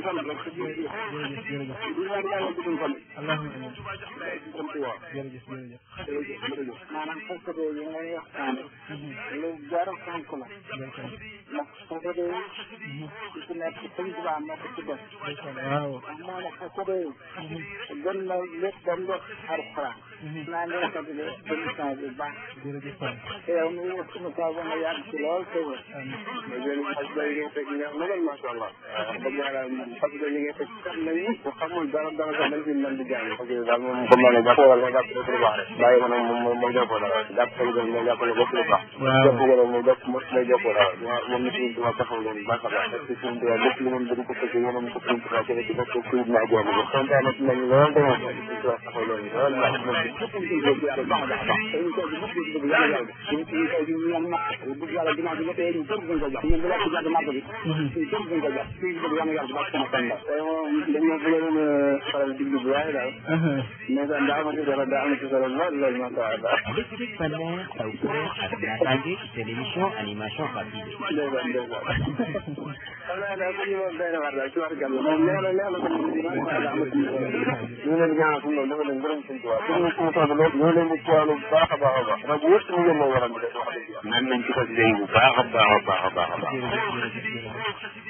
gudd fan rek. jërëjëf jërëjëf jërëjëf. di ñaan yàlla gudd fan. allahumma amiin. jërëjëf jërëjëf. jërëjëf jërëjëf. maanaam fasadoo yi ngay waxtaane. lu jar sànq la. ndax fasadoo yi. ku ci nekk sëñ Tuubaa moo ko ci def. waaw. ndax moo ne fasadoo yi. gën na lépp ba mu def alxuraan. naa leen sant de émission bu baax. jërëjëf Fane. te yow mi ngi sunu kaw ba nga yàgg ci lool te wër. amiin ma jël xas ba li nga fekk nga mënal macha allah. bëgg naa daal parce que li nga fekk xam na ni. bu xamul dara dara sax dañ fi mën di jaay. parce que daal moom comme maanaam jàpp wala jàpp lu baax rek. bàyyi ma ne moom moom mooy jàppoo dara. jàpp ko gën mooy jàpp lu bopp lu baax. waaw jàpp ko moom jàpp mooy jàppoo dara. moom nit ñi dama taxaw loolu baax a baax. parce que suñu doyen lépp lu moom dañ ko fekk yoonam ko fi mu ko fekk di bokk kuy naa góor bi. kontaan nañ lool dama taxaw loolu lool xëppante jooju yàlla baax baax baax te ñu jooju xam naa daal ku ñu moom doy na war daal ci war gàll moom nee na nee na ko ñu leen ñaanal suñu dafa leen gërëm suñu tubaab pour ñu suñu toog lool ñoo leen di tuwaalu bu baax a baax a baax rajo yëpp ñu yëlloo waram bi de wax dëgg yàlla naan nañ ci ko léegi bu baax a baax a baax a baax a baax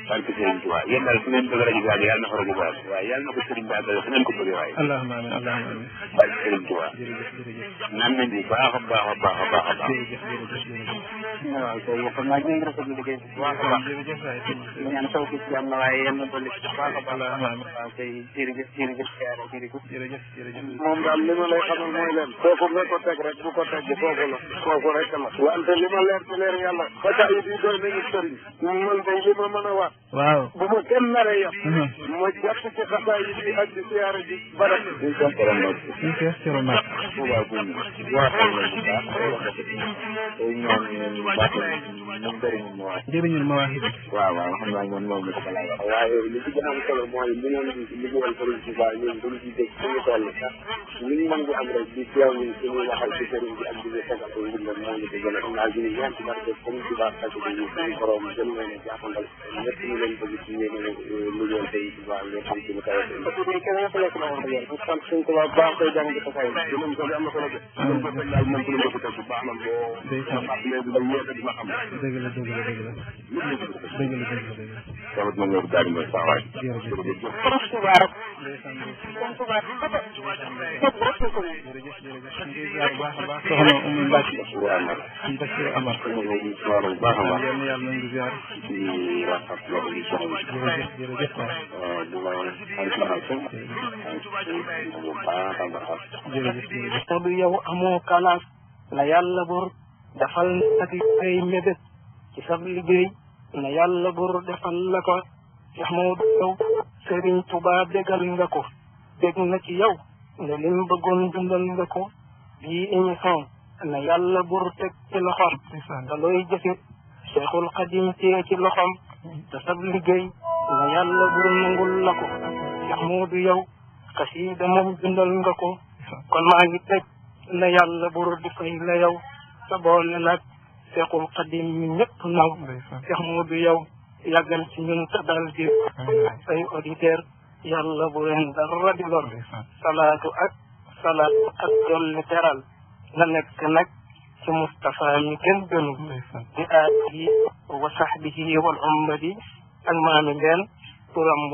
barke Sëriñ Tuubaa yéen daal fu ngeen bëgg rajo bi àgg yàlla na ko rajo bi àgg waaye yàlla na ko sëriñ bi àggale fu ngeen ko bëggee waaye allahumma amiin allahumma amiin barke Sëriñ Tuubaa naan nañ bu baax a baax a baax a baax a baax waaw kay xam naa ñu ngi rafetlu liggéey bi ñaan taw bi ci am na waaye yéen a dolli ci baax a baax waaw kay jërëjëf jërëjëf siyaare jërëjëf jërëjëf jërëjëf moom daal li ma lay xamal mooy leen kooku nga ko teg rek bu ko teg kooku la kooku rek la wante li ma leer ci leer yàlla fata yi di doy nañu sëriñ man day li ma mën a wax waaw bu ma kenn nare yàq mhm. ma jàpp ci xasaay yi bi ak di siyaare ji barab ñu ko borom nak ñu ko borom nak waaw ko ñu ñaan ñu baax ñu bëri ñu ma wax jërëjëf ma wax waaw waaw waaw man moom la ko laaj. waaye li ci gën a am solo mooy li nga naan li mu wan Serigne Touba ñoom dañu ciy dégg suñu toll. li ñu mën di am rek di teew ñun suñuy waxal ci Serigne bi ak di ñu tegal ko ngir moo ñu ko gën a naa gën a ñaan ci barke comme Touba ak ñu suñu borom gën leen a jàppandal ñëpp ñu leen bëgg ci yéen lu ñëw eh, tey Touba ñu xam ci lu kawe sant suñ ko baax koy jàng di ko kawe dinañ ko am na solo de ñu ko fekk daal moom ci lu ma ko teg bu baax man boo dégg la dégg la dégg la dégg la Cheikh Oudma Ngor Diagne mooy saa waay. jërëjëf jërëjëf. borom Touba rek. borom Touba bi fépp a. fépp rek la ko wér. jërëjëf jërëjëf. ñu ngi ziar bu baax a baax. soxna Oumy Mbacke. waaw man. am na solo Amar. ñu ngi ziar bu baax a baax. yéen yàlla nañu ziar. di rafetlu loolu di soxla. jërëjëf jërëjëf waay. di ma xarit Amar. bu baax a baax. jërëjëf jërëjëf. te du yow amoo kalaas. la yàlla bor. dafal ak ay mébét. ci sa liggéey. na yàlla bur defal la ko Cheikh Maodo yow Serigne Touba bégal nga ko bég na ci yow ne li mu bëggoon dundal nga ko bii émission na yàlla bur teg ci loxoom te looy jëfit Cheikhul Xadim tee ci loxoom te sab liggéey na yàlla bur nangul la ko Cheikh Maodo yow xasida moom nga ko kon maa ngi teg na yàlla bur di fay la yow sa boole nag seexul xadim mi ñëpp naw seex Moodu yow yàggal ci ñun te dal di say auditeur yàlla bu leen dara di lor salaatu ak salaatu ak dolli teral na nekk nag ci Moustapha mi gën gënu bi aalihi wa sahbihi wal ummati ak maami leen ترم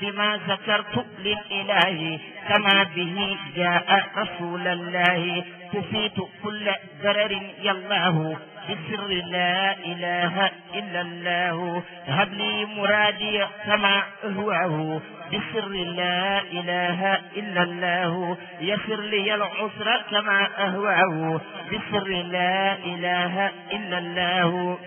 بما ذكرت للإله كما به جاء رسول الله تفيت كل ضرر يالله بسر لا إله إلا الله هب لي مرادي كما أهواه بسر لا إله إلا الله يسر لي العسر كما أهواه بسر لا إله إلا الله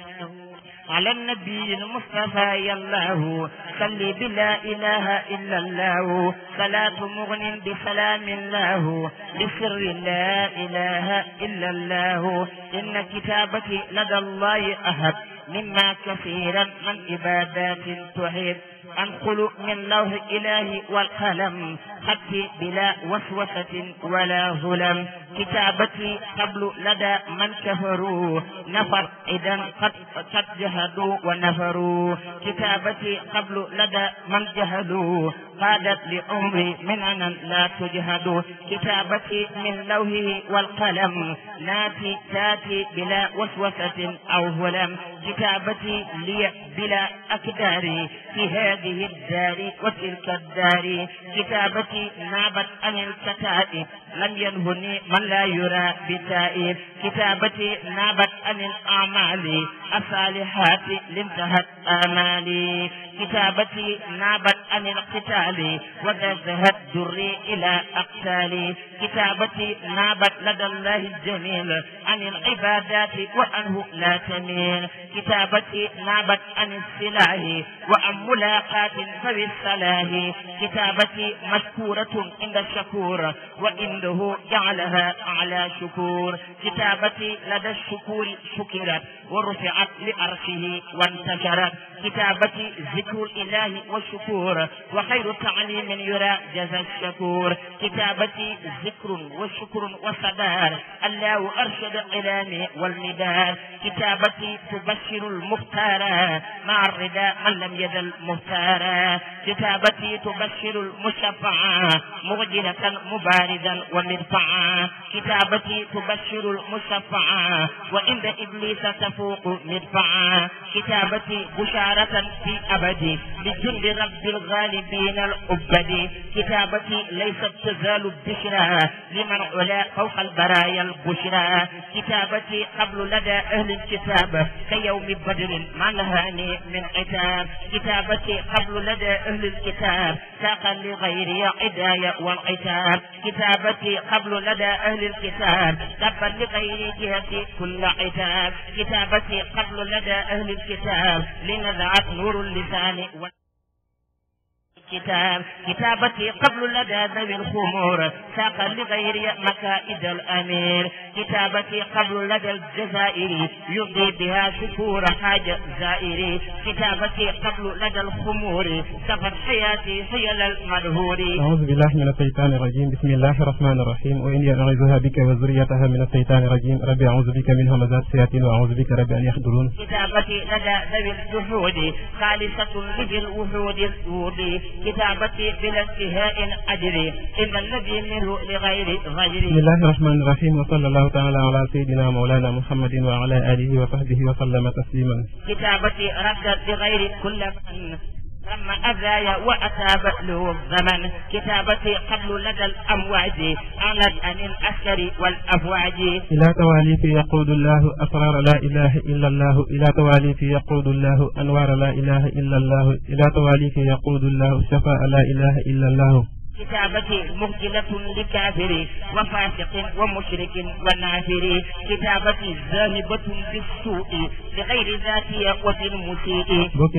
على النبي المصطفى يالله صل بلا إله إلا الله صلاة مغن بسلام الله بسر لا إله إلا الله إن كتابتي لدى الله أهب مما كثيرا من عبادات تحب أنقل من لوح الإله والقلم حكي بلا وسوسة ولا ظلم كتابتي قبل لدى من كفروا نفر إذا قد قد جهدوا ونفروا كتابتي قبل لدى من جهدوا قادت لعمري مننا لا تجهدوا كتابتي من لوحه والقلم ناتي تاتي بلا وسوسة أو ظلم كتابتي لي بلا أكدار في هذه هذه الدار وتلك الدار كتابتي نابت عن الكتائب لم ينهني من لا يرى بتائب كتابتي نابت عن الأعمال الصالحات لانتهت آمالي كتابتي نابت عن القتال وذهبت دري إلى أقتالي كتابتي نابت لدى الله الجميل عن العبادات وأنه لا تميل كتابتي نابت عن السلاح وأن بركات ذوي الصلاه كتابتي مشكورة عند الشكور وإنه جعلها على شكور كتابتي لدى الشكور شكرت ورفعت لأرشه وانتشرت كتابتي ذكر الإله والشكور وخير تعليم يرى جزى الشكور كتابتي ذكر وشكر وصدار الله أرشد إلامي والمدار كتابتي تبشر المختار مع الرداء من لم يزل مختار الأبرار كتابتي تبشر المشفع مغجلة مباردا ومرفعا كتابتي تبشر المشفع وإن إبليس تفوق مرفعا كتابتي بشارة في أبدي لجند رب الغالبين الأبدي كتابتي ليست تزال بشرى لمن علا فوق البرايا البشرى كتابتي قبل لدى أهل الكتاب كيوم بدر ما نهاني من عتاب كتابتي قبل لدى أهل الكتاب ساقا لغير عداية والعتاب كتابتي قبل لدى أهل الكتاب تبا لغير جهتي كل عتاب كتابتي قبل لدى أهل الكتاب لنذعت نور اللسان الكتاب كتابتي قبل لدى ذوي الخمور ساقا لغير مكائد الأمير كتابتي قبل لدى الجزائر يمضي بها شكور حاجة زائري كتابتي قبل لدى الخمور سفر حياتي حيل المدهور أعوذ بالله من الشيطان الرجيم بسم الله الرحمن الرحيم وإني أعوذها بك وذريتها من الشيطان الرجيم ربي أعوذ بك من همزات الشياطين وأعوذ بك ربي أن يحضرون كتابتي لدى ذوي الجهود خالصة لذي الوهود السود بلا انتهاء أجري الذي منه لغير بسم الله الرحمن الرحيم وصلى الله تعالى على سيدنا مولانا محمد وعلى آله وصحبه وسلم تسليما كتابتي ردت بغير كل ثم أذايا وأتى له الزمن كتابتي قبل لدى الأمواج أعلن عن الأسكر والأفواج إلى تواليف يقود الله أسرار لا إله إلا الله إلى تواليف يقود الله أنوار لا إله إلا الله إلى تواليف يقود الله شفاء لا إله إلا الله كتابة مهجنة لكافر وفاسق ومشرك ونافر كتابة ذاهبة بالسوء لغير ذات يقوة مسيء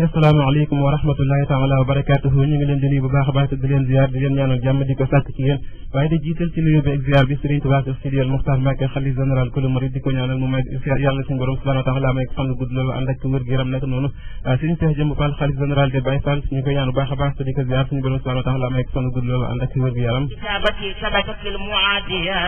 السلام عليكم ورحمة الله تعالى وبركاته نيغي لين دي بو باخ باخ دي لين زيار دي لين نانو جام ديكو سات كي يين واي دي جيتل تي نيو بي زيار بي سيرين تو باخ استوديو المختار ماك خلي جنرال كل مريض ديكو نانال مومن يالا سي غورم سبحانه وتعالى ماك فان غود لولو اندك مير غيرام نك نونو سيرين تي خلي جنرال دي باي فان نيكو يانو باخ باخ سبحانه وتعالى ماك فان غود لولو عند تمر بيرم كتابتي سبقت المعادية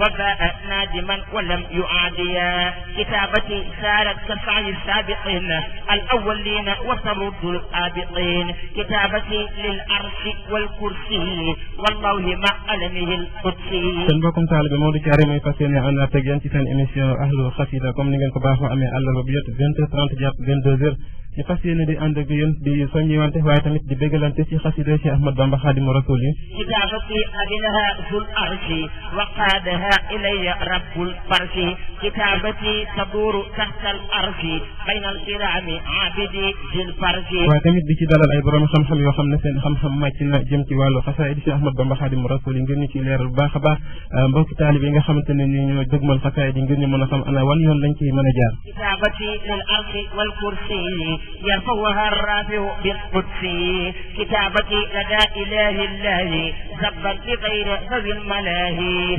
وباء نادما ولم يعاديا كتابتي سارت كسعي السابقين الأولين وترد الآبقين كتابتي للأرش والكرسي والله ما ألمه القدسي سنبكم تعالى بمولي كريم يفتين عنا تجين تتان إميسيون أهل الخسيدة كم نغن كباه وعمي الله وبيت 20 30 22 ni fasiyene di and ak yeen di soñi wante way tamit di begalante ci xasside ci ahmad bamba khadim rasoul كتابتي رقي أدنها ذو الأرش وقادها إلي رب الفرش كتابتي تدور تحت الأرش بين الكرام عابدي ذي الفرش وكانت بيتي دال العبرام خم خم يوخم نسين خم جمتي والو خسائد سي أحمد بمبا خادم رسولي نجمي تي لير باخبا بوك تالي بيغا خم تنين نيو الخسائد نجمي من خم أنا والي لنكي من جار كتابتي للأرش والكرسي يرفوها الرافع بالقدسي كتابتي لدى إله الله ذبا بغير فذي الملاهي.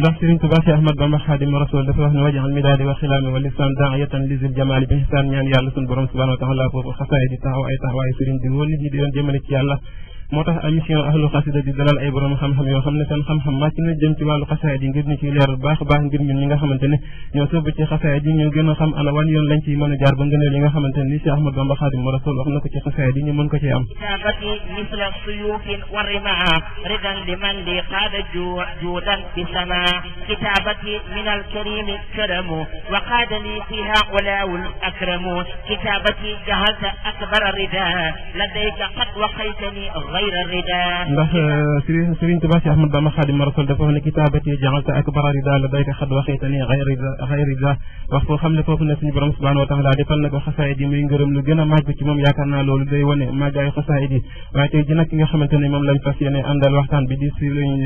احمد بن محمد بن رسول الله صلى الله عليه وسلم وجه الميلاد والسلام واللسان داعية لزل جمال بهسان يعني يا لسن برم سبحانه وتعالى فوق خسائر تهوى تهوى سيرين دي ولي دي دي دي motax tax émission ahlu qasida di dalal ay borom xam-xam yo xamne ne xam xam ma ci na jëm ci walu qasida yi ngir ni ci leer bu baax baax ngir ñun ñi nga xamantene ño ñoo sóobu ci qasida di ñu gëna xam ana wan yoon lañ ci mëna jaar ba ngëneel yi nga xamantene ne li Cheikh Ahmad Bamba mo Rasul wax na ko ci qasida di ñu mën ko ci am kitabati misla suyufin wa rima ridan liman li qaada juudan bi sama kitabati min alkarimi karamu wa qaada li fiha ulawul akramu kitabati jahalta akbara rida ladayka qad waqaytani غير الرداء ده سيرين سيرين تبا شي احمد دا خادم الرسول دا فوني كتابتي جعلت اكبر رداء لديك خد وخيتني غير رداء غير رداء وقت خم لك فوق نسني برم سبحانه وتعالى دي فن نكو خسائدي مي نغرم لو جينا ماج بي موم ياكرنا لولو داي وني ما جاي خسائدي واي تي جينا كيغا خمانتني موم لاي فاسيني اندال وقتان بي دي سيرين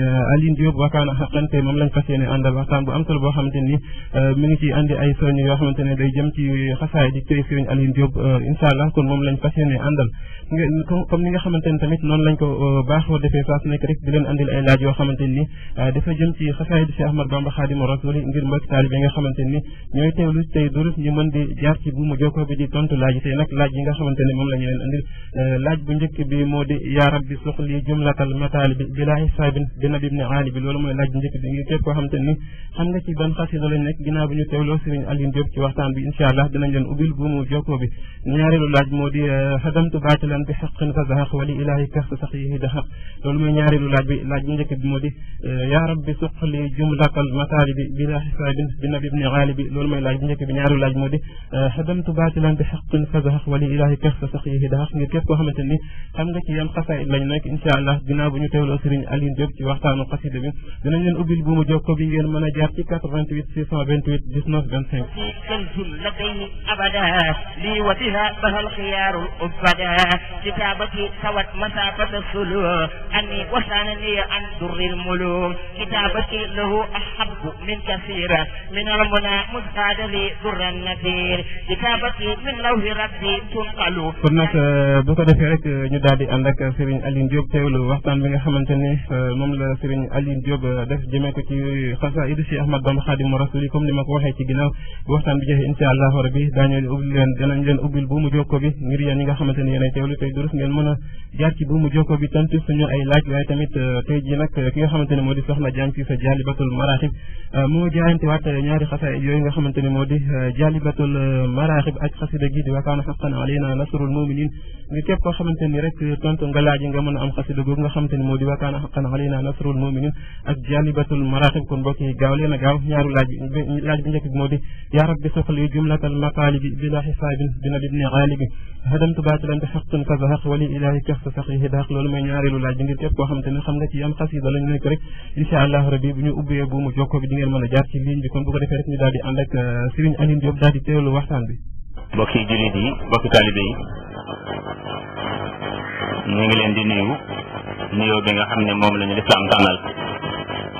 الين ديوب noonu lañ ko baaxoo defee saa su nekk rek di leen andil ay laaj yoo xamante ni dafa jëm ci xasaayid Cheikh Ahmad Bamba Xaadimu Rasul ngir mbokk taalibe nga xamante ni ñooy teewlu tey durus ñu mën di jaar ci bu mu jokkoo bi di tontu laaj yi tey nag laaj yi nga xamante ni moom la ñu leen andil laaj bu njëkk bi moo di yaa rabbi suxli jumlatal mataali bi bilaa hisaabin bi nabi ibni aali bi loolu mooy laaj bu njëkk bi ngir képp koo xamante ni xam nga ci ban xasida lañ nekk ginnaaw bi ñu teewloo Sëriñ Aliou Diop ci waxtaan bi incha allah dinañ leen ubbil bu mu jokkoo bi ñaareelu laaj moo di xadamtu baatilan bi xaqin fa zaxaq wali ilaahi kaf sax yi ni daxa loolu mooy ñaareelu laaj bi laaj bu njëkk bi moo di yaa rabbi suqli jumlatal mataalibi bila xisaabin bi nabi ibni xaalibi loolu mooy laaj bu njëkk bi ñaareelu laaj moo di xadamtu baatilan bi xaqin fasaxax wali ilaahi kax sa sax yi daxax ngir képp koo xamante ni xam nga ci yan xasaayit lañ nekk incha allah ginnaaw bu ñu teewloo Serigne Aline Diop ci waxtaanu xasida bi dinañ leen ubbil buumu jokko bi ngeen mën a jaar ci 88 628 19 25 كنز لديه أبدا لي وبها فهل خيار أبدا كتابتي سوت مسافة فتصلوا أني وسان لي أن در الملوم كتابك له أحب من كثيرا من المنى مزداد لي در النذير كتابتي من لوه ربي تنقلوا كنا بوكا دفعك ندادي عندك سيرين ألين جوب تيولو وقتان بيغا خمنتني مملا سيرين ألين جوب دف جميعك كي خاصة إدسي أحمد بام خادم ورسوليكم لما كوحي تيجينا بوحسان بجاه إن شاء الله ربي دانيو الأبل لأن دانيو الأبل بومو جوكو بي نيريا نيغا خمنتني ينا تيولو تيدرس نيان منا جاكي بومو joko bi tontu suñu ay laaj waaye tamit tey jii nag ki nga xamante ne moo di soxna jàng ci sa jaalibatul maraxib moo jaayante waat ñaari xasaay yooyu nga xamante ne moo di ak xasida gi di wakaana xaqan alayna nasrul muminin nga képp koo xamante ni rek tontu nga laaj nga mën am xasida googu nga xamante ne moo di alayna nasrul muminin ak jaalibatul marahib kon mbokk yi gaaw leen a gaaw ñaaru laaj bi laaj bi njëkk bi moo di yaa rabbi suxli jumlatal bila xisaabin bina libni xaalibi hadamtu baatilan bi xaqin kazaxaq wali ilahi kaxsa saqihi daax loolu mooy ñaareelu laaj bi ngir képp koo xamante ne xam nga ci yan xasida lañ nekk rek incha allah rabbi bu ñu ubbee bu mu jokko bi di ngeen mën a jaar ci ligne bi kon bu ko defee rek ñu daal di ànd ak Serigne Aline Diop daal di teewlu waxtaan bi mbokki jullit yi mbokki taalibe yi ñu ngi leen di nuyu nuyoo bi nga xam ne moom la ñu lislaam tànnal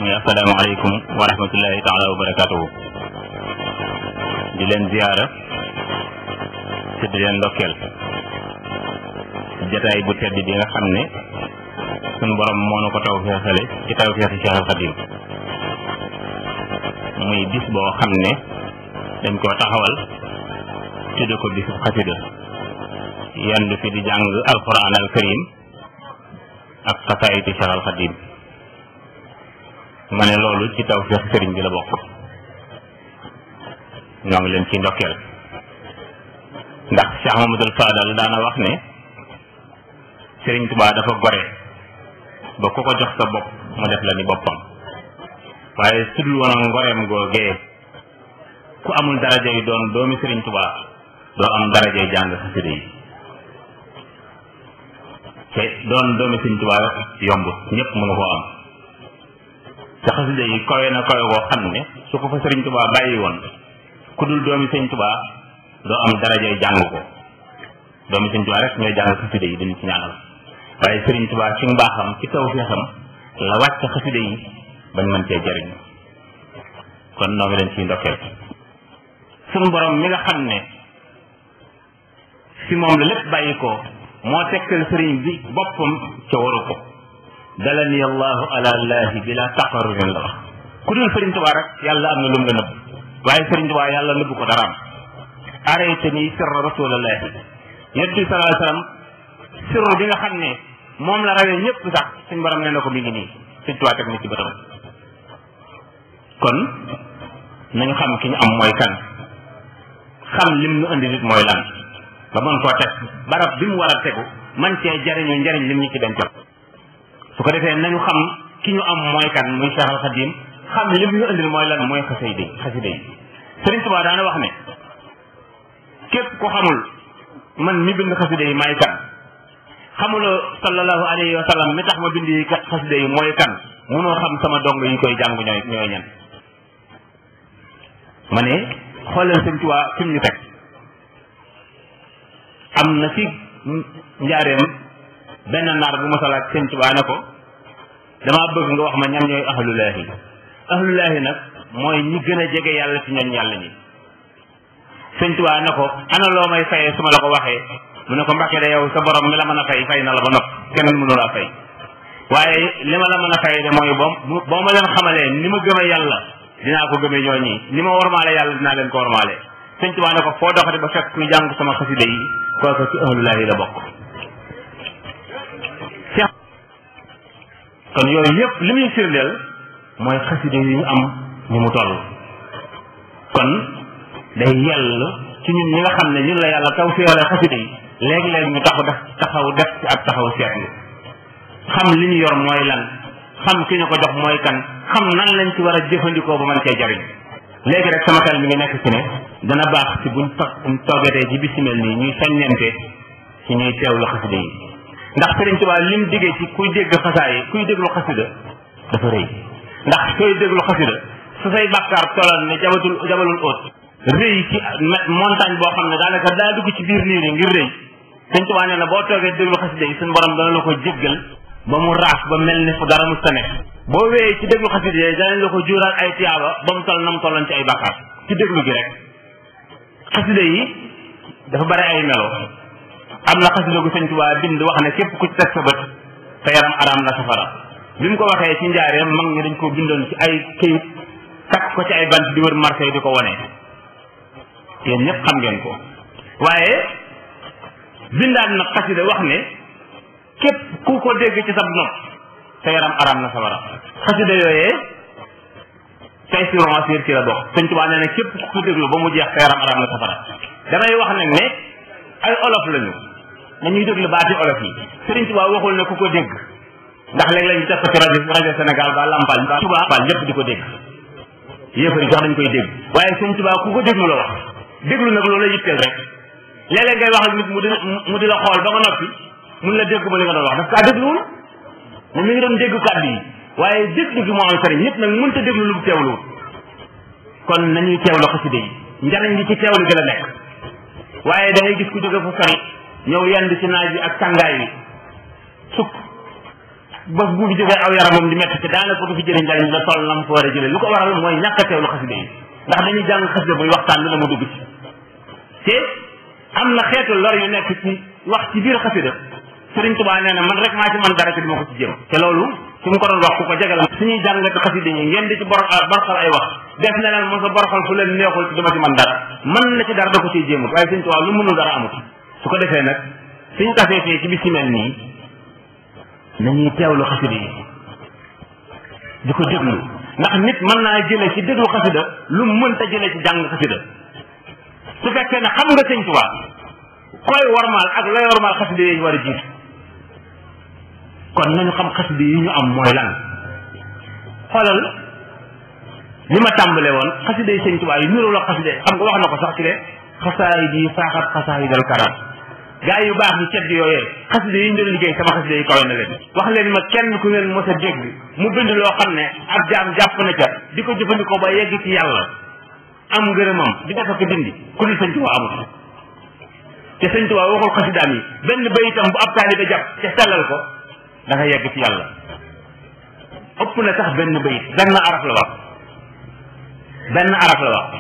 muy asalaamaaleykum wa rahmatullahi taala wa barakatuhu di leen ziyaara te di leen ndokkeel jataay bu tedd bi nga xam ne sunu borom moo nu ko taw feexale ci taw feexi Cheikh Al Khadim muy bis boo xam ne dañ koo taxawal tudde ko bisu xasida yandu fi di jàng alquran al karim ak xasaayitu Cheikh Al Khadim ma ne loolu ci taw feexi sëriñ bi la bokk ñoo ngi leen ci ndokkeel ndax Cheikh Mamadou Fadal daana wax ne Sëriñ tubaa dafa gore ba ku ko jox sa bopp mu def la ni boppam waaye sudul woon ngoreem googee ku amul daraja yi doon doomi Sëriñ tubaa doo am daraja yi jàng doon doomi Sëriñ Tuubaa yomb ñëpp mënu na kawe koo xam ne su ko fa Sëriñ Tuubaa bàyyi woon ku dul doomi Sëriñ tubaa doo am daraja jàng ko doomi Sëriñ Tuubaa rek ñooy jàng xasida yi duñ ci ñaanal waaye sëriñ Tuubaa ci mbaaxam ci taw feexam la wàcc xasida yi bañ kon noo ngi leen ciy ndokkeel mi nga xam ne si moom la lépp bàyyi ko moo tekkal sëriñ bi boppam ca waru ko dalani allahu ala llaahi bi la taqarrurin la wax ku yàlla am na lu la nëbb waaye sëriñ Tuubaa yàlla nëbb ko daraam araytani sirra rasulallahi yonent bi sallallahu alayhi wa sallam moom la rawee ñëpp sax suñ borom nee na ko mi ngi nii suñ tubaab teg na ci kon nañu xam ki ñu am mooy kan xam lim ñu indi mooy lan ba mën koo teg barab bi mu war a tegu man cee jariñu njariñ lim ñu ci benn jot su ko defee nañu xam ki ñu am mooy kan muy Cheikh Al Khadim xam lim ñu indil mooy lan mooy xasida yi xasida yi Sëriñ Tuubaa daana wax ne képp ku xamul man mi bind xasida yi maay kan xamuloo sallallahu alayhi wa sallam mi tax ma bind yi xasida yi mooy kan munoo xam sama dong yi koy jàng ñooy ñooy ñan ma ne xoolal sëñ Tuubaa fi ñu teg am na ci njaareem benn naar bu ma salaat sëñ Tuubaa ne ko damaa bëgg nga wax ma ñan ñooy ahlulaahi ahlulaahi nag mooy ñi gën a jege yàlla ci ñoñ yàlla ñi sëñ Tuubaa ne ko ana may fayee su ma la ko waxee mu ne ko Mbàkke de yow sa borom mi la mën a fay fay na la ba nopp kenn mënu laa fay waaye li ma la mën a fay de mooy boo boo ma leen xamalee ni ma gëme yàlla dinaa ko gëme ñooñi ni ma warmaale yàlla dinaa leen ko warmaale sëñ Tuubaa ne ko foo doxati ba fekk kuy jàng sama xasida yi kooku ci ahlulaahi la bokk kon yooyu li am ni mu toll kon day yell ci ñun ñi nga xam ne ñun la yàlla taw si xasida yi léegi-léegi ñu taxu def taxaw def ci ab taxaw seetlu xam li ñu yor mooy lan xam ki ñu ko jox mooy kan xam nan lañ ci war a jëfandikoo ba man cee jariñ léegi rek sama xel mi ngi nekk ci ne dana baax ci buñ toggatee ci bisimel nii ñuy soññante ci ñuy teewlu xasida yi ndax Sëriñ Tuubaa lim diggee ci kuy dégg xasaa yi kuy déglu xasida dafa rëy ndax sooy déglu xasida su say bàkkaar tolal ne jabatul jabalul óot rëy ci montagne boo xam ne daanaka daa ci biir suñ tubaa nee na boo toogee déglu xasida yi suñ borom dana la ko jéggal ba mu raaf ba mel ni fu dara mu sene boo wéyee ci déglu xasida yi ko juural ay tiyaaba ba mu toll na mu tolloon ci ci déglu gi rek xasida dafa bari ay melo am na xasida gu sëñ tubaa bind wax ne képp ku teg sa bët sa yaram araam na safara bi mu ko waxee ci njaareem mag ñi dañ koo bindoon ci ay këyit takk ko ci ay bant di wër marché di ko wone yéen ñëpp xam ngeen ko waaye bindaat na xasida wax ne képp ku ko dégg ci sab nopp sa yaram araam na sa waram xasida yooyee tey si romancier ci la bokk sëñ Tuubaa nee na képp ku ko déglu ba mu jeex sa yaram araam na sa damay wax nag ne ay olof lañu nañuy déglu baati olof yi sëriñ Tuubaa waxul ne ku ko dégg ndax léeg-léeg ñu def ko ci rajo rajo Sénégal ba Lampal ba Touba Fall di ko dégg yéefar yi sax dañ koy dégg waaye sëñ Tuubaa ku ko déglu la wax déglu nag loolu yitteel rek léeg-léeg ngay wax nit mu di mu di la xool ba nga noppi mun la dégg ba li nga doon wax daf kaa dégluwul moom mi ngi doon dégg kàddu yi waaye déglu gi moo am sëriñ nit nag mënta déglu lu mu teewluwul kon nañuy teewlu xasida yi njariñ gi ci teewlu gi la nekk waaye da ngay gis ku jóge fu sori ñëw yend ci naaj bi ak tàngaay bi sukk ba bu fi jógee aw yaramam di métti te daanaka du fi jëriñ njariñ la toll na ko war a jëlee lu ko waral mooy ñàkk a teewlu xasida yi ndax dañuy jàng xasida buy waxtaan dina mu dugg ci te am na xeetu lor yu nekk ci wax ci biir xasida Sëriñ Tuubaa nee na man rek maa ci man dara te duma ko ci jéem te loolu su mu ko doon wax ku ko jagal suñuy jàngat xasida yi ngeen di ci bor ah, borxal ay wax def na leen mos a borxal fu leen neexul ci duma ci man dara mën na ci dara da ko ciy jéemut waaye Sëriñ Tuubaa lu mënul dara amut su ko defee nag suñ tasee fee ci bis ci mel nii nañuy teewlu xasida yi di ko déglu ndax nit mën naa jële ci déglu xasida lu mënta jële ci jàng xasida su fekkee na xam nga sëñ Tuubaa koy warmaal ak lay warmaal xasida yi war a jiitu kon nañu xam xasida yi ñu am mooy lan xoolal li ma tàmbale woon xasida yi sëñ Tuubaa yi nuroo la xasida xam nga wax na ko sax ci ne xasaayid yi faaxat xasaayidal karam gaa yu baax yi cedd yooyee xasida yi ñu doon liggéey sama xasida yi kawe na leen wax leen ma kenn ku leen mos a dégg mu bind loo xam ne ab jaam jàpp na ca di ko jëfandikoo ba yegg ci yàlla am ngërëmam di dafa ko dindi ku dul señtu Tuubaa te señtu Tuubaa waxul xasidaam yi benn bayitam bu ab taalibe jàpp te sellal ko da nga yegg ci yàlla ëpp na tax benn bayit benn araf la wax benn araf la wax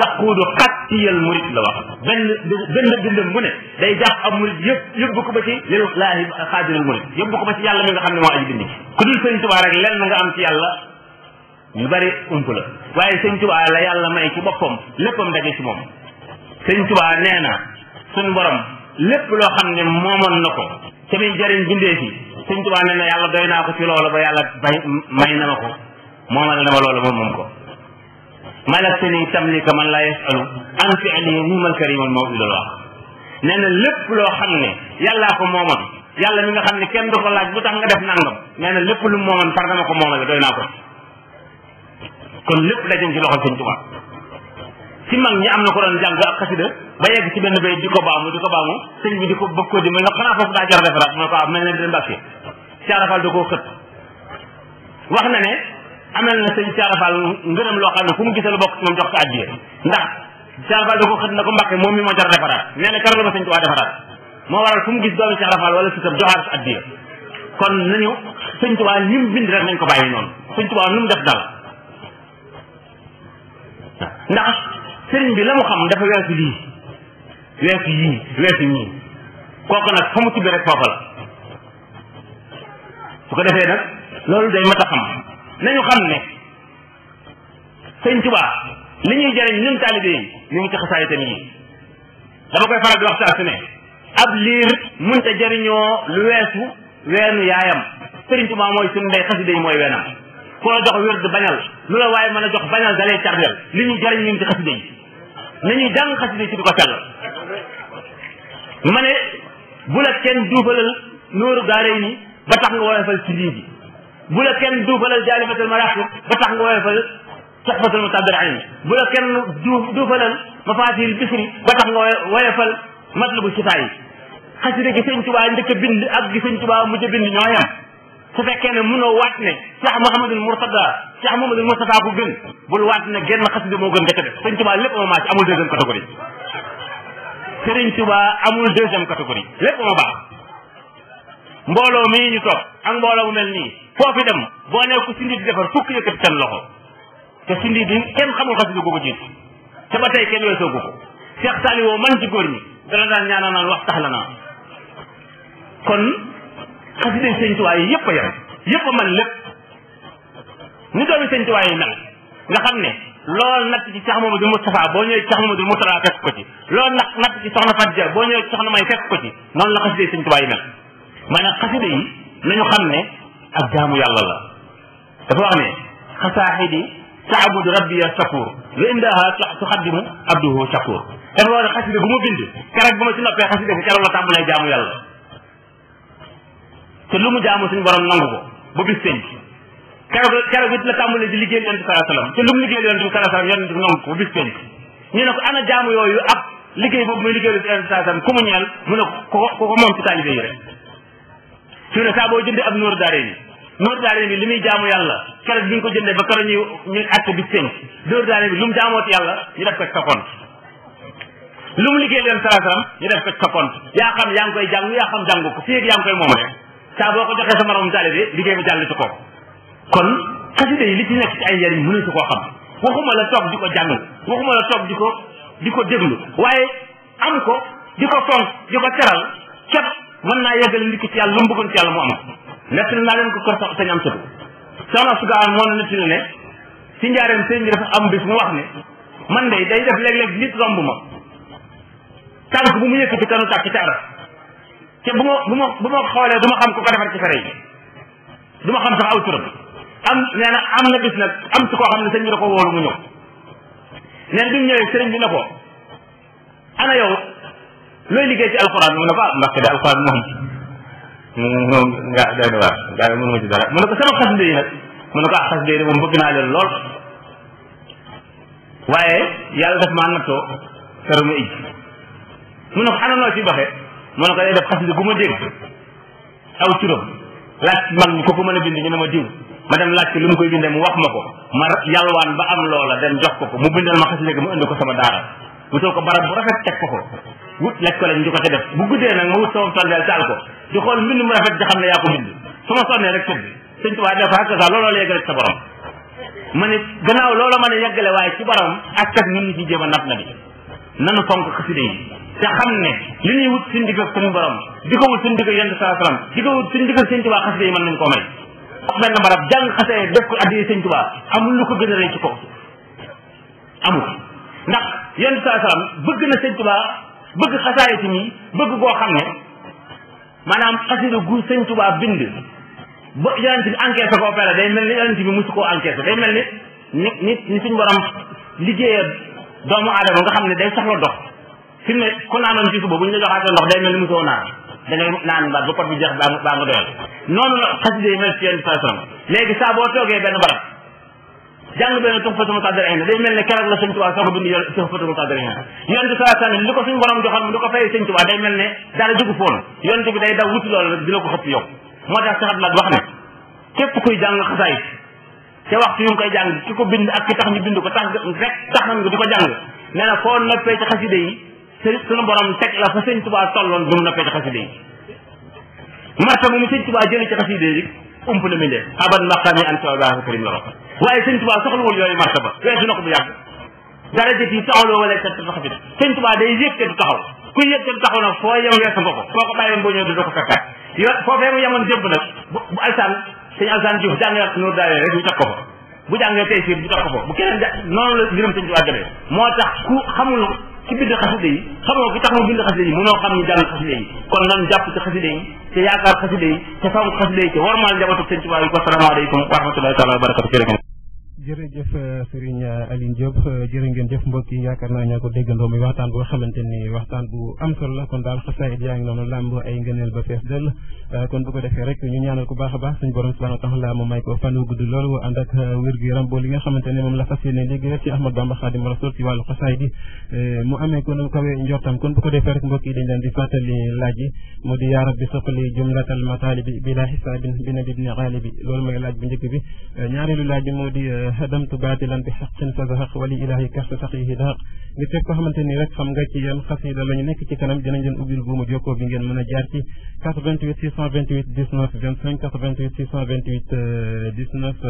yaquudu xattiyal murid la wax benn benn dundum bu ne day jàpp ab murit yëpp yóbbu ko ba ci lillahi lillaahi xaadiral murit yóbbu ko ba ci yàlla mi nga xam mo aji dindi ku dul señtu Tuubaa rek lenn nga am ci yàlla ñu bari ump la waaye sëñ tubaa la yàlla may ci boppam léppam daje ci moom sëñ tubaa nee na suñ borom lépp loo xam ne moomoon na sa ca muy jariñ bindee fi sëñ tubaa nee na yàlla doy naa ko ci loolu ba yàlla bay may ma ko moomal na ma loolu moom moom ko malaktani tamlika man laa yasalu an fi ali nimal karimal mawilul wax nee na lépp loo xam ne yàllaa ko moomoon yàlla mi nga xam ne kenn du ko laaj bu tax nga def nangam nee na lépp lu moomoon far dama ko moomale kon lépp daje ci loxol sëñ Tuubaa ci mag ñi am na ko doon jàng ak xasida ba yegg ci benn bay di ko baamu di ko baamu sëñ bi di ko bëgg ko di ma nga xanaa foofu daa jar defaraat ma ne ko ah mel koo xët wax na ne amal na sëñ caarafal ngërëm loo xam ne fu mu gisee lu bokk jox ko addiya ndax caarafal da koo xët na ko Mbàkke moom mi moo jar defaraat nee na keroog la ma sëñ Tuubaa defaraat moo waral fu mu gis doomi caarafal wala si tam joxaat addiya kon li mu bind rek nañ ko bàyyi noonu sëñ Tuubaa nu mu def dal ndax sëriñ bi la mu xam dafa weesu lii weesu yii weesu ñii kooku nag fa mu tudd rek foofa la su ko defee nag loolu day mat a xam nañu xam ne sëñ Tuubaa li ñuy jëriñ ñun taalibe yi ñu ngi ci xasaay tamit yi dama koy faral di wax saa su ne ab liir mënta jëriñoo lu weesu weenu yaayam sëriñ Tuubaa mooy suñu ndey xasida yi mooy weenam ko la jox wërd bañal lu la waaye mën a jox bañal dalay tardel li ñu jariñ ñun ci xasida yi nañuy jàng xasida yi ci di ko sell ma ne bu la kenn duufalal nooru daare ni ba tax nga woyofal ci lii bi bu la kenn duufalal jaalifatal maraqib ba tax nga woyofal soxbatal mutabbir ayn bu la kenn duufalal mafatir bisri ba tax nga woyofal matlabu sifaay xasida gi sëñ tubaa njëkk bind ak gi sëñ tubaa mujj bind ñoo yam su fekkee ne mënoo waat ne Cheikh Mouhamadul Mourtada Cheikh Mouhamadul Mourtada ku gën bul waat ne genn xasida moo gën nga ca def sëñ Tuba lépp ma ci amul deuxième catégorie sëriñ Tuba amul deuxième catégorie lépp ma baax mbooloo mii ñu toog ak mbooloo mu mel nii foofu dem boo ne ku sindi di defar fukk yëkkati seen loxo te sindi bi kenn xamul xasida googu jiitu te ba tey kenn weesoogu ko Cheikh Saliou man ci góor ñi dana daan ñaanal naan wax tax la naa kon xasiday sëñ Tuubaa yi yëpp a yem yëpp a man lépp ni doomi sëñ Tuubaa yi mel nga xam ne lool natt ci Cheikh Mamadou Moustapha boo ñëwee Cheikh Mamadou Moustapha fekk ko ci lool nag natt ci soxna Fatou Dia boo ñëwee soxna May fekk ko ci noonu la xasiday sëñ Tuubaa yi mel maanaam xasida yi xam ne ak jaamu yàlla la dafa wax ne xasaaxidi taabudu rabbiya sakuur lu indaha tuxaddimu abduhu sakuur dafa wax ne xasida bu ma bind keroog bu ma ci noppee xasida bi keroog la yàlla te lu mu jaamu suñu borom nangu ko ba bis penc keroog keroog di liggéeyal yonent bi sallallahu alayhi wasallam te lu mu ñu ne ko ana jaamu yooyu ak liggéey boobu muy liggéeyal yonent bi mu ñeel mu ne ko ko saa boo jëndee ab nóor daare bi nóor daare li muy jaamu yàlla keroog ko jëndee ba keroog ñu ñuy àtte lu mu jaamooti yàlla ñu def ko sa compte lu mu liggéey leen ñu def ko sa compte yaa xam yaa ngi koy jàng yaa xam jàng ko fii ak yaa ngi koy moom rek saa boo ko joxee sa moroom taalibe liggéey ba jàll ci kaw kon xasida yi li ci nekk ci ay njariñ mënuñ ko koo xam waxuma la toog di ko jàng waxuma la di ko di waaye am ko di ko fonk di ko teral képp mën naa yeggal nit ki ci yàlla lu mu bëggoon ci yàlla mu am nekk naa leen ko kor sax sañ am sëtu soxna sugaan moo na netti ne ci njaareem sëñ bi dafa am bis mu wax ne man day day def léeg-léeg nit romb ma tànk bu mu yëkkati kanu te bu ma bu ma bu ma xoolee du ma xam ko ko defar ci fere yi du ma xam sax aw turam am nee na am na bis am si koo xam ne sëñ bi ko woolu mu ñëw nee na bi mu ñëwee sëriñ bi na ko ana yow looy liggéey ci alxuraan mu ne ko ah mbàkke de alxuraan moom moom nga doy na waar gaa yi mënuma ci dara mu ne ko sama nag mu ne ko ah xasida yi moom bëgg naa leen lool waaye yàlla daf maa nattoo mu ne ko day def xasida gu ma dégg aw turam laaj mag ñi ko ko mën a bind ñu ne ma diw ma dem laaj ko lu mu koy bindee mu wax ma ko ma yalwaan ba am loola dem jox ko ko mu bindal ma xasida gi ma indi ko sama daara wutal ko barab bu rafet teg ko ko wut laaj ko lañ di ko ca def bu guddee nag ma wut sama sondeel taal ko di xool mbind mu rafet nga xam ne yaa ko bind su ma sonnee rek tëdd sëñ Tuubaa def hakka sa looloo la yeggale sa borom ma ne gannaaw loola ma ne yeggale waaye ci borom ak kat ñun ñi a nat na bi nanu fonk te xam ne li ñuy wut suñu digg ak suñu borom di ko wut suñu digg yenn saa salaam di ko wut suñu digg sëñ Tuubaa xasida yi mën nañu koo may benn barab jàng xasee def ko addiye sëñ Tuubaa amul lu ko gën a rëy ci kaw amul ndax yenn saa bëgg na sëñ Tuubaa bëgg xasaayit mi bëgg koo xam ne maanaam xasida gu sëñ tubaa bind ba yonent bi encaissé ko opéré day mel ni yonent bi musu koo encaissé day mel ni nit nit ñi suñu borom liggéeyee doomu aadama nga xam ne day soxla dox fi mu ne ku naanoon ci suba bu ñu la joxaatee ndox day mel ni mosoo naan da ngay naan baat pot bi jeex baa nga doyal noonu la xasida yi mel ci yenn façon léegi saa boo toogee benn barab jàng benn tux fatuma sadrin day mel ne bi saa sallam li ko suñu borom joxoon mu di ko fayee sëñ Tuubaa day mel ne dara jugu foon yonent bi day daw wuti loolu di la ko xëpp yokk moo tax saxat laat wax ne képp kuy jàng xasaay te waxtu yu ngi koy jàng ki ko bind ak ki tax ñu bind ko tax rek tax nga di ko jàng nee na foo noppee ci sëñ sunu borom teg la fa sëñ tubaa tolloon bu mu noppee ci xaside yi marta bu mu sëñ tubaa jëlee ci xaside yi ump na mi ndee aban maqami an tawbaahu karim la wax waaye sëñ tubaa soxlawul yooyu martaba weesu na ko bu yàgg dara jëf yi taxawloo wala tat tax bi tubaa day yëkkati taxaw ku yëkkati taxaw nag foo yem weesu nga ko foo ko bàyyoon boo ñëw du ko fekkaat yo foofee mu yemoon démb nag bu alsaan sëñ alsaan Diouf jàngee noor daawee rek ñu teg ko bu jàngee tey si ki bind xaside yi xamoo ki tax mu bind xaside yi mënoo xam ñu jàng xaside yi kon nan jàpp ci xaside yi te yaakaar xaside yi te fonk xaside yi te warmaal njabootu sëñ Tuubaa yi ko salaamaaleykum wa rahmatullahi taala wa barakatu jërëjëf euh, Serigne euh, Alioune Diop euh, jërë ngeen jëf mbokk yi yaakaar naa ñoo ko déggandoo muy waxtaan boo xamante ni waxtaan bu am solo la kon daal xasaayid yaa ngi noonu làmb ay ngëneel ba fees dell kon bu ko defee rek ñu ñaanal ko baax a baax suñu borom subhanahu wa taala mu may ko fan wu gudd loolu ànd ak wér gu yaram li nga xamante ne moom la fas yéene liggéey ci Ahmad Bamba Xaadim Rasul ci wàllu xasaayid yi mu amee ko nu kawee njortam kon bu ko defee rek mbokk yi dañ leen di fàttali laaj yi moo di yaa rabbi soqali jumlatal mataalibi bila xisaabin bi nabi ibni xaalibi loolu mooy laaj bu njëkk bi ñaareelu laaj bi moo di هدمت باطلا بحق فزهق ولي zahaq كف فقيه ذاق saqihi dahaq nit képp ko xamante ni rek xam nga ci yan xasida lañu nekk ci kanam dinañ leen ubbil buumu jokkoo bi ngeen mën jaar ci 88 628 19 25 88 628 19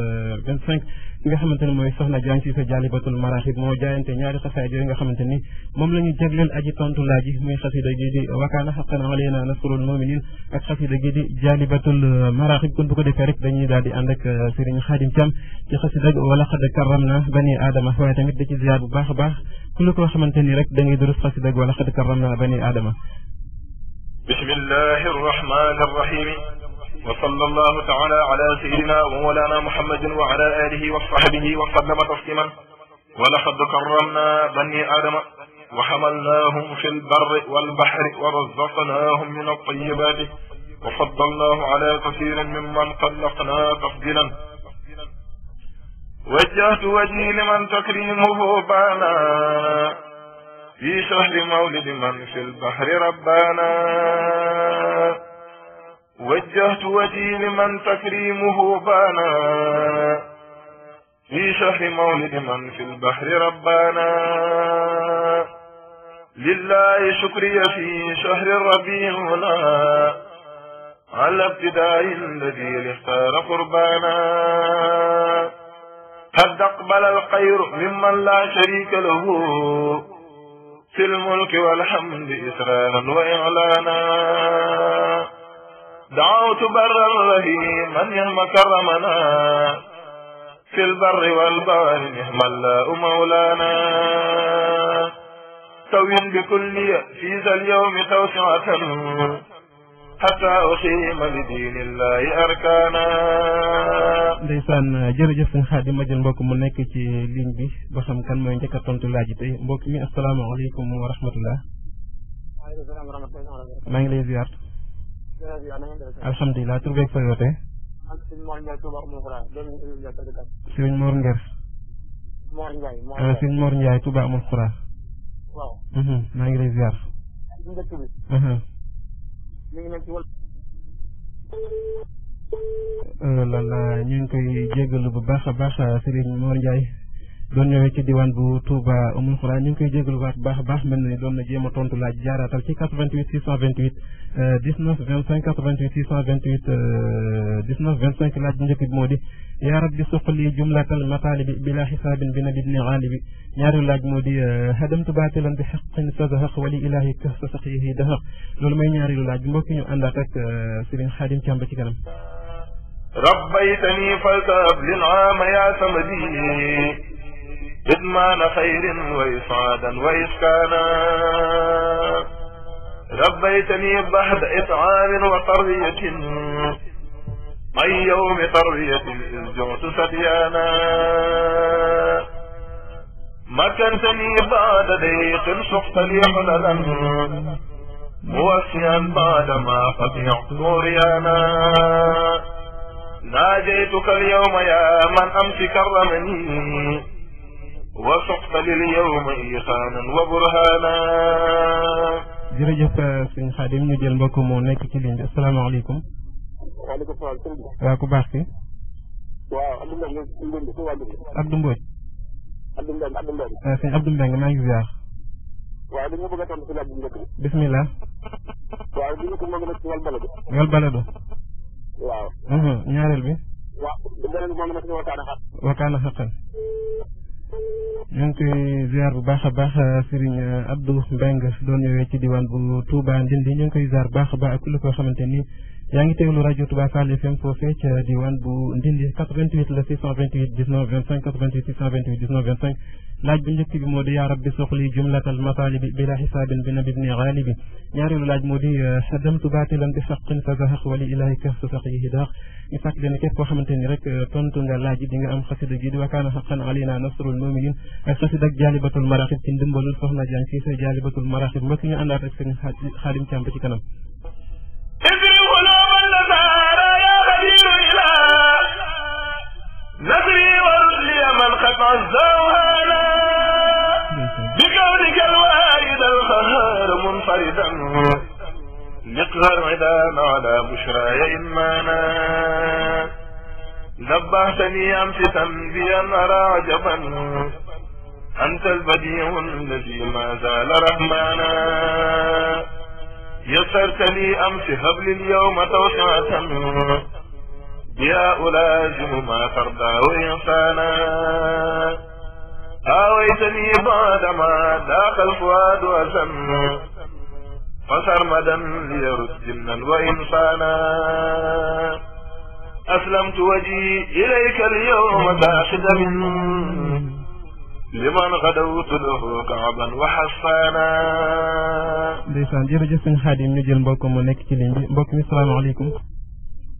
25 nga xamanteni moy soxna jang ci sa jaalibatul marahib mo jaayante ñaari xasaay yooyu nga xamanteni mom lañu la aji tontu laaji muy xasida gi di wakaana haqqan alayna nasrul muminin ak xasida gi di jaalibatul maraaxib kon bu ko defee rek dañuy daldi di ànd ak Serigne Khadim cham ci xasida ولقد كرمنا بني ادم هو تمد في زياد باخ باخ كل كو خمانتني رك داغي درس فاسدك ولقد كرمنا بني ادم بسم الله الرحمن الرحيم وصلى الله تعالى على سيدنا ومولانا محمد وعلى اله وصحبه وسلم تسليما ولقد كرمنا بني ادم وحملناهم في البر والبحر ورزقناهم من الطيبات وفضلناه على كثير ممن خلقنا تفضيلا وجهت وجهي لمن تكريمه بانا في شهر مولد من في البحر ربانا وجهت وجهي لمن تكريمه بانا في شهر مولد من في البحر ربانا لله شكري في شهر ربيع ولا على ابتداء الذي اختار قربانا قد أقبل الخير ممن لا شريك له في الملك والحمد إسرانا وإعلانا دعوت بر الرهيم أن يهم كرمنا في البر والبحر نعم الله مولانا سوي بكل في ذا اليوم توسعة xata oxima li diinillahi arkaana ndeysaan jërëjëf sëñ Xaadim ma jël mbokk mu nekk ci ligne bi ba xam kan mooy njëkk a tontu laaj tey mi asalaamaaleykum wa rahmatullah maa ngi lay ziar alhamdulilah tur beeg fa yootee sëñ Mor Nger sëñ Mor Ndiaye Touba amul Xura euh, mhm, maa ngi lay ziar mi ngi nekk euh, ñu ngi koy jégalu bu baax a baax Serigne Mor Ndiaye. don ñëwee ci diwan bu Touba Oumou Khoura ñu koy jéggul waat baax baax melni na doon na jéem tontu laaj jaaratal ci 88 628 19 25 88 628 19 25 laaj bu bi moo di rabbi suqli jumlatal mataalibi bila xisaabin bi nabi bni xaalibi ñaari laaj moo di hadamtu baatilan bi xaqin sa zahaq wali ilahi ka sa dahaq loolu may ñaari laaj bi ñu àndaat ak Serigne Khadim Thiam ci kanam ربيتني فذهب للعام يا سمدي إدمان خير وإسعادا وإسكانا ربيتني بعد إطعام وتربية من يوم تربية إذ جعت ستيانا مكنتني بعد ضيق شفت لي حللا موسيا بعدما قطعت نوريانا ناجيتك اليوم يا من أمس كرمني وسقط لليوم إيقانا وبرهانا جرجف سين خادم ني ديال مباك مو نيك سي لين السلام عليكم وعليكم السلام ورحمه الله كو واه عبد الله عبد الله عبد الله عبد الله عبد الله سين عبد الله ما نجي زيار واه دي نيو بغا تام سي عبد الله بسم الله واه دي نيو كو مغنا سي البلد غال بلدو واه اها نيارل بي واه دي نيو مغنا سي وكان حق وكان حق ñu ngi koy ziar bu baax a baax Serigne Abdou Mbengue doon ñëwee ci diwaan bu Touba Ndindi di ngi koy ziar baax a baax ak lu ko xamante ni yaa ngi teewlu rajo Touba Fall FM foofee ca diwan bu Ndindi 88 la 628 19 25 88 628 19 25 laaj bu njëkk bi moo di yaa rabbi soxli jumlatal masaalibi bila xisaabin bi nabi bni xaalibi ñaareelu laaj moo di xadamtu baatilan bi saqin fa zahaq wali ilahi kaf sa saq yihi daax ñu fàkk dana képp koo xamante ni rek tontu nga laaj di nga am xasida gi di wakaana xaqan alina nasrul muminin ak xasida ak jaalibatul maraxib ci ndimbalul soxna jàng si say jaalibatul maraxib mbokk ñu àndaat rek seen xaadim càmb ci kanam نذري ورجلي من قد عزاها بكونك الوارد القهار منفردا يقهر عدام على بشراي إمانا نبهتني أمس تنبيا أرى عجبا أنت البديع الذي ما زال رحمانا يسرت لي أمس هب اليوم توسعة يا ما فرداه إنسانا آويتني بعدما ذاق الفؤاد أسم فسرمدا ليردن وإنسانا أسلمت وجهي إليك اليوم داخل من لمن غدوت له كعبا وحصانا ديسان جرجس خادم نجل بوكم ونكتلين بوكم السلام عليكم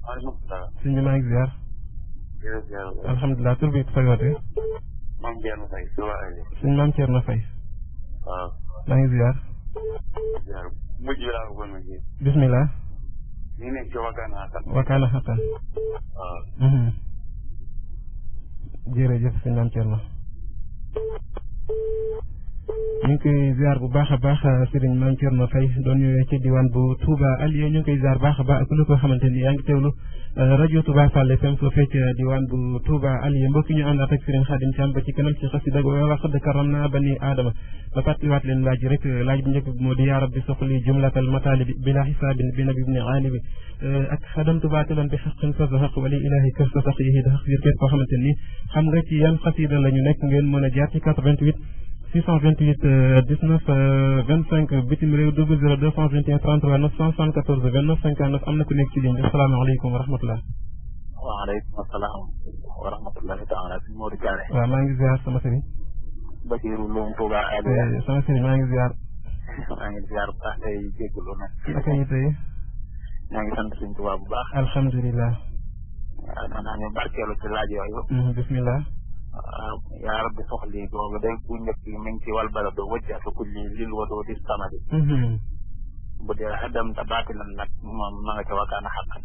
maaleykum salaam. sëñ bi alhamdulilah tur bi it fay wootee. maam Thierno Faye. sëñ maam Thierno Faye. nekk ci Wakana Hassane. Wakana Hassane. waaw. Mhm. jërëjëf sëñ maam Thierno. ñu ngi koy ziar bu baax a baax Serigne Mame Thierno Faye doon ñëwee ci diwaan bu Touba Aliou ñu ngi koy ziar baax a baax ak lu ko xamante ni yaa ngi teewlu rajo Touba Fall FM foo fekk diwaan bu Touba Aliou mbokki ñu àndaat ak Serigne Khadim Thiam ba ci kanam ci xasida gu wa xadd karam naa bani aadama ba fàttiwaat leen laaj rek laaj bu njëkk moo di yaa rabbi soxli jumlatal mataalibi bila xisaabin bi nabi ibni aalibi ak xadamtu baatilan bi xaqin fa zahaq wali ilahi kër sa sax yi daxaq biir képp koo xamante ni xam nga ci yan xasida la ñu nekk ngeen mën a jaar ci 88 628 19 25 bitim réew 00 221 33 974 29 59 am na ku nekk ci ligne bi asalaamaaleykum wa rahmatulah. waaleykum salaam wa rahmatulah taala si Modou Thiané. waaw maa ngi ziar sama sëriñ. Basiirou Loum Touba Aliou. Eh, sama sëriñ maa ngi ziar. maa ngi ziar bu baax tey jégalu nag. naka ñu tey. maa ngi sant suñu Touba bu baax. alhamdulilah. waaw man naa ñu barkeelu ci laaj yooyu. Mm-hmm, يا رب soxli googu day ku nekk min ci wal baladu wajjatu kulli lil wadudi samadi bu dee xadam ta baatinan nag moom ma nga ca wakkaan xaqan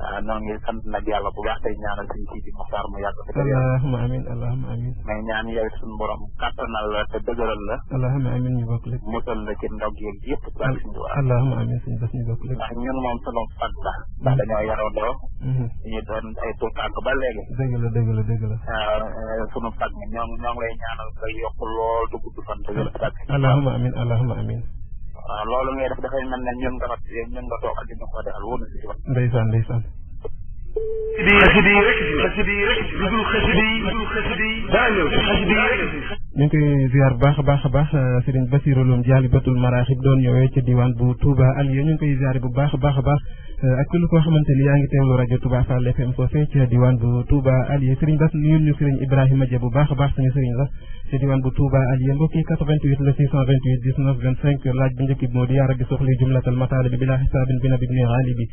waaw ah, ñoo ngi sant yàlla bu baax tey ñaanal suñu kii di Muxtaar may ñaan yow suñu borom kattanal la te dëgëral la. allahumma amiin ñu bokk lépp. musal la ci ndog yeeg yëpp. waaw allahumma amiin suñu bés ñun moom sunu fag la. ndax dañoo yaroo doo. Mm-hmm. ñu ay tuut tànk ba léegi. dëgg la dëgg la dëgg la. Ah, eh, sunu fag ñoom ñoo ngi lay ñaanal nga yokk lool dugg fan. allahumma amiin allahumma amiin. waaw loolu ngay def dafay mel ne ñun nga mat ñun nga ko defal wóor na si wat ndeysaan ndeysaan xasida ñu ngi koy ziar baax a baax a baax Serigne Bassirou Loum Jaalibatul Maraaxib doon ñëwee ca diwaan bu Touba Aliou ñu ngi koy ziar bu baax a baax a baax ak képp koo xamante ni yaa ngi teewlu rajo Touba Fall FM foofee ca diwaan bu Touba Aliou Serigne Bass nuyul ñu Serigne Ibrahima Dia bu baax a baax suñu Serigne la ca diwaan bu Touba Aliou mbokk yi 88 la 628 19 25 laaj bu njëkk bi moo di yaa rabbi soxli jumlatal mataalibi bilaa xisaabin bi nabi bni xaalibi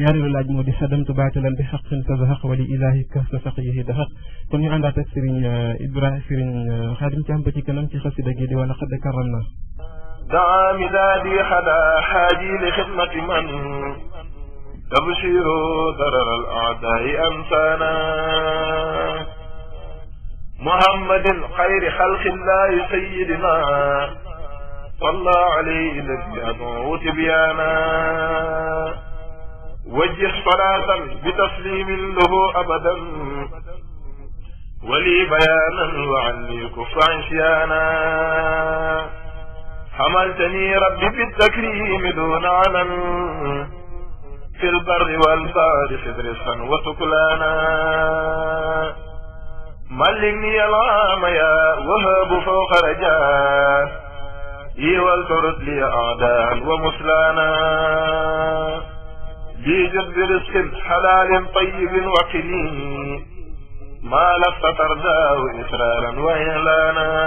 ñaareelu laaj moo di xadamtu baatilan bi xaqin sa xaq wali ilaahi ka sa saqiyihi daxaq kon ñu àndaat ak Serigne Ibrahima Serigne Khadim كان بتي ci kanam ci xasida دي وانا خد laqad دعا مدادي حدا حاجي لخدمة من تبشيروا ضرر الأعداء أمسانا محمد خير خلق الله سيدنا صلى عليه الذي أدعو تبيانا وجه صلاة بتسليم له أبدا ولي بيانا وعني كف شيانا حملتني ربي في التكريم دون علم في البر والبار فدرسا وسكلانا ملني العام يا وهب فوق رجاه والترد لي أعداء ومسلانا بجد رزق حلال طيب وكريم ما لفت ترداه إسرارا وإعلانا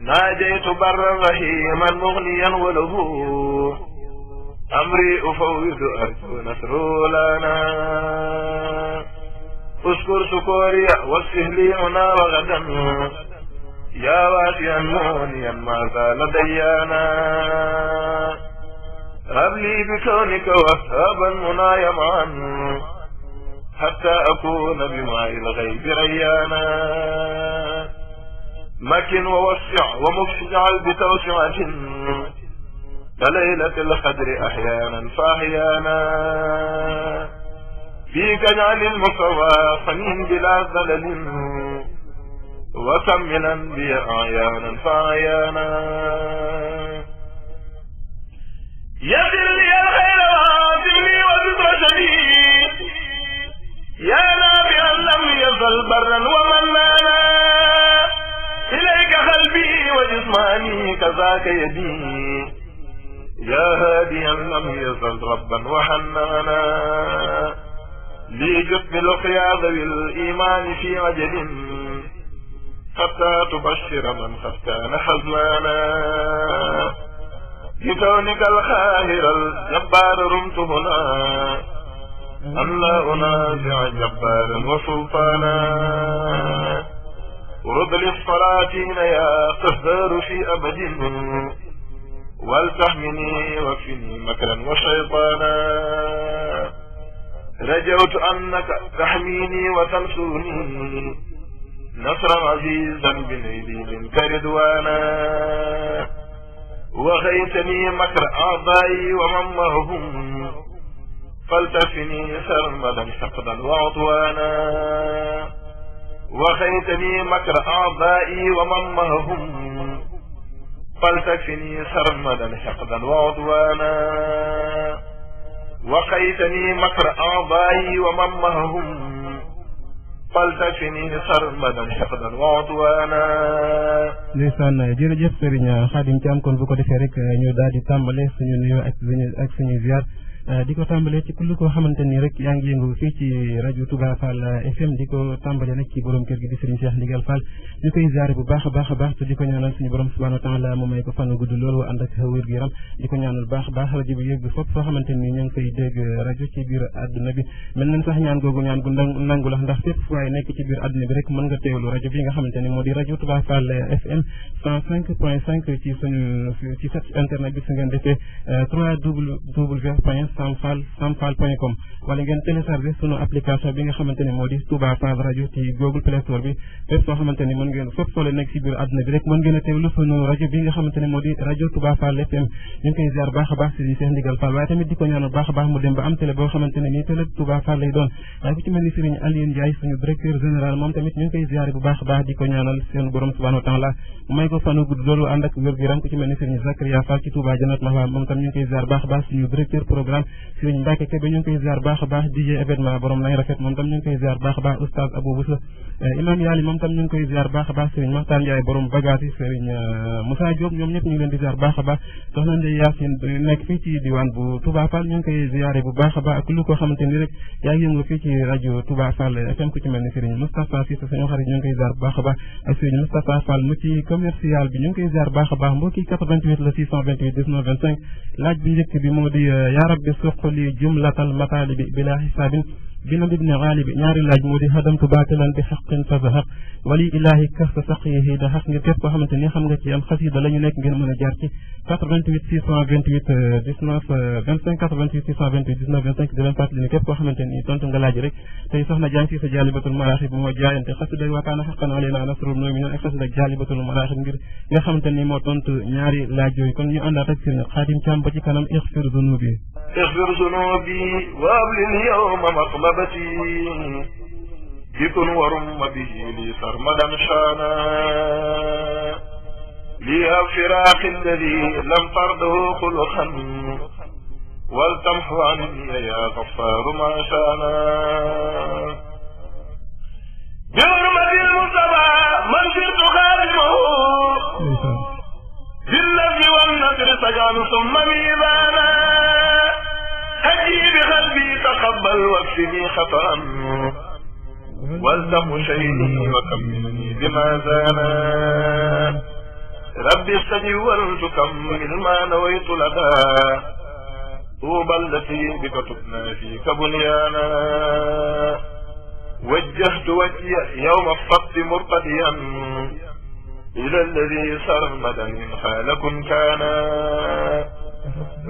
ناجيت برا رحيما مغنيا وله أمري أفوز أرجو نصر لنا أذكر سكوري واصفه لي هنا وغدا يا واسيا مغنيا ما زال ديانا هب لي بكونك وهابا معا حتى أكون بماء الغيب ريانا مكن ووسع ومفجعل بتوسعة كليلة القدر أحيانا فأحيانا فيك اجعل المصوى صنين بلا زلل وسم الأنبياء أعيانا فأعيانا يا يا الخير وعافني وزد جميل يا نافعا لم يزل برا ومنانا إليك قلبي وجسماني كذاك يدي يا هاديا لم يزل ربا وحنانا لي جد لقيا ذوي الإيمان في عجل حتى تبشر من قد كان حزنانا بكونك الخاهر الجبار رمت هنا ألا أنازع جبارا وسلطانا ورد للصلاة يا قهار في أبد والتهمني وفني مكرا وشيطانا رجوت أنك تحميني وتنصرني نصرا عزيزا بنيلي رضوانا وغيتني مكر أعضائي ومن مرهم فلتفني سرمدا حقدا وعطوانا وخيت بي مكر أعضائي وممهم فلتكفني سرمدا حقدا وعدوانا وقيتني مكر أعضائي وممهم فلتكفني سرمدا حقدا وعدوانا لسان جير Serigne Khadim Thiam kon bu ko defee rek ñu daal di tàmbale suñu nuyoo Euh, di ko tàmbalee ci kull koo xamante ni rek yaa ngi yëngu fii ci rajo Touba Fall euh, FM di ko tàmbalee nag ci boroom kër gi di Serigne Cheikh Ndigal Fall ñu koy ziare bu baax a baax a baax te di ko ñaanal suñu borom subhanahu wa taala mu may ko fan gudd loolu ànd ak wér gu yaram di ko ñaanal baax baax rajo bi yëg bi foofu foo xamante ni ñoo ngi koy dégg rajo ci biir àdduna bi mel nañ sax ñaan googu ñaan gu nangu la ndax fépp waaye nekk ci biir àdduna bi rek mën nga bi nga xamante ni moo di rajo Touba Fall euh, FM 105 point 5 ci suñu internet bi su ngeen defee 3 double double samfal samfal point com wala ngeen télécharger sunu application bi nga xamante ne moo di Touba Fall rajo ci Google Play Store bi fépp soo xamante ne mën ngeen fépp soo leen nekk si biir àdduna bi rek mën ngeen a teewlu sunu rajo bi nga xamante ne moo di rajo Touba Fall FM ñu ngi koy ziar baax a baax si Cheikh Ndigal Fall waaye tamit di ko ñaanal baax a baax mu dem ba am télé boo xamante ne nii télé Touba Fall lay doon waaye ku ci mel ni Serigne Alioune Ndiaye suñu directeur général moom tamit ñu ngi koy ziar bu baax a baax di ko ñaanal seen borom subhanahu wa taala mu may ko fanu gudd loolu ànd ak wér gu yaram ku ci mel ni Serigne Zakaria Fall ci Touba Janat Mahwa moom tam ñu ngi koy ziar baax a baax suñu directeur programme sëriñ Mbacke Kébé ñu ngi koy ziar baax a baax DJ événement borom lay rafet moom tam ñu ngi koy ziar baax a baax oustaz Abou Boussa imam Yaali moom tam ñu ngi koy ziar baax a baax sëriñ Maxtaan Ndiaye borom bagage yi sëriñ Moussa Diop ñoom ñëpp ñu ngi leen di ziar baax a baax soxna Ndeye Yacine nekk fii ci diwaan bu Touba Fall ñu ngi koy ziaré bu baax a baax ak lu ko xamante ni rek yaa ngi yëngu fii ci rajo Touba Fall FM ku ci mel ni sëriñ Moustapha Cissé suñu xarit ñu ngi koy ziar baax a baax ak sëriñ Moustapha Fall mu ci commercial bi ñu ngi koy ziar baax a baax mbokki 88 la 628 19 25 laaj bi njëkk bi moo di yaa rabbi suq li jumlatal mataalibi bila xisaabin bina ibni xaalibi ñaari laaj moo di xadamtu baatilan bi xaqin fa zahab wali ilaahi kasta saqiyihi da xas ngir képp koo xamante ni xam nga ci yan xasida la ñu nekk ngeen mën a jaar ci 88 628 19 25 88 628 19 25 di leen fàttali ni képp koo xamante ni tontu nga laaj rek tey soxna jàng fii sa jaalibatul maraaxib moo jaayante xasida wa kaana xaqan alayna nasrul mu'minin ak xasida jaalibatul maraaxib ngir nga xamante ni tontu ñaari laaj yooyu kon ñu àndaat ak sëriñ Xaadim Caam ba ci kanam ixfir dunubi اغفر ذنوبي وابل اليوم مقلبتي بكن ورم به لي سرمدا شانا لي الفراق الذي لم ترده خلقا ولتمحو عني يا غفار ما شانا بحرمة المصطفى من جئت خارجه إيه، بالذي والنذر سجعل ثم ميزانا هدي بقلبي تقبل واكفني خطأ والزم شيئي وكملني بما زانا ربي وانتكم من ما نويت لدى طوبى التي بك تبنى فيك بنيانا وجهت وجهي يوم الصبت مرتديا إلى الذي سرمدا حالكم كانا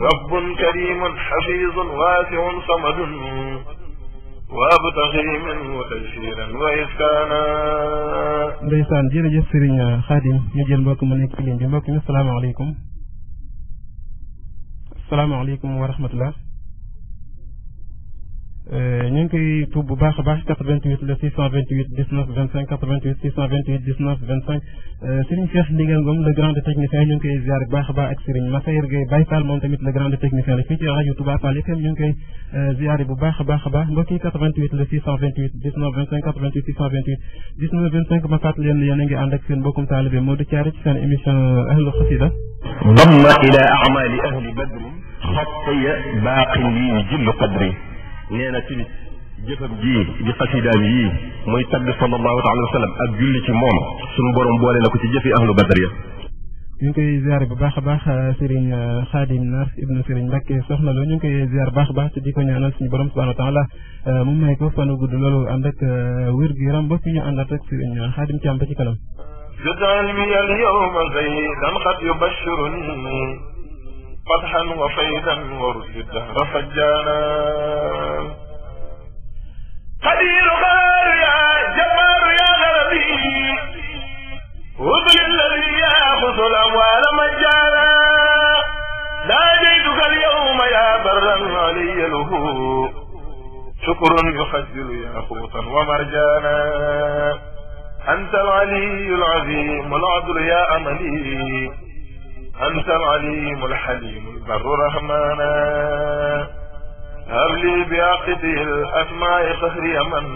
رب كريم حفيظ واسع صمد وابتغي منه تيسيرا وإسكانا ديسان جير جسرين خادم نجل بكم السلام عليكم السلام عليكم ورحمة الله ñu ngi koy tuub bu baax a baax 88 le 628 19 25 88 628 19 25 Serigne Cheikh Ndigal Ngom le grand technicien ñu ngi koy ziar bu baax a baax ak Serigne Massayer Gueye Baye Fall moom tamit le grand technicien la fii ci rajo Touba Fall FM ñu ngi koy ziar bu baax a baax a baax mbokk yi 88 le 628 19 25 88 628 19 25 ma fàttali leen yéen a ngi ànd ak seen mbokkum taalibe Modou Thiaré ci seen émission ahlu xasida ضم إلى أعمال أهل بدر خطي باق لي جل قدري nee na tamit jëfam jii di xasidaam yii muy tagg sallallahu taala wa sallam ak julli ci moom sunu borom boole na ko ci jëfi ahlu badar ya ñu ngi koy ziar bu baax a baax sëriñ xaadim naar ibnu sëriñ mbàkke soxna la ñu ngi koy ziar baax a baax te di ko ñaanal suñu borom subhanahu wa taala mu may ko fanu gudd loolu ànd ak wér gu yaram bopp ñu àndaat ak sëriñ xaadim ci am ba ci kanam. فتحا وفيدا ورد الدهر فجانا قدير غار يا جبار يا غربي وابن الذي ياخذ الاموال مجانا ناديتك اليوم يا برا علي له شكر يخجل يا خوطا ومرجانا انت العلي العظيم العدل يا املي أنت العليم الحليم البر رحمانا هب لي بعقدي الأسماء صهري من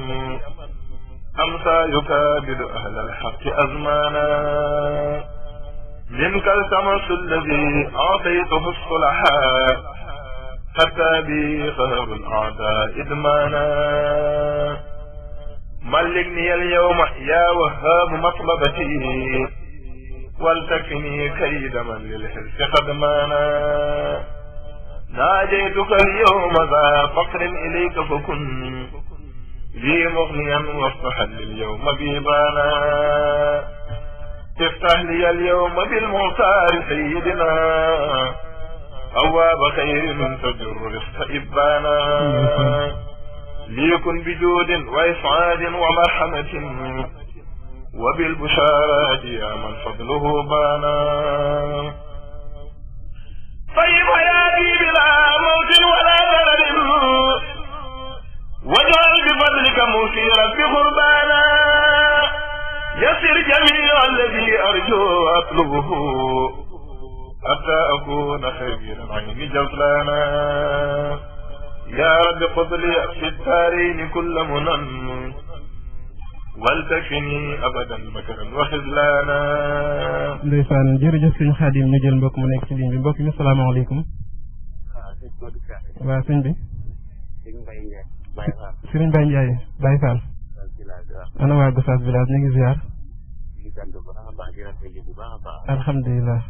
أمسى يكابد أهل الحق أزمانا منك التمس الذي أعطيته الصلحاء حتى بي قهر الأعداء إدمانا ملكني اليوم يا وهاب مطلبتي والتكني كيد من للحرص قد مانا ناجيتك اليوم ذا فقر إليك فكن لي مغنيا لي اليوم بيبانا افتح لي اليوم بالمختار سيدنا أواب خير من تجر رزق إبانا ليكن بجود وإسعاد ومرحمة وبالبشارات يا من فضله بانا طيب حياتي بلا موت ولا ضرر واجعل بفضلك مثيرا بقربانا يسر جميع الذي ارجو واطلبه حتى اكون خبيرا عني جفلانا يا رب قبل في الدارين كل منن wal takini abadan makaran wa xizlaana ndeysaan jërëjëf suñu xaadim ñu jël mbokk mu nekk ci ligne bi mbokk mi salaamaaleykum waaw sëñ bi sëriñ Baye Ndiaye Baye Fall ana waa Gossas village ñu ngi ziar alhamdulilah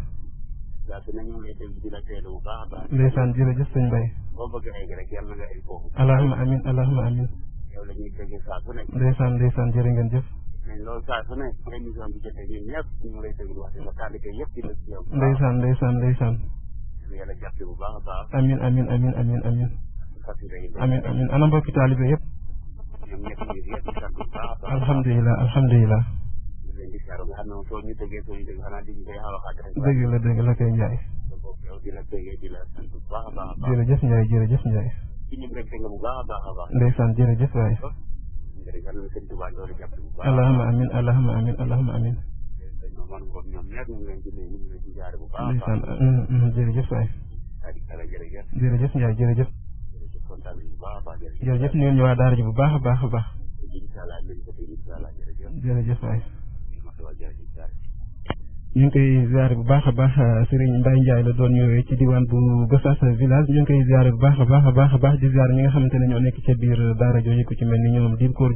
ndeysaan jërëjëf sëñ Baye allahuma amin allahuma amin yow la ñuy déggee saa su nekk. ndeysaan ndeysaan jërë ngeen jëf. mais loolu saa su nekk émission bi jotee ñun ñëpp ñu ngi lay déglu wax dëgg la kàddu gi yëpp di la ci yow. ndeysaan ndeysaan ndeysaan. yàlla jàppale bu a baax. amiin amiin amiin amiin amiin. amiin amiin ana mbokki taalibe yëpp. ñoom ñëpp ñu ngi a alhamdulilah alhamdulilah. dëgg la dëgg la kay Ndiaye. jërëjëf Ndiaye ci ñun rek nga bu baax a baax a baax. ndeysaan jërëjëf waay. jërëjëf yàlla na sëñ Tuba loolu jàpp bu baax. allahumma amin allahumma amin allahumma amin. man boobu ñoom nekk ñu ngi leen di nuyu ñu ngi leen di jaare bu baax. ndeysaan mm, mm, jërëjëf waay. jërëjëf. jërëjëf Ndiaye jërëjëf. jërëjëf kontaan nañu bu baax a baax jërëjëf. jërëjëf ñu ngi ñu waa daara ji bu baax a baax a baax. incha allah jërëjëf waay. ñu ngi koy ziare bu baax a baax Serigne Mbaye Ndiaye la a baax a baax a baax di ziare ñi nga xamante ne ñoo nekk ca biir daara jooju ku ci mel ni ñoom diir koor a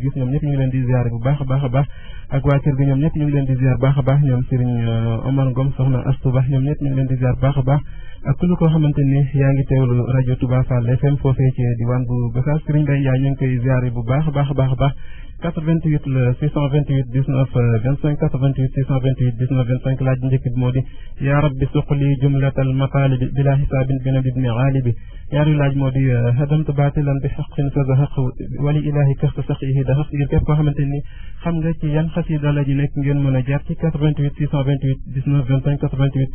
a baax ak waa kër gi ñoom ñëpp ñu ngi leen di a baax ñoom Serigne Omar Ngom soxna Astou Ba baax a baax ak kullu koo xamante ni yaa a baax laaj njëkk bi moo di yaa rabbi suqli jumlatal mataalibi bila xisaabin bi nabi bni xaalibi ñaari laaj moo di hadamtu baatilan bi xaqin fa zahaq wali ilahi kasta saqihi daxaq ngir képp koo xamante ni xam nga ci yan xasida la ji nekk ngeen mën a jaar ci 88 628 19 25 88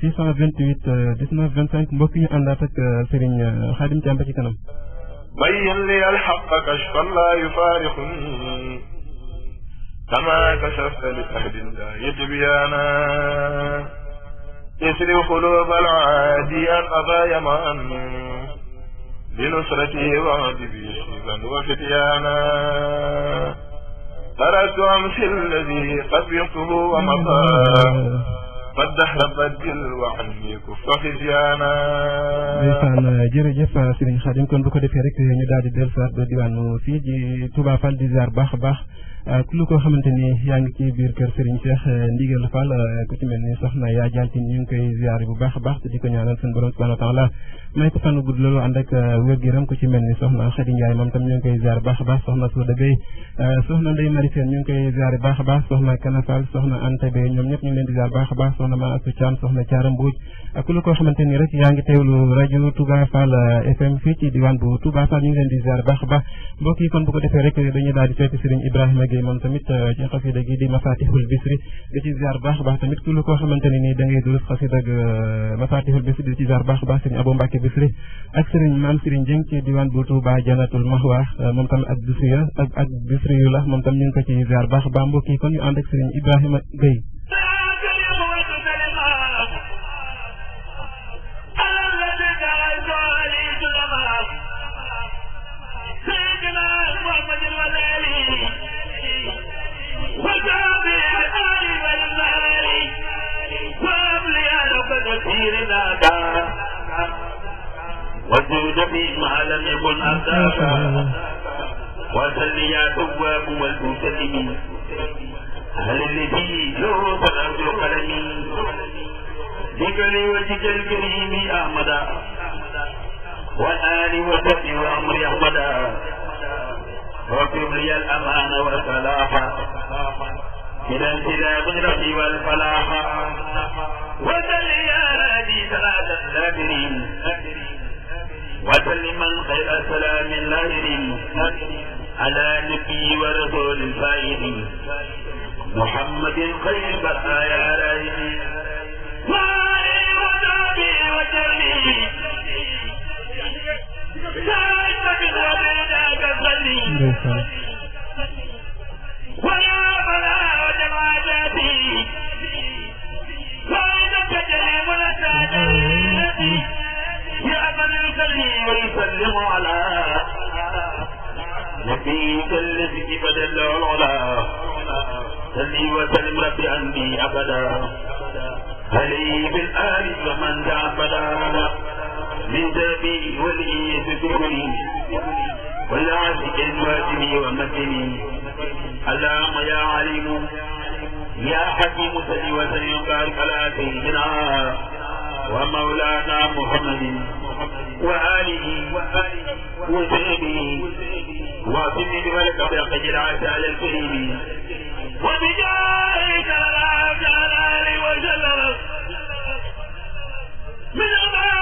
628 19 25 mbokk ñu àndaat ak Serigne Khadim Thiam ba ci kanam. bayyan li alxaqa kashfan laa yufaariqun كما كشفت لأهل الله تبيانا اسر قلوب العادي أن أضايا من لنصرته وعدبي شيبا وفتيانا تركت أمشي الذي قد يطه ومضى قد احرب الدل وعني كف خزيانا ndeysaan jërëjëf Serigne Khadim kon bu ko defee rek ñu daal di dellusiwaat ba diwaanu fii ji Touba Fall di ziar Euh, kullu koo xamante ni yaa ngi ci biir kër Serigne Cheikh euh, Ndigal Fall euh, ku ci mel ni soxna yaa ngi koy ziare bu baax a baax te di ko ñaanal suñu borom ko fànn gudd loolu ànd ak wér-gu-yaram ku moom tam ñu ngi koy ziare bu baax a baax soxna Souda Gueye soxna koy ziare baax a baax soxna Kana Fall soxna Anta Beye ñoom ñëpp ñu ngi leen di ziare baax a baax soxna Ma Asou Thiam soxna Thiara Mbodj ak kullu koo xamante ni rek yaa ngi teewlu rajo Touba Fall FM fii ci diwaan bu Touba Fall ñu ngi leen di ziare baax a baax mbokk yi kon bu ko defee rek dañuy daal di fekk Serigne Ibrahima Gueye moom tamit euh, ci xasida gi di Mafatihul Bisri di ci ziar baax baax tamit ku lu koo xamante nii da ngay dulus xasida euh, Bisri di ci ziar baax baax sëriñ Abou Mbacke Bisri ak sëriñ maam sëriñ Jeng ci diwaan bu Touba Janatul Mahwa euh, moom tam ak Bisriya ak la moom tam ñu ko ci ziar baax baax mbokk kon ñu ànd ak sëriñ Ibrahima Gueye وجاب الآل والمال لم يكن أتاكا وسل يا تواب والمسلم هل الذي له فالأرض قلمي ذكر وجهك الكريم أحمدا والآل وسبي وأمر أحمدا وكن لي الأمان والفلاح إلى البلاد والفلاح وسل يا هادي سعد النبرين وسلم خير سلام لاهر على نبي ورسول فائر محمد خير يا رايه وعلي وصحبه وسلم बदला जली बदाम सलीब हरि बमंदा बदाम من للبابي والإيس سكني والعاشق الواجب ومتني اللهم يا عليم يا حكيم سلي وسلي وبارك على سيدنا ومولانا محمد وآله وصحبه وسلم بملك بقي العسى على الكريم وبجاهك العسى على وسلم من أمام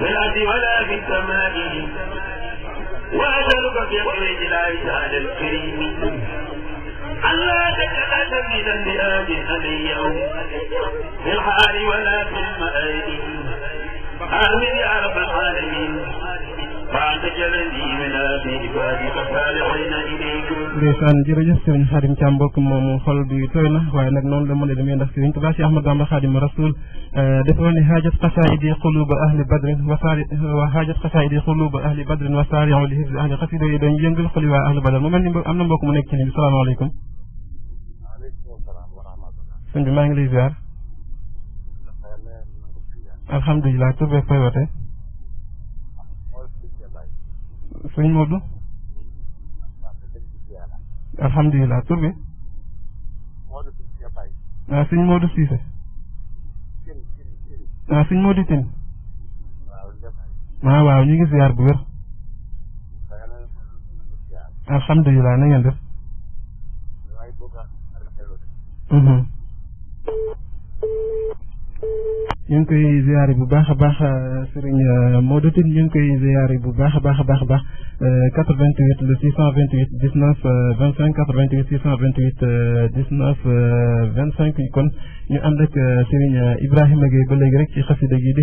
بالأرض ولا في سمائه في بقوة العيش على الكريم ألا تجعل من النئام علي في الحال ولا في المآل أهل يا رب العالمين وأن تجعلني من عبادك صالحين إليك ndeysaan jërëjëf sëriñ Xaadim Caam mbokk moomu xol bi tooy na waaye nag noonu la mën a demee ndax sëriñ Tuubaa si Ahmad Bamba Xaadimu Rasuul dafa ne xaajat xasaayidi xuluba ahli badrin wa saari wa xaajat xasaayidi xuluba ahli badrin wa saariu li hifzi ahli xasida yi dañu yëngal xoli waa ahli badr mu mel ni am na mbokk mu nekk ci ligne bi salaamaaleykum sëñ bi maa ngi lay ziar alhamdulilah tur beeg fay wote sëñ Modou alhamdulilah tur bi ah sëñ Modou Cissé ah sëñ ah, Modou Tine ah waaw ñu ngi ziar bu alhamdulilah na ngeen def ñu ngi koy ziare bu baax a baax Serigne Modou Tine ñu ngi koy ziare bu baax a baax a baax a baax 88 le 628 19 25 88 628 19 25 kon ñu ànd ak Serigne Ibrahima Gueye ba léegi rek ci xasida gi di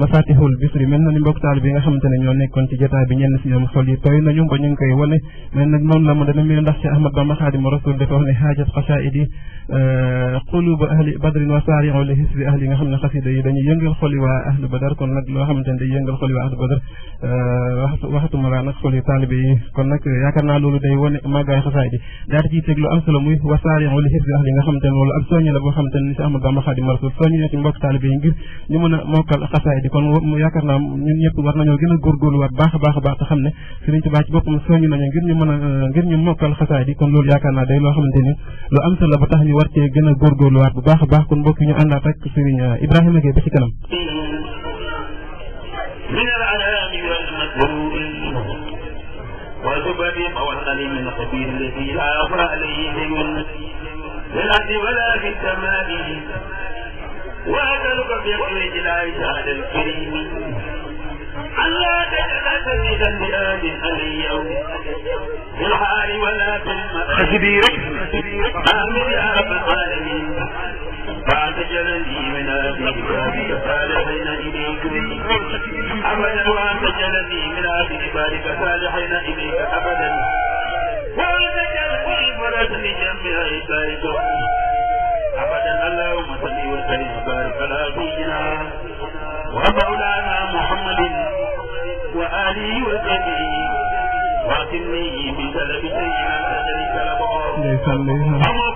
Mafatihul Bichri mel na ni mbokk taal bi nga xamante ne ñoo nekkoon ci jotaay bi ñenn si ñoom xol yi tooy nañu ba ñu ngi koy wane mais nag noonu la mu dana mel ndax ci Ahmad Bamba Xaadimu Rasul dafa wax ne xaajat xasaa'idi quluuba ahli badrin wa saari'u li hisbi ahli nga xam ne xasida yi dañuy yëngal xoli waa ahlu badar kon nag loo xamante ne day yëngal xoli waa ahlu badar euh, waxtu waxatuma laa nag xoli taalibe yi kon nag yaakaar naa loolu day wane màggaay xasaay bi daa ta ciy lu am solo la boo xamante ne ni a mokkal xasaay di kon a a a a euh, loolu yaakaar naa day loo xamante lu am solo ba tax ñu war cee gën a góorgóorluwaat bu baax a baax kon mbokk ñu àndaat ak Sëriñ euh, Ibrahima اجي بس كلام من العلام والمكروب وزبر موصل من الخبير الذي لا يقرأ عليهم شيء ولا في التمام وأسألك في قوة العيش على الكريم ألا تجعل سيدا لاهل علي في الحال ولا في المرأة خشبيرك آمين يا رب العالمين جلالي من أبيك فقال بين إليك أبدا وأنت جلالي من أبيك فالحين إليك أبدا وأتجل كل فرد لجنبها إسائك أبدا اللهم صل وسلم وبارك على سيدنا ومولانا محمد وآله وصحبه وأتمني بسلب سيدنا الأجل سلبا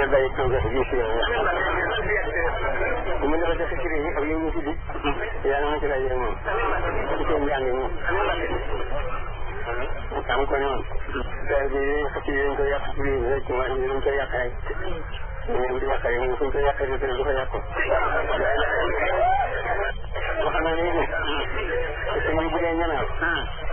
ngeen bàyyi kaw gerte gi si bu mu defal sa kër yi ak yow ñu si dig yàlla na ci laaj ak moom ci seen jàng yi moom am ko noonu daal bi xëcc yi dañ koy yàq ci biir rek ma ñu dañ koy yàq rek ñu di yàq rek suñ koy yàq rek du ko yàq wax na ni bu dee ñanal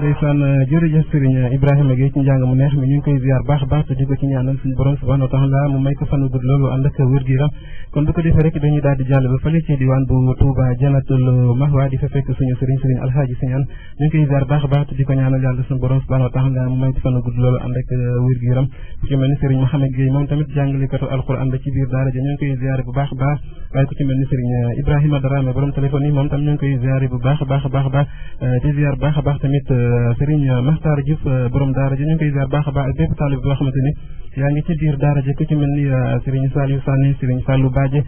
ndeysaan euh, jërëjëf sëriñ Ibrahima Gueye ci njàng mu neex mi ñu ngi koy ziar baax baax te di ko ci ñaanal suñu borom subhanahu wa taala mu may ko fanu gudd loolu ànd ak wér gi bu ba fële ci diwaan bu mel ni sëriñ Mouhamed Gueye moom tamit jàngalekatu alquran la ci biir daara ja ñu ngi koy ziar bu baax baax waaye ku ci mel ni sëriñ euh, Ibrahima Darame borom téléphone yi moom tam ñu ngi koy ziar bu baax baax baax baax te euh, ziar baax baax tamit Serigne Makhtar Diouf borom daara ji ñu ngi koy ziar baax a baax bépp taalib boo xamante ni yaa ngi ci biir daara ji ku ci mel ni Serigne Saliou Sané Serigne Fallou Badje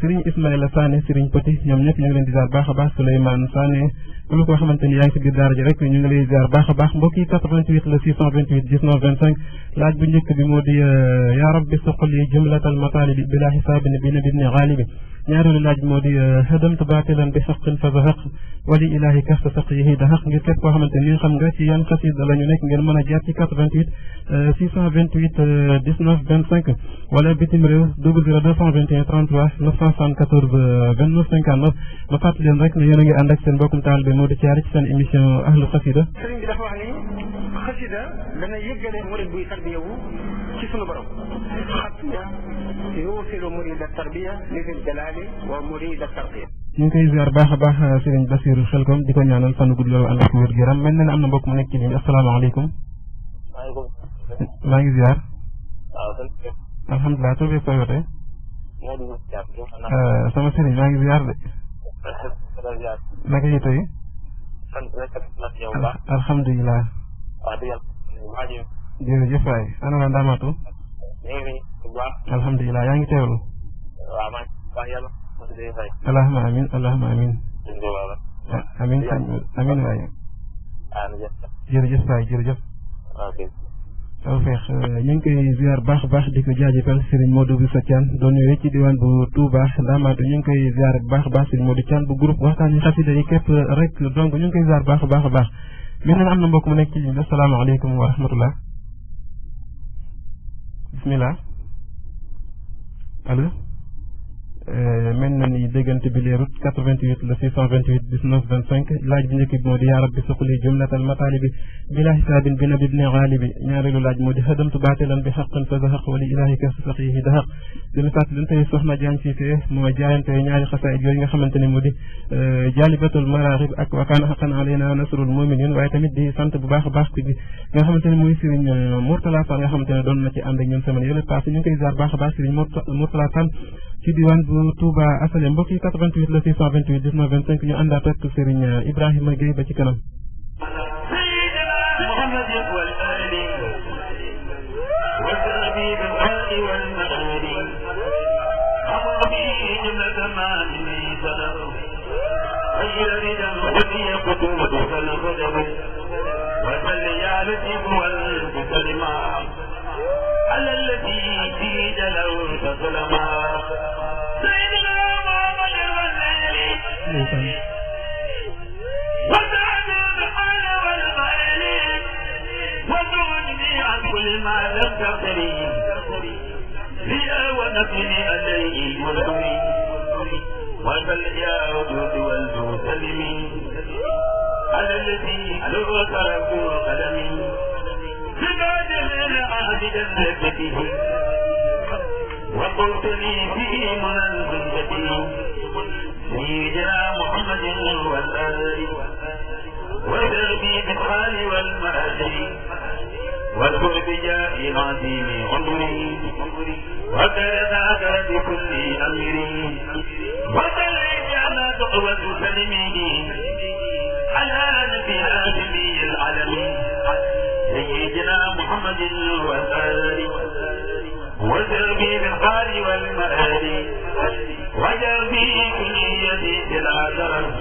Serigne Ismaïla Sané Serigne Poti ñoom ñëpp ñu ngi leen di ziar baax a baax Souleymane Sané ku ko xamante ni yaa ngi ci biir daara ji rek ñu ngi lay ziar baax a baax mbokk yi 88 la 628 19 25 laaj bu njëkk bi moo di yaa rabbi suqul yi jumlatal mataalibi bila xisaabin bi nabi ibni xaalibi ñaareelu laaj bi moo di hadamtu baatilan bi xaqin fa zahaq wali ilaahi kasta saqiyihi dahaq ngir képp koo xamante ni li xam nga ci yan xasida la ñu nekk ngeen mën a jaar ci 88 628 19 25 wala bitim réew 0221 33 974 29 59 ma fàttali leen rek ne yéen a ngi ànd ak seen bokkum taal bi moo di caari ci seen émission ahlu xasida sëriñ bi dafa wax ni xasida dana yëggale murid buy tarbiya wu ci sunu borom xasida yuusilu murid tarbiya li fi jalaali wa murid tarbiya ñu ngi koy ziar baax a baax euh, sëriñ Basiru Xelkom di ko ñaanal fan gudd loolu ànd ak wér gu yaram mel ne am na mbokk mu nekk ci ligne bi asalaamaaleykum. maaleykum. maa ngi ziar. waaw sëñ bi. alhamdulilah tur bi koy wote. Euh, sama sëriñ allahumma amin allahumma amin ah, amin amin waay ah, jërëjëf waay jërëjëf taw feex euh, ñu ngi koy ziar baax baax di ko jaajëfal Serigne Modou Bousso Thiam doon yooyu ci diwaan bu Touba Ndamatou ñu ngi koy ziar baax a baax Serigne Modou Thiam bu groupe waxtaan yi xasida yi képp rek donc ñu ngi koy ziar baax a baax a baax mel na am na mbokk mu nekk ci ligne bi asalaamaaleykum wa bismillah allo mel na ni déggante bi les routes 88 le 628 19 25 laaj bi njëkk bi moo di yaa rabbi suqli jumlatal mataalibi bila xisaabin bi nabi bni xaalibi ñaareelu laaj moo di xadamtu baatilan bi xaqan fa zahaq wali ilaahika saqihi dahaq dina sàtt dañ tey soxna jaan si tee moo jaayante ñaari xasaayit yooyu nga xamante ne moo di jaalibatul maraaxib ak wakaana xaqan alayna nasrul muminin waaye tamit di sant bu baax a baax ci nga xamante ne mooy sëriñ Mourtala Fall nga xamante ne doon na ci ànd ak ñun semaine yële passé ñu ngi koy ziar baax a baax sëriñ Mourtala Fall ci diwaan bu Touba Assalem mbokk 88 la 628 19 ñu àndaat ak Serigne Ibrahima Gueye ba ci kanam. على الذي في جلوت ظلما ودعنا بحال والمالين وزودني عن كل ما لم تقري لي ونفني عليه وذوي وبل يا وجود والمسلمين على الذي لو ترك قلمي غير العهد جنته وقلت لي في منى زندته وصحبه إلى محمد والآل وبالبي بالحال والمآل والتربية العظيم عمري وكذاك بكل أمري وسلم على دعوة سلمي على نبي آدمي العالمين سيدنا محمد والآل وسلم بالحال والمآل بلا درر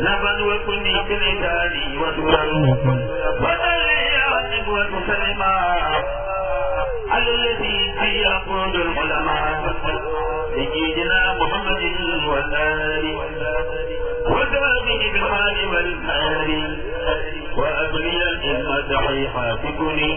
لمن وكني بالعدال ودرر بدل يعقب وتسلما على الذي العلماء سيدنا محمد والآل وسلامه بالحال والمال وأبني الإمة صحيحة تكوني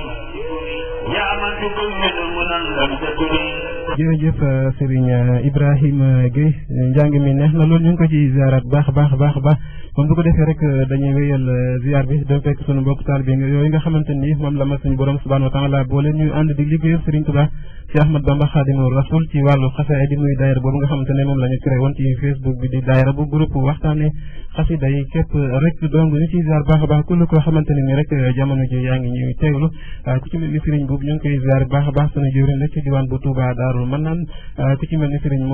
يا من تكون من لم تكوني jërëjëf euh, Serigne euh, Ibrahima Gueye njàng mi neex na loolu ñu ngi ko ci ziaraat baax baax baax baax kon bu ko defee rek euh, dañuy wéyal euh, ziar bi da fekk sunu mbokk taal bi nga xamante ni moom la ma suñu borom subhanahu wa taala boole ñuy ànd di liggéeyal Serigne Touba ci Ahmad Bamba Khadimu Rasul ci wàllu xasaay di muy daayira boobu nga xamante moom la ñu créé woon ci Facebook bi di daayira bu groupe waxtaane xasida yi képp rek donc ñu ciy ziar baax a baax kullu koo xamante rek euh, jamono ji yaa ngi ñuy teewlu ku ku ci mel ni Serigne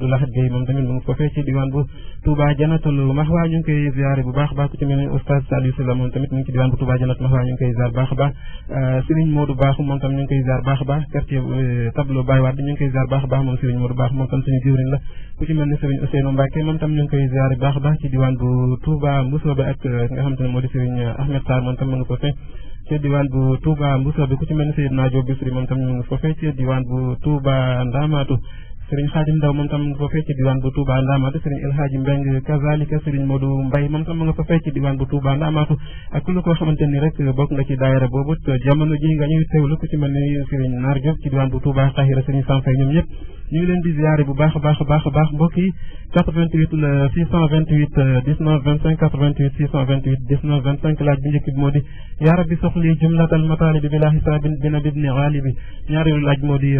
Modou ñu ngi moom tamit mu ngi foofee ci diwaan bu Touba Janatul Mahwa koy a baax ku ci mel ni oustaz Saliou a baax euh, Serigne a euh, baax a baax moom Serigne Modou Baax moom tam suñu jiwrin la ku ci mel ni Serigne a baax ci diwaan ak euh, nga xam te ne moo di Serigne Ahmed Sarr moom tam mu ngi foofee ci diwaan bu Touba Moussoobe ku ci mel tam ñu ngi foofee ci diwaan bu sëriñ Xaadim Ndaw moom tam nga fa diwaan bu Touba Ndamaatu ak lu ko xamante ni rek bokk nga ci daayira boobu jamono ji nga ñuy teewlu ku ci mel ni sëriñ Naar ci diwaan bu Touba Xahira sëriñ Sanfay ñoom ñëpp ñu leen di ziare bu baax a baax a baax a baax mbokk yi 88 la 628 19 25 88 628 19 25 laaj bi njëkk bi moo di yaa rabbi soxli jumlatal laaj moo di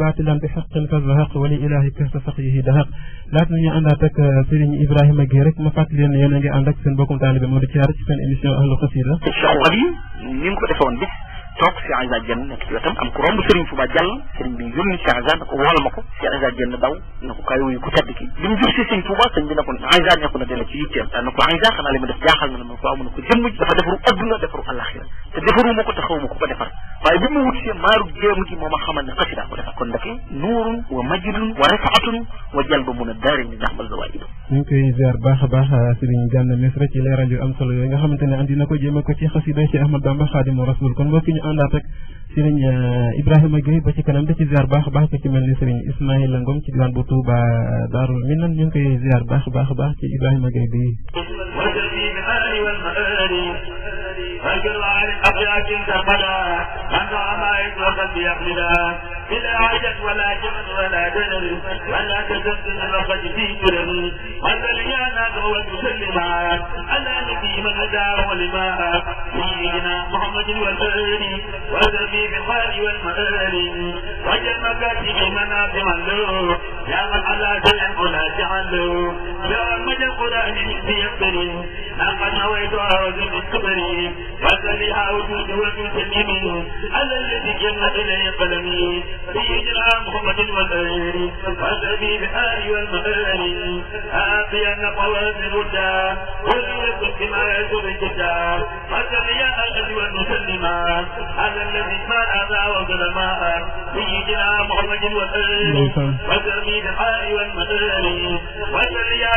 baatilan bi xaqin fa zahaq wali ilahi kasta sax yi dahaq laata nañu àndaat ak euh, Serigne Ibrahima Guèye rek ma fàttali leen yéen a ngi ànd ak seen bokkum taalibe moo di ci seen émission ahlu xasida soxla bi ni mu ko defoon tok ci Issa jenn nek ci watam am ko romb Serigne Touba jàll Serigne bi yoni ci Issa nak ko mako ci ko jenn daw na ko kaay ku tedd ki li mu ci Serigne Touba serigne bi ne ko Issa nekku na dela ci yitteel daan na ko Issa xanaa li ma def jaxal na la ko amu na ko jëmm dafa defu aduna defu alakhir te defu ma ko te xaw ko defar waaye bi mu wut see maaru jéem ji moo ma xamal ne xasida ko defar kon ndake nurun wa majidun wa rafaatun wa jalba mun a daari ni ndax mal ñu koy ziar baax baax Serigne Gana Mesra ci leral yu am solo yooyu nga xamantene andi nako ko jéem a ko ci xasida ci Ahmad Bamba khadim Rasul kon mbokk ñu àndaat ak sëriñ euh, Ibrahima Gueye ba ci kanam da ci ziar baax baax ku ci mel ni sëriñ Ismaïla Ngom ci diwaan bu Touba Darou Minane ñu ngi koy ziar baax baax baax ci Ibrahima Gueye bi رجل عن قبل أكل تقدا من دعا ما يطلق بيقلدا بلا عدد ولا جمد ولا دلل ولا تجدد وقد في كرم والبليانات هو المسلمات ألا نبي من أدار ولما سيدنا محمد والآل وذبي بخال والمآل وجل مكاتب مناقم له يا من على شيء لا جعل له يا من مجد قرآن بيقر لقد نويتها وزن الكبر وسليها وجود ومسلم على الذي جل إليه قلمي سيدنا محمد المدني والنبي الآل والمدني آتيا قوات الهدى والرزق كما يزور الجدى والتقيا الذي والمسلما على الذي ما أذى وظلما سيدنا محمد المدني والنبي الآل والمدني والتقيا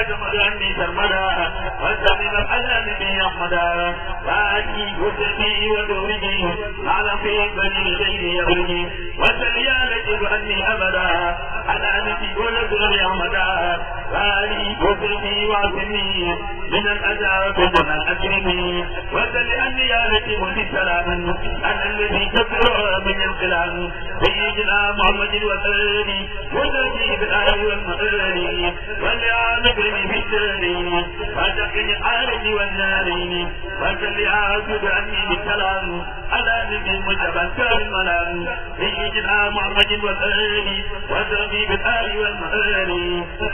عني سرمدا والتقيا الحسن بن أحمدا وآتي وسبي ودوري على في بني غير يومي والتقيا يا ليت أني أبدا أنا أنتي ولد غير أمدا وآلي وصحبي وعزمي من الأذى ومن الأكرمين وسل أن يارثه بسلام أنا الذي كفر من الكلام سيدنا محمد وسلم والذي بالآل والمآل والآن في السرين وتقني الآل والنارين وسل عاصب عني بالسلام على نبي مجتبى المنام سيدنا محمد وسلم والذي بالآل والمآل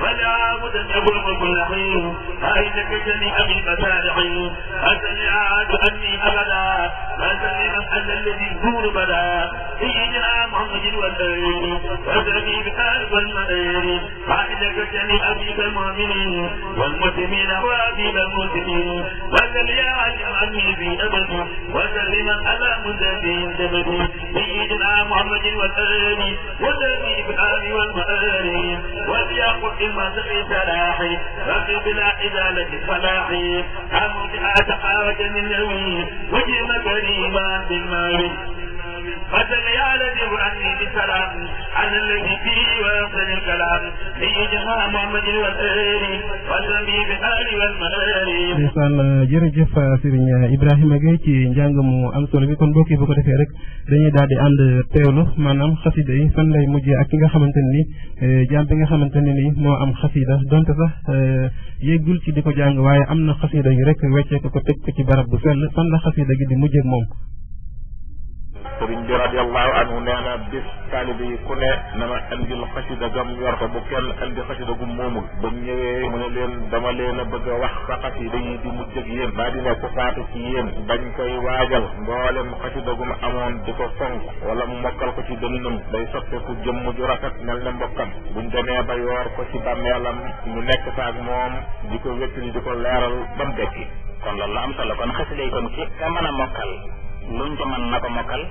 والآن داود يبلغ كل حين أهلكتني أبي فتالحين أسمعت أني أبدا الذي إيه دون إيه بلا إجنا محمد والدين وأدري بحال والمدين قائد الجميع أبيب المؤمنين والمسلمين وأبيب المسلمين وسل يا علم عني في أبدي وسلم على مزادين زبدي إجنا محمد والدين وأدري بحال والمدين وبيا قد ما سقي سلاحي وفي بلا إزالة فلاحي أمر بها تحاوج من يومي وجه مكاني الإيمان بالمال مثل يا الذي jërëjëf Serigne Ibrahima Gueye ci njàng mu am solo bi kon bokki bu ko defee rek dañuy daal di ànd teewlu maanaam xasida yi fan lay mujjee ak ki nga xamante ne ni eh, jaam bi nga xamante ne ni moo am xasida donte sax eh, yéggul ci di ko jàng waaye am na xasida yi rek weccee ko ko teg ko ci barab bu sell fan la xasida gi di mujjee moom sëriñ bi radiallahu anhu nee na bis taalibe yi ku ne na ma andil xasida gam yor ko bu kenn andi xasida gu moomul ba ñu ñëwee mu ne leen dama leen a bëgg a wax sa xasida yi di mujj ak yéen maa di ne ku faatu ci yéen bañ koy waajal mboolem xasida gu mu amoon di ko fonk wala mu mokkal ko ci dënnam day soppeeku jëmm ju rafet mel na mbokkam buñ demee ba yoor ko ci bàmmeelam ñu nekk fa ak moom di ko wéttali di ko leeral ba mu dekki kon la la am solo kon xasida yi kon ki lu mu ca mën na ko mokkal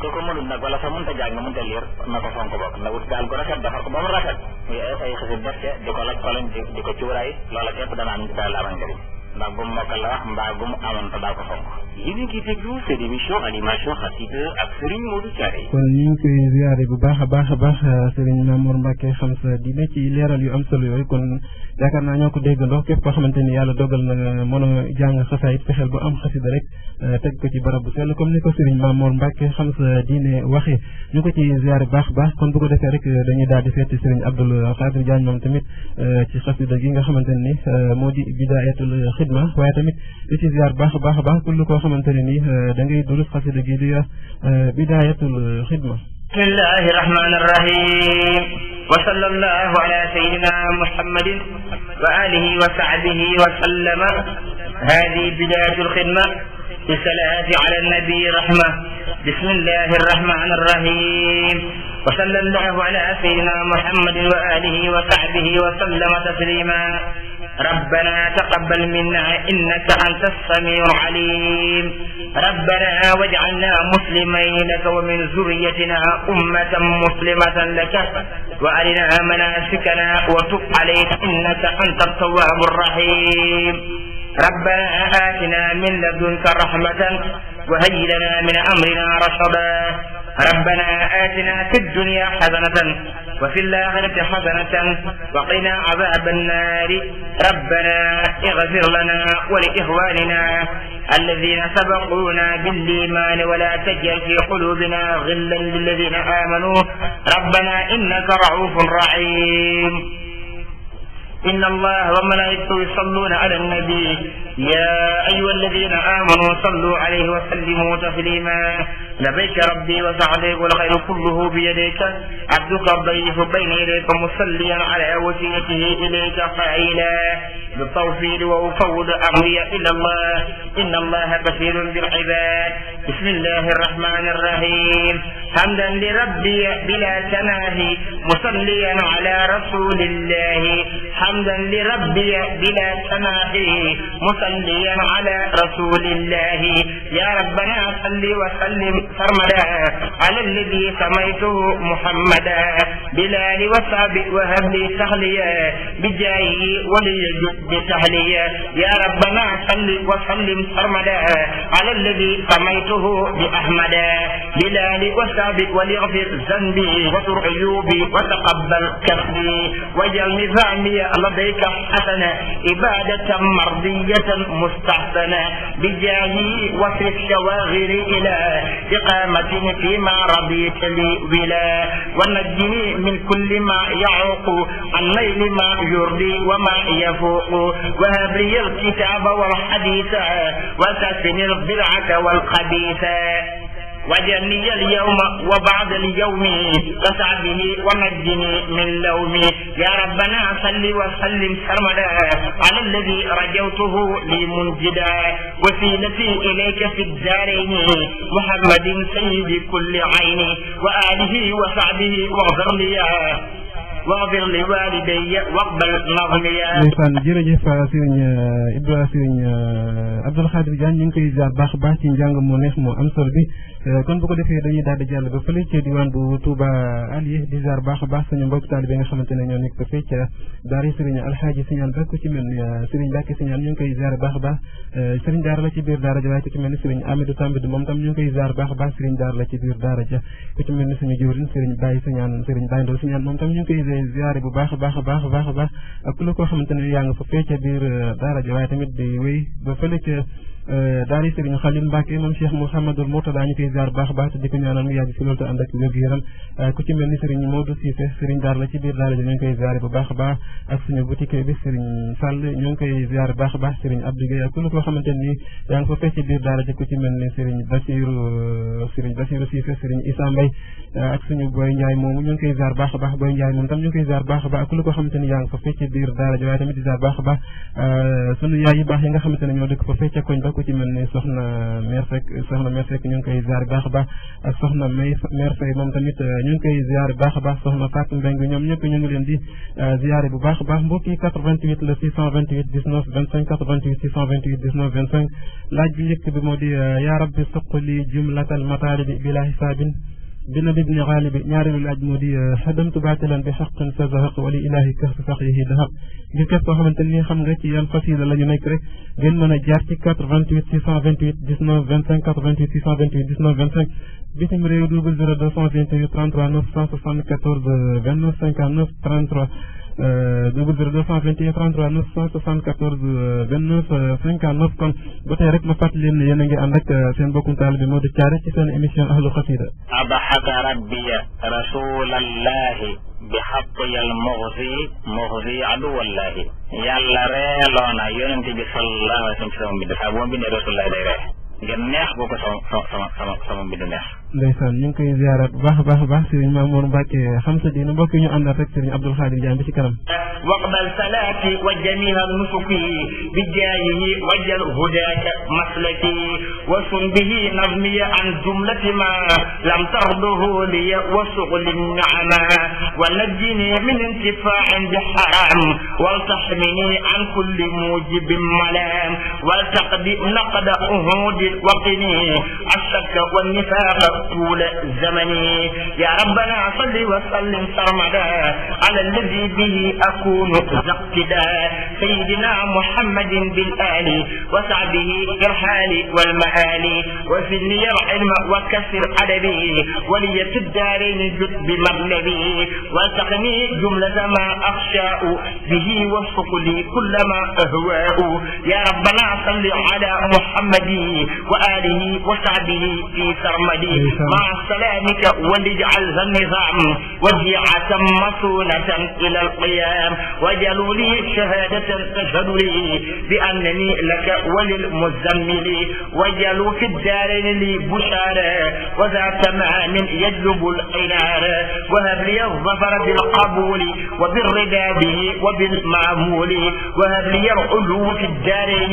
te ko mënul nag wala sax mënta jàng mënta liir na ko fonk bokk na wut daal ko rafet defar ko ba mu rafet muy ay xasit def ca di ko laj koloñ di ko cuuraay loola képp dana am dana la amal mbaa gum mokkal la wax mbaa gum amoon te daa ko fonk li ñu ngi déglu seen émission animation xasida ak Serigne Modou Thiaré kon ñu ngi koy ziare bu baax a baax a baax Serigne Mamour Mbacke xam sa dina ci leeral yu am solo yooyu kon yaakaar naa ñoo ko déggandoo képp koo xamante ni yàlla dogal na mën a jàng xasaayit fexeel bu am xasida rek teg ko ci barab bu sell comme ni ko Serigne Mamour Mbacke xam sa diine waxee ñu ko ci ziare baax a baax kon bu ko defee rek dañuy daal di seeti Serigne Abdoul Khadir Diagne moom tamit ci xasida gi nga xamante ni moo di bidaayatul xid waaye tamit ci ziar baax a baax a baax koo xamante ne nii euh, da ngay euh, xidma بسم الله الرحمن الرحيم وصلى الله على سيدنا محمد وآله وصحبه وسلم هذه بداية الخدمة بالصلاة على النبي رحمة بسم الله الرحمن الرحيم وصلى الله على سيدنا محمد وآله وصحبه وسلم تسليما ربنا تقبل منا إنك أنت السميع العليم ربنا واجعلنا مسلمين لك ومن ذريتنا أمة مسلمة لك وأرنا مناسكنا وتب عليك إنك أنت التواب الرحيم ربنا آتنا من لدنك رحمة وهيئ لنا من أمرنا رشدا ربنا آتنا في الدنيا حسنة وفي الآخرة حسنة وقنا عذاب النار ربنا اغفر لنا ولإخواننا الذين سبقونا بالإيمان ولا تجعل في قلوبنا غلا للذين آمنوا ربنا إنك رعوف رحيم إن الله وملائكته يصلون على النبي يا أيها الذين آمنوا صلوا عليه وسلموا تسليما لبيك ربي وسعديك والخير كله بيديك عبدك بينه بين يديك مصليا على وسيلته إليك فعيلا بالتوفيق وأفوض أمري إلى الله إن الله بشير بالعباد بسم الله الرحمن الرحيم حمدا لربي بلا تناهي مصليا على رسول الله حمدا لربي بلا تناهي مصليا على رسول الله يا ربنا صل وسلم سرمدا على الذي سميته محمدا بلال وصاب وهب لي سهليا بجاهه ولي بتهليا يا ربنا صل وسلم سرمدا على الذي سميته بأحمدا بلال وصاب وليغفر ذنبي وتر عيوبي وتقبل كربي واجعل نظامي لديك حسنة عبادة مرضية مستحسنة بجاهي وفي الشواغر إلى إقامته فيما رضيت لي ولا ونجني من كل ما يعوق عن نيل ما يرضي وما يفوق وهب لي الكتاب والحديث وكفني البدعه والقبيث وجني اليوم وبعد اليوم وسعده ومجني من لومي يا ربنا صل وسلم سرمدا على الذي رجوته لي منجدا وسيلتي إليك في الدارين محمد سيد كل عين وآله وسعده واغفر لي واغفر لوالدي واقبل مغنيا نيسان جيرجيف سيرن ابراهيم سيرن Abdul الخادر جان ñing koy jaar baax baax ci njang mo neex mo am solo bi eh, kon bu ko defee dañuy daal di jàll ba fële ci diwaan bu Touba Ali di jaar baax baax suñu mbokk taalibe nga xamantene ñoo nekk fee ca daari sëriñ alxaaji siñaan ah, ba eh, ku ci mel sëriñ Bàkke siñaan ñu koy jaar baax baax sëriñ daara la ci biir daara ja ci mel tam koy jaar la ci ja ci mel suñu Baye Baye tam koy ziare bu baax a baax a baax a a baax ku la koo euh, ba fële ca euh, daara yi Serigne Khalil Mbacke moom Cheikh a baax te di ko ñaanal mu euh, ci mel ni Serigne Modou Cissé Serigne Dar la ci biir daara ji ñu ngi koy ziare bu baax a baax ak suñu boutique bi Serigne Sall ñu ngi ziar bu baax a baax Serigne Abdou ak ku koo xamante ni yaa nga fa fee ca biir daara ji ku ci mel ni Serigne Bassirou Serigne Bassirou Cissé Serigne Issa Mbaye ak suñu Boy Ndiaye moomu ñu koy ziar baax a baax Boy Ndiaye moom tam am ñu koy ziar baax a baax ku la ko xamante ni yaa ngi fa fecce biir daara ji waaye tamit di ziar baax a baax sunu yaay yu baax yi nga xamante ne ñoo dëkk fa fecce koñ ba ku ci mel ni soxna mère Seck soxna mère Seck ñu ngi koy ziar baax a baax ak soxna may mère Sey moom tamit ñu ngi koy ziar baax a baax soxna Fatou Mbengue ñoom ñëpp ñu ngi leen di ziar bu baax a baax mbokk yi 88 la 628 19 25 88 628 19 25 laaj bi njëkk bi moo di yaa rabbi suqli jumlatal mataalibi bila hisaabin بنب بن غالب نار من حدمت باتلا بحق فزهق ولي إلهي كهف فقيه ذهب بكثة هم تنمي خم غيتي ينفسي ذا لن يميكري جن من جارتي 428 928 1925 428 1925 بسم ريو دوغل 0228 33 964 29 33 double zéro deux cent vingt et un 33 974 29 59 kon ba tey rek ma fàttali leen ne yéen a ngi ànd ak seen bokkum taalibe Modou Thiaré ci seen émission ahlu xasida abahaka rabbiya rasulallahi bi xattiyal muxzi muxzi aduwallahi yàlla reeloo na yonente bi sallallahu alayhi wa sallam bi dafa boo bindee rasulallahi day ree ngeen neex boo ko sama sama sama sama mbind neex ndeysaan ñu ngi koy ziarat bu baax a baax a baax sëriñ Mamour Mbacke xam sa diina mbokk ñu àndaat rek sëriñ Abdoul Khadir Diagne ba ci kanam waqbal salati wa jamiha nusuki bi jaayihi wajal hudaka maslaki wa sun bihi nazmiya an jumlati ma lam tarduhu liya wa sughli ni'ama wa najjini min intifa'in bi haram wal tahmini an kulli mujibin malam wal taqdi naqda uhudi وقني الشك والنفاق طول زمني يا ربنا صل وسلم سرمدا على الذي به أكون زقدا سيدنا محمد بالآل وسعده إرحالي وفي لي العلم وكسر أدبي ولي في الدارين جد بمغلبي وسقني جملة ما أخشاء به وفق لي كل ما أهواء يا ربنا صل على محمد وآله وصحبه في سرمده مع سلامك ذا النظام وزيعة مصونة إلى القيام وجلوا لي شهادة تشهد لي بأنني لك وللمزمل وجلوا في الدارين لي بشارة وذا تمام يجلب العنار وهب لي الظفر بالقبول وبالرضا به وبالمعمول وهب لي العلو في الدارين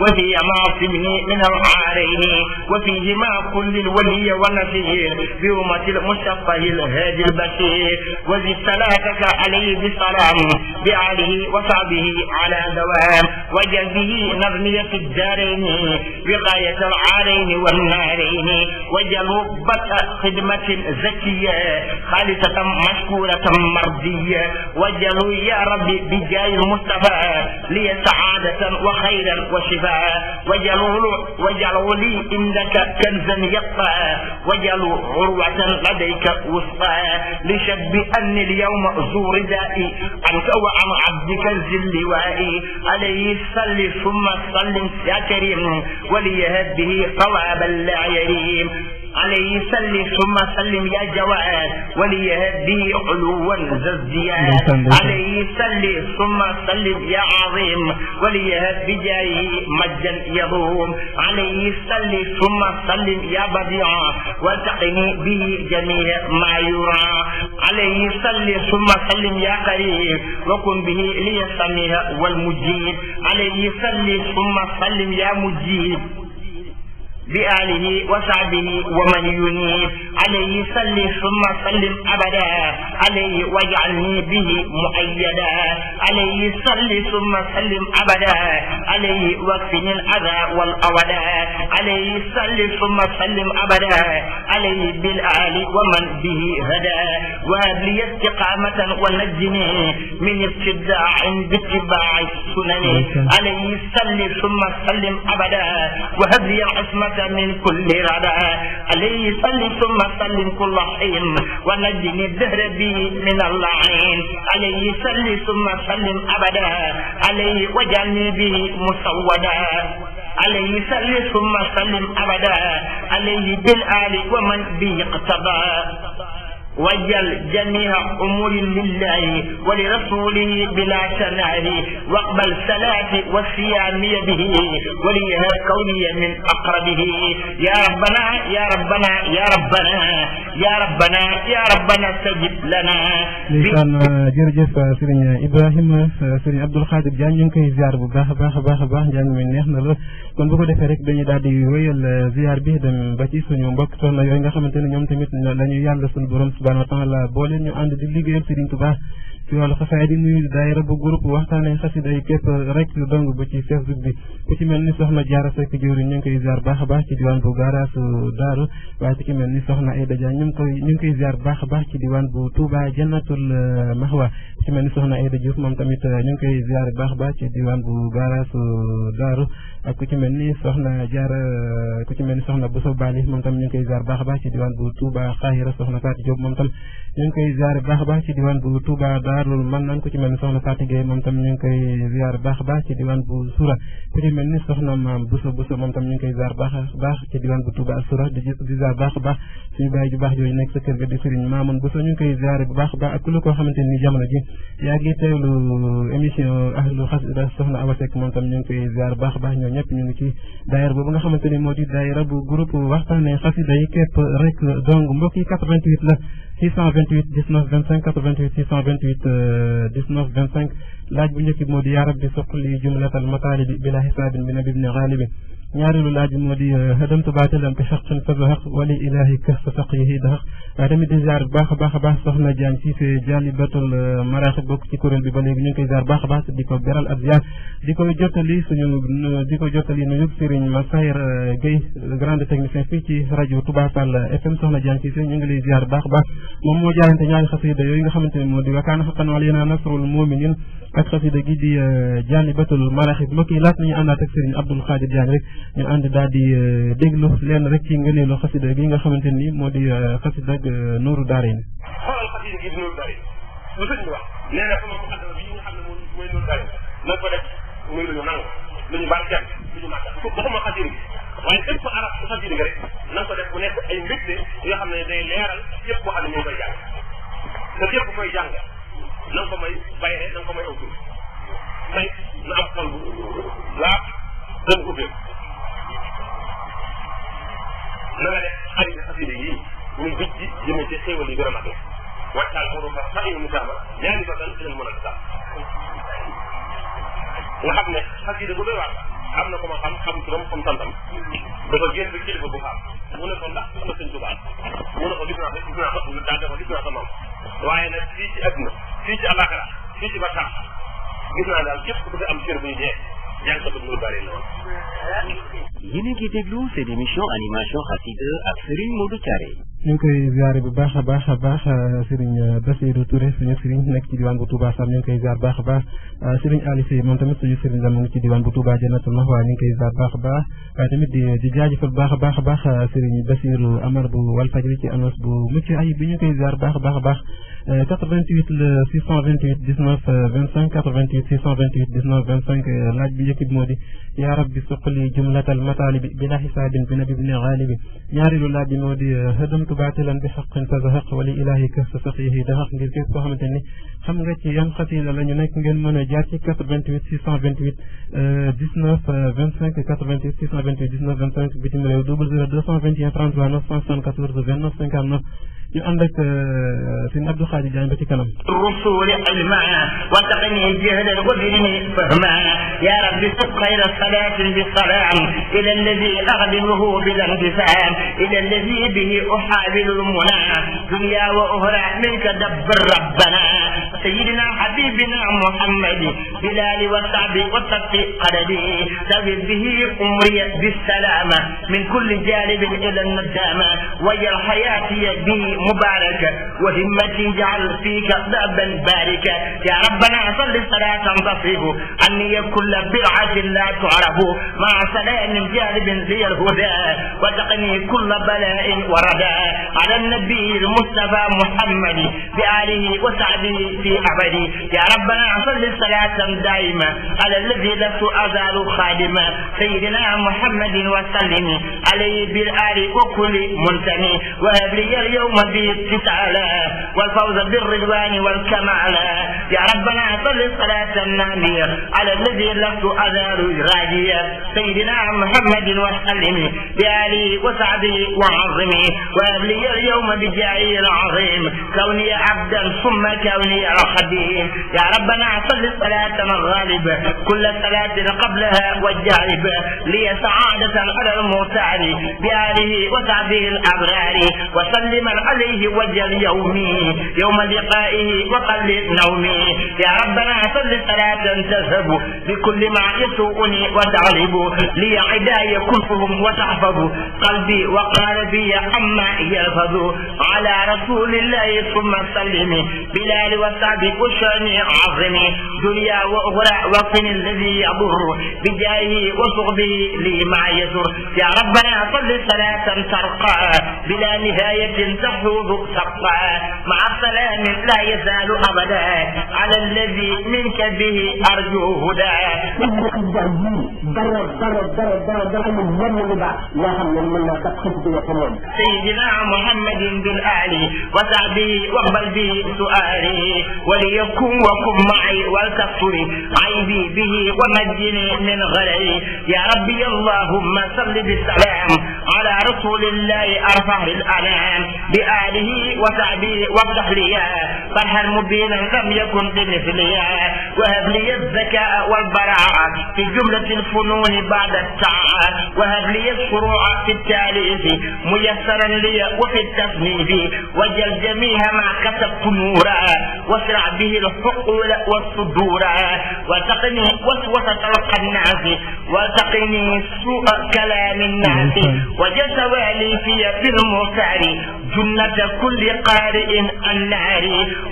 وهي معصمه من العالم عليه وفيهما كل الولي ونفيه بأمة المشفه الهادي البشير وزد صلاتك عليه بالسلام بآله وصحبه على دوام وجلبه نظمية الدارين بغاية العارين والنارين وجل خدمة زكية خالصة مشكورة مرضية وجلو يا رب بجاه المصطفى لي سعادة وخيرا وشفاء وجلو واجعل ولي إنك كنزا يقطع واجعل عروة لديك وسطا لشب اني اليوم ازور دائي عنك وعن عبدك الزلوائي عليه صل ثم صل يا كريم وليهد به قواب لا عليه سلم ثم سلم يا جواد وليهدي علوا ذا عليه سلم ثم سلم يا عظيم وليهد بجاهه مجدا يضوم عليه سلم ثم سلم يا بديع والتقني به جميع ما يرى عليه سلم ثم سلم يا قريب وكن به لي السميع والمجيب عليه سلم ثم سلم يا مجيب بآله وصحبه ومن ينيب عليه صل ثم سلم أبدا عليه واجعلني به مؤيدا عليه صل ثم سلم أبدا عليه واكفني الأذى والأودا عليه صل ثم سلم أبدا عليه بالآل ومن به هدى وهب لي استقامة ونجني من ابتداع باتباع السنن عليه صل ثم سلم أبدا وهب لي العصمة العافية من كل رداء عليه صل ثم سلم كل حين ونجني الدهر به من اللعين عليه صل ثم سلم أبدا عليه وجعلني به مسودا عليه صل ثم سلم أبدا عليه بالآل ومن به اقتضى وجل جميع امور لله ولرسوله بلا شرعه واقبل صلاته والصيام به وليها كوني من اقربه يا ربنا يا ربنا يا ربنا يا ربنا يا ربنا استجب لنا كان آه، جرجس آه، سيرنا آه، ابراهيم سيرنا عبد الخالق جان نكاي زيار بو باخ باخ باخ باخ جان مي نيخنا لا كون بوكو ديفي ريك داني دادي ويال زيار بي دم با سي سونو مبوك سونو يوغا خامتاني نيوم تاميت لا نيو يالا سون بروم subhanahu wa taala boo leen ñu ànd di liggéeyal Serigne Touba ci wàllu xasaay di muy daayira bu groupe waxtaanee xasida yi képp rek dong ba ci facebook bi ku ci mel ni soxna jaara sekk jëwri ñu ngi koy ziar baax a baax ci diwaan bu gaaraasu daaru waaye ci ki mel ni ay daja ñu ngi koy ñu ngi koy ziar baax a baax ci diwaan bu Touba jannatul eh, mahwa ci mel ni soxna ay dajuuf moom tamit eh, ñu ngi koy ziar baax baax ci diwaan bu gaaraasu daaru ak ku ci mel ni soxna jaara eh, ku ci mel ni soxna Bousso Bali moom tam ñu ngi koy ziar baax a baax ci diwaan bu Touba xaayira soxna Fatou Diop moom tam ñu ngi ziar baax a baax ci diwaan bu Touba Sarr loolu mën nañ ko ci mel ni soxna Fatou Gueye moom tam ñu ngi koy ziar bu baax baax ci diwaan bu Touba Soura di di baax baax suñu bàyyi ju baax jooju nekk sa kër ga di Serigne Mamoun Bousso ñu ngi koy ziar bu baax baax ak kullu koo xamante ni jamono ji yaa ngi teewlu émission ahlu xasida soxna Awa moom tam ñu ngi koy ziar baax baax ñoo ñëpp ñu ngi ci daayira boobu nga xamante moo di daayira bu groupe waxtaane xasida yi képp rek donc mbokk la 19 25 laaj bu njëkk bi moo di yaa rabbi suqli jumlatal mataalibi bila xisaabin bi nabi ibni xaalibin ñaareelu laaj bi moo di hadamtu baatalam bi xaqan fa ba wali ilahi ka fa faqihi dah adam di ziar baax a baax baax soxna Diagne si fee Diagne batul maraax bok ci kurel bi ba léegi ñu koy ziar baax a baax di ko beral ab ziar diko jotali suñu diko jotali ñu nuyu Serigne ma Massahir Gueye grand technicien fi ci radio tuba tal FM soxna jaan ci fee ñu ngi lay ziar baax a baax moom moo jaarante ñaari xafida yoy nga xamante ne moo di wakaan xaqan walina nasrul muminin ak xafida gi di Diagne batul maraax bok yi laat nañu àndaat ak Serigne abdul Khadir jaan rek ñu ànd daal di déglu leen rek ci ngëneelu xasida gi nga xamante ni moo di xasida Nuuru Daarayni. xoolal xasida gi di Nuuru lu sëñ bi wax nee na sama muqaddama bii nga xam ne moom mooy Nuuru Daarayni na ko def xasida gi waaye lépp arab su xasida gi rek na ko def bu nekk ay mbégte yoo xam ne day leeral yëpp koo a ne ñu ngi koy jàng te yëpp ko may bayre na ko may aw tur may am xol bu laab dana ubbeeku na nga def xarit xasida yii muy bëj ji jëmee ci xéewal yi gën a mag wàccaal a sax nga xam ne xasida bu doy am na ko ma xam xam turam xam santam dafa génn ba kilifa bu faam mu ne ko ndax am na sëñ mu ne waaye nag fii ci àdduna fii fii ci barsax gis naa daal képp ku fi am cër buy dee yéen a ngi déglu seen émission animation xasida ak Serigne Modou Thiaré ñu ngi koy ziare bu baax a baax a baax Serigne Bassirou Touré suñu Serigne nekk ci diwaan bu Touba Sam ñu ngi koy ziar baax a baax Serigne Aliou Seye moom tamit suñu Serigne la mu ngi ci diwaan bu Touba Jannatul Mahwa ñu ngi koy ziar baax a baax waaye tamit di di jaajëfal baax a baax a baax Serigne Bassirou Amar bu Walfadjri ci annonce bu mucc ayib bi ñu ngi koy ziar baax a baax a baax 88 le 628 19 25 88 628 19 25 laaj bi njëkk bi moo di yaa rabbi suqli jumlatal mataalibi bila xisaabin bi nabi bi ne xaalibi ñaareelu laaj bi moo di hëdamtu baatilan bi xaqin fa zahaq wali ilahi kaf sa saqihi daxaq ngir képp koo xamante ni xam nga ci yan xasida la ñu nekk ngeen mën a jaar ci 88 628 19 25 88 628 19 25 bitim réew 00 221 33 974 29 59 ñu ànd ak sëñ Abdou Khadi Diagne ba ci kanam الرسول المعنى وتقني الجهل وبني فهما يا رب سب خير الصلاة بالسلام إلى الذي أغلبه بلا انقسام إلى الذي به أحال وعامل المنى دنيا وأخرى منك دبر ربنا سيدنا حبيبنا محمد بلال وصعب وصف قلبي سبب به أمري بالسلامة من كل جانب إلى الندامة ويا حياتي به مباركة وهمتي جعل فيك بابا باركة يا ربنا صل صلاة تصيب أني كل برعة لا تعرف مع سلام جانب لي الهدى وتقني كل بلاء وردى على النبي المصطفى محمد بآله وصحبه في أبدي يا ربنا صل صلاة دائمة على الذي لست أزال خادما سيدنا محمد وسلم عليه بالآل وكل منتمي وهب لي اليوم بالتسالى والفوز بالرضوان والكمال يا ربنا صل صلاة نامية على الذي لست أزال راجيا سيدنا محمد وسلم بآله وصحبه وعظمه وهب لي اليوم بجاهي العظيم كوني عبدا ثم كوني خديم يا ربنا صل الصلاة الغالبة كل صلاة قبلها والجاربة لي سعادة على المغتار بآله وسعده الأبرار وسلما عليه وجه اليوم يوم لقائه وقل نومي يا ربنا صل صلاة تذهب بكل ما يسوءني وتغلب لي عداي كلهم وتحفظ قلبي وقالبي عما يفضوا على رسول الله ثم سلمي بلال وسعدي وشاني عظمي دنيا واخرى وطن الذي يضر بجاهه وصحبه لي ما يا ربنا صل صلاة ترقى بلا نهاية تحوذ ترقى مع السلام لا يزال أبدا على الذي منك به أرجو هدى سيدنا محمد بالآل وصحبه واقبل به سؤالي وليكن وكن معي والكفر عيبي به ومجني من غلي يا ربي اللهم صل بالسلام على رسول الله أرفع الأنام بآله وصحبه وافتح لي فرحا مبينا لم يكن بمثلي وهب لي الذكاء والبراعة في جملة الفنون بعد التعاء وهب لي الشروع في التاليف ميسرا لي وفي التصنيف وجل جميع ما كسبت نورا واسرع به الحقول والصدور وتقني وسوسة تلقى الناس وتقني سوء كلام الناس وجل توالي في بالمختار جنة كل قارئ النار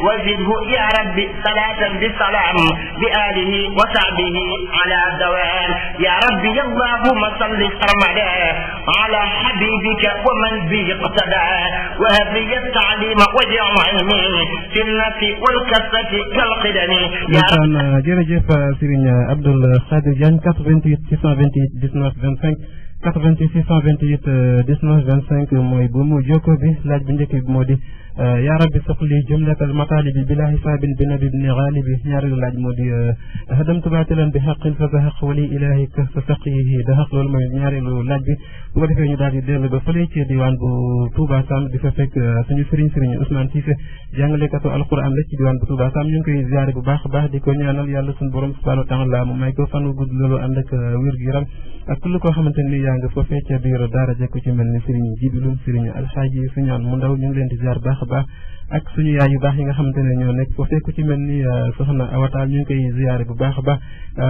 وزده يا رب صلاة بسلام بآله وصحبه على دوام يا ربي اللهم صل سرمدا على حبيبك ومن به مبتدا وهبلية التعليم واجعل علمي في النفس والكفة كالقدم يا jërëjëf Serigne نعم، سيرين عبد Diagne جان 628 19 25 88 628 19 25 mooy bu mu jokkoo bi laaj bu njëkk bi moo di yaa rabbi suqli jumlatal mataalibi bila xisaabin bi nabi bni xaalibi ñaareelu laaj moo di hadamtu baatilan bi xaqin fa zaxaq wali ilaahi ka fa saqiyihi daxaq loolu mooy ñaareelu laaj bi bu ko defee ñu daal di dellu ba fële ci diwaan bu Touba Sam di fa fekk suñu sëriñ sëriñ Ousmane Cissé jàngalekatu alquran la ci diwaan bu Touba Sam ñu ngi koy ziare bu baax baax di ko ñaanal yàlla suñu borom subhanahu wa taala mu may ko fan wu gudd loolu ànd ak wér gu yaram ak lu ko xamante ni jang foofee ca biir daara ja ku ci melni serigne sëriñ serigne alhaji Alxaaji mu ndaw ñu ngi leen di ziar bax bax ak suñu yaay yu bax yi nga xamantene ne ñoo nekk foofee ku ci melni soxna awata ñu ngi koy ziar bu bax bax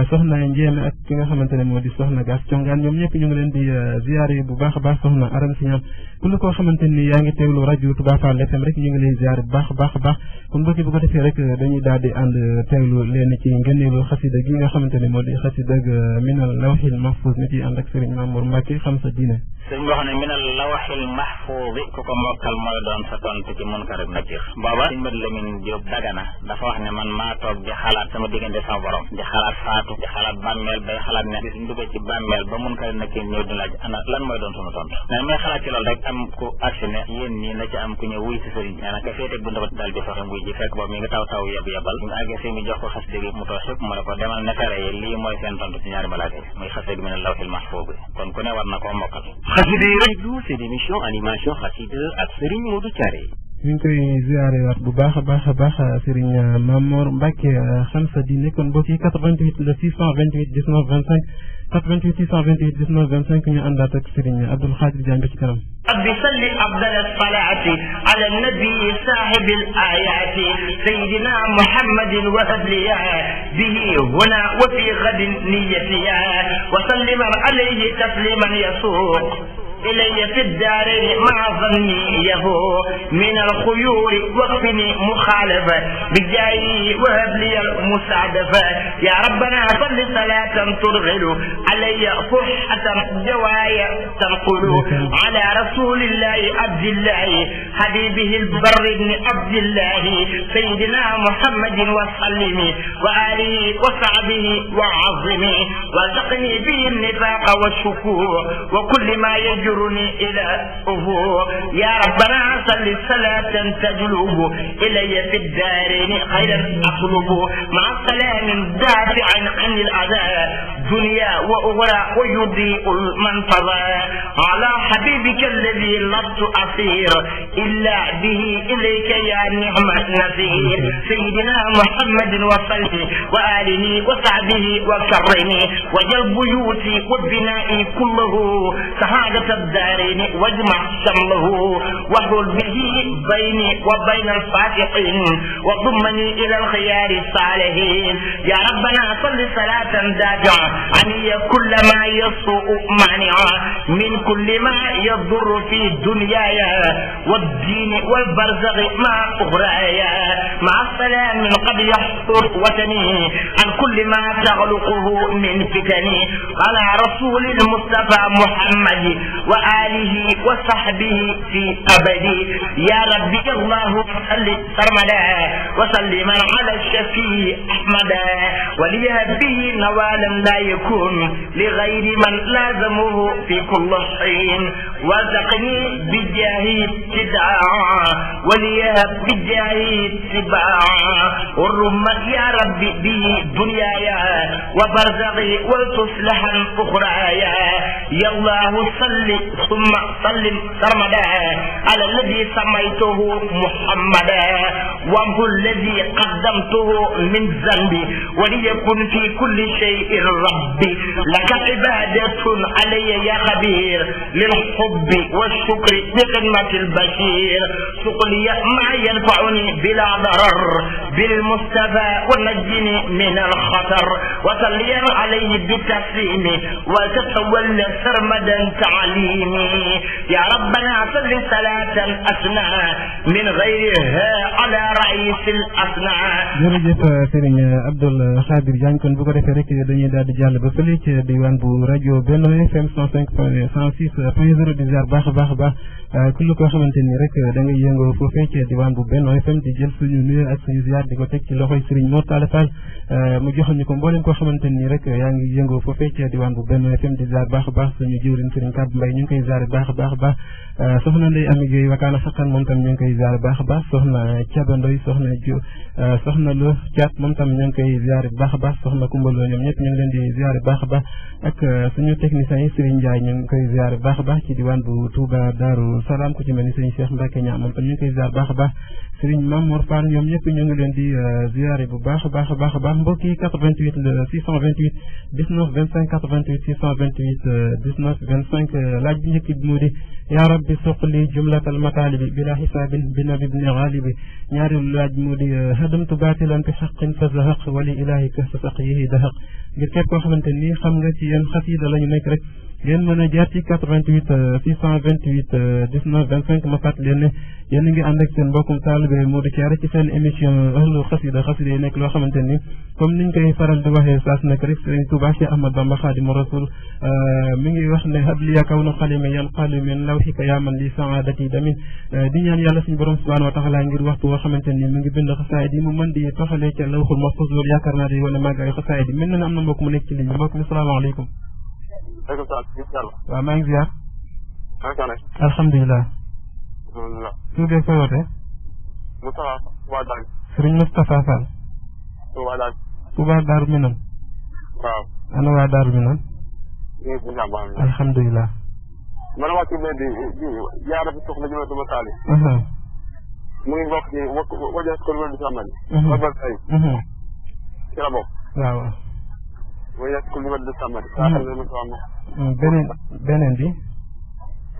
soxna Njéeme ak ki nga xamantene ne moo di soxna Gas ciongan ñom ñëpp ñu ngi leen di ziar bu bax bax soxna aram siñaan ku lu ko xamantene yaa ngi teewlu radio tuba fa lefem rek ñu ngi leen ziar bu bax bax bax ku mbokk bu ko defé rek dañuy daal di ànd teewlu leen ci ngeenelu xasida gi nga xamantene ne moo di xasida minal lawhil mahfuz ni ci ànd ak sëriñ Mamour Mbacke xam sa diine sëñ wax ne minal lawaxil mahfuuz ku ko mokkal mooy doon sa tontu ci munkar ak nakir booba sëñ Mbad Lamine Diop dagana dafa wax ne man maa toog di xalaat sama diggante sama borom di xalaat faatu di xalaat bàmmeel bay xalaat ne bis ndugg ci bàmmeel ba munkar ak nakir ñëw di laaj ana lan mooy doon sama tontu nee na may xalaat ci loolu rek am ku agsi ne yéen ñii na ci am ku ñëw wuy si sëriñ nee na ka féete bu ndabat dal di faxe mbuy ji fekk boobu mi ngi taw taw yeb yebal ñu àggee sëñ bi jox ko xas dëgg mu toog sëpp mu ne ko demal ne fere yi lii mooy seen tontu ci ñaari malaaka yi muy xas dëgg minal lawaxil mahfuuz bi kon ku ne war na koo mokkal xasida yi rek du seen émission animation xasida ak Serigne Modou Thiaré ñu ngi koy ziare waat bu baax a baax a baax Serigne Mamor Mbacke xam sa di nekkoon mbokk yi 88 le 628 19 25 88 628 19 25 ñu àndaat ak Serigne Abdoul Khadir Diagne ci kanam رب صل أفضل الصلاة على النبي صاحب الآيات سيدنا محمد وأهلياء به هنا وفي غد نيتيا وسلم عليه تسليما يسوق إلي في الدارين مع ظني يهو من الخيول وقفني مخالفة بجاي وهب لي المساعدفة يا ربنا صل صلاة ترغل علي فرحة جوايا تنقل على رسول الله عبد الله حبيبه البر بن عبد الله سيدنا محمد وسلم وآله وصعبه وعظمه وزقني به النفاق والشكور وكل ما يجوز وانشرني إلى افوق يا ربنا صل صلاة تجلب إلي في الدارين خيرا أطلب مع سلام دافع عن الأذى دنيا وأخرى ويضيء المنفذ على حبيبك الذي لست أصير إلا به إليك يا نعم النذير سيدنا محمد وصلي وآله وصحبه وكرمه وجل بيوتي وبنائي كله سعادة الدارين واجمع شمله وحل به بيني وبين الفاسقين وضمني الى الخيار الصالحين يا ربنا صل صلاة دافعة عني كل ما يسوء مانعا من كل ما يضر في دنياي والدين والبرزخ مع أخرايا مع السلام قد يحصر وطني عن كل ما تغلقه من فتني على رسول المصطفى محمد وآله وصحبه في أبدي يا ربي اللهم صل سرمدا وسلم على الشفيع أحمدا به نوالا لا يكون لغير من لازمه في كل حين وزقني بجاهي ابتداعا وليه بجاهه اتباعا والرمى يا ربي به دنيايا وبرزقي ولتصلحا أخرايا يا الله صلي ثم سلم سرمدا على الذي سميته محمدا وهو الذي قدمته من ذنبي وليكن في كل شيء ربي لك عبادة علي يا خبير للحب والشكر بخدمة البشير شغلي ما ينفعني بلا ضرر بالمصطفى ونجني من الخطر وصليا عليه بالتسليم وتتولى سرمدا تعليم يا ربنا صل صلاة أسنى من غيرها على رئيس الأسنى jërëjëf sëriñ Abdoul Khadir Diagne kon bu ko defee rek dañuy daal di jàll ba fële ci diwaan bu rajo Benno FM 105 point 106 point 0 di ziar baax a baax a baax kullu ngay yëngoo foofee ci diwaan bu Benno FM di jël suñu nuyu ak suñu ziar di ko teg ci loxoy sëriñ Mor Talla Fall mu joxal ñu ko mboolem koo xamante rek yaa ngi yëngoo foofee ci bu Benno FM di ziar baax a baax suñu jiwrin sëriñ Kab Mbaye ñu ngi koy ziare baax baax a baax soxna Ndeye Amy Gueye wakaana saqan moom tam ñu ngi koy ziare baax a baax soxna Thiaba Ndoye soxna Dio soxna tam ñu ngi koy ziare baax a baax soxna Koumba Lo ngi leen di ziare baax a baax ak suñu technicien yi ñu ngi koy ziare baax a baax ci diwaan bu Touba Darou Salaam ku ci baax a baax Serigne Mamour Fall ñoom ñëpp ñu ngi leen di ziare bu baax a baax a baax a baax mbokk yi 88 le 628 19 25 88 laaj bi njëkk bi moo di yaa rabbi suqli jumlatal mataalibi bila xisaabin bi nabi bni xaalibi ñaareelu laaj moo di hadamtu baatilan bi xaqin fa zahaq wali ilaahi kahfa saqiyihi dahaq ngir képp koo xamante ni xam nga ci yan xasiida lañu nekk rek ngeen mën a jaar ci 88 628 19 25 ma fàttali ne yéen a ngi ànd ak seen mbokkum taalibe Modou Thiaré ci seen émission ahlu xasida xasida yi nekk loo xamante ni comme niñ koy faral di waxee saas nag rek Serigne Touba Cheikh Ahmad Bamba Khadimu Rasul mi ngi wax ne habliya kaw na xalime yan xalimin lawxika yaaman li saadati damin di ñaan yàlla suñu borom subhanahu wa taala ngir waxtu woo xamante ni mi ngi bind xasaayid yi mu mën di toxalee ca lawxul maxfuus loolu yaakaar naa di wane màggaayu xasaayid yi mel na ne am na mbokk mu nekk ci ligne bi mbokk mi salaamaaleykum maaleykum salaam incha allah. waaw maa ngi ziar. alhamdulilah. alhamdulilah. tur beeg koy wootee. Moustapha Touba Darou. Serigne Moustapha Fall. Touba Darou. alhamdulilah. man waa Touba di wa boo yegg ku mu wër di sàmmati. waaw xam mm-hmm. bi.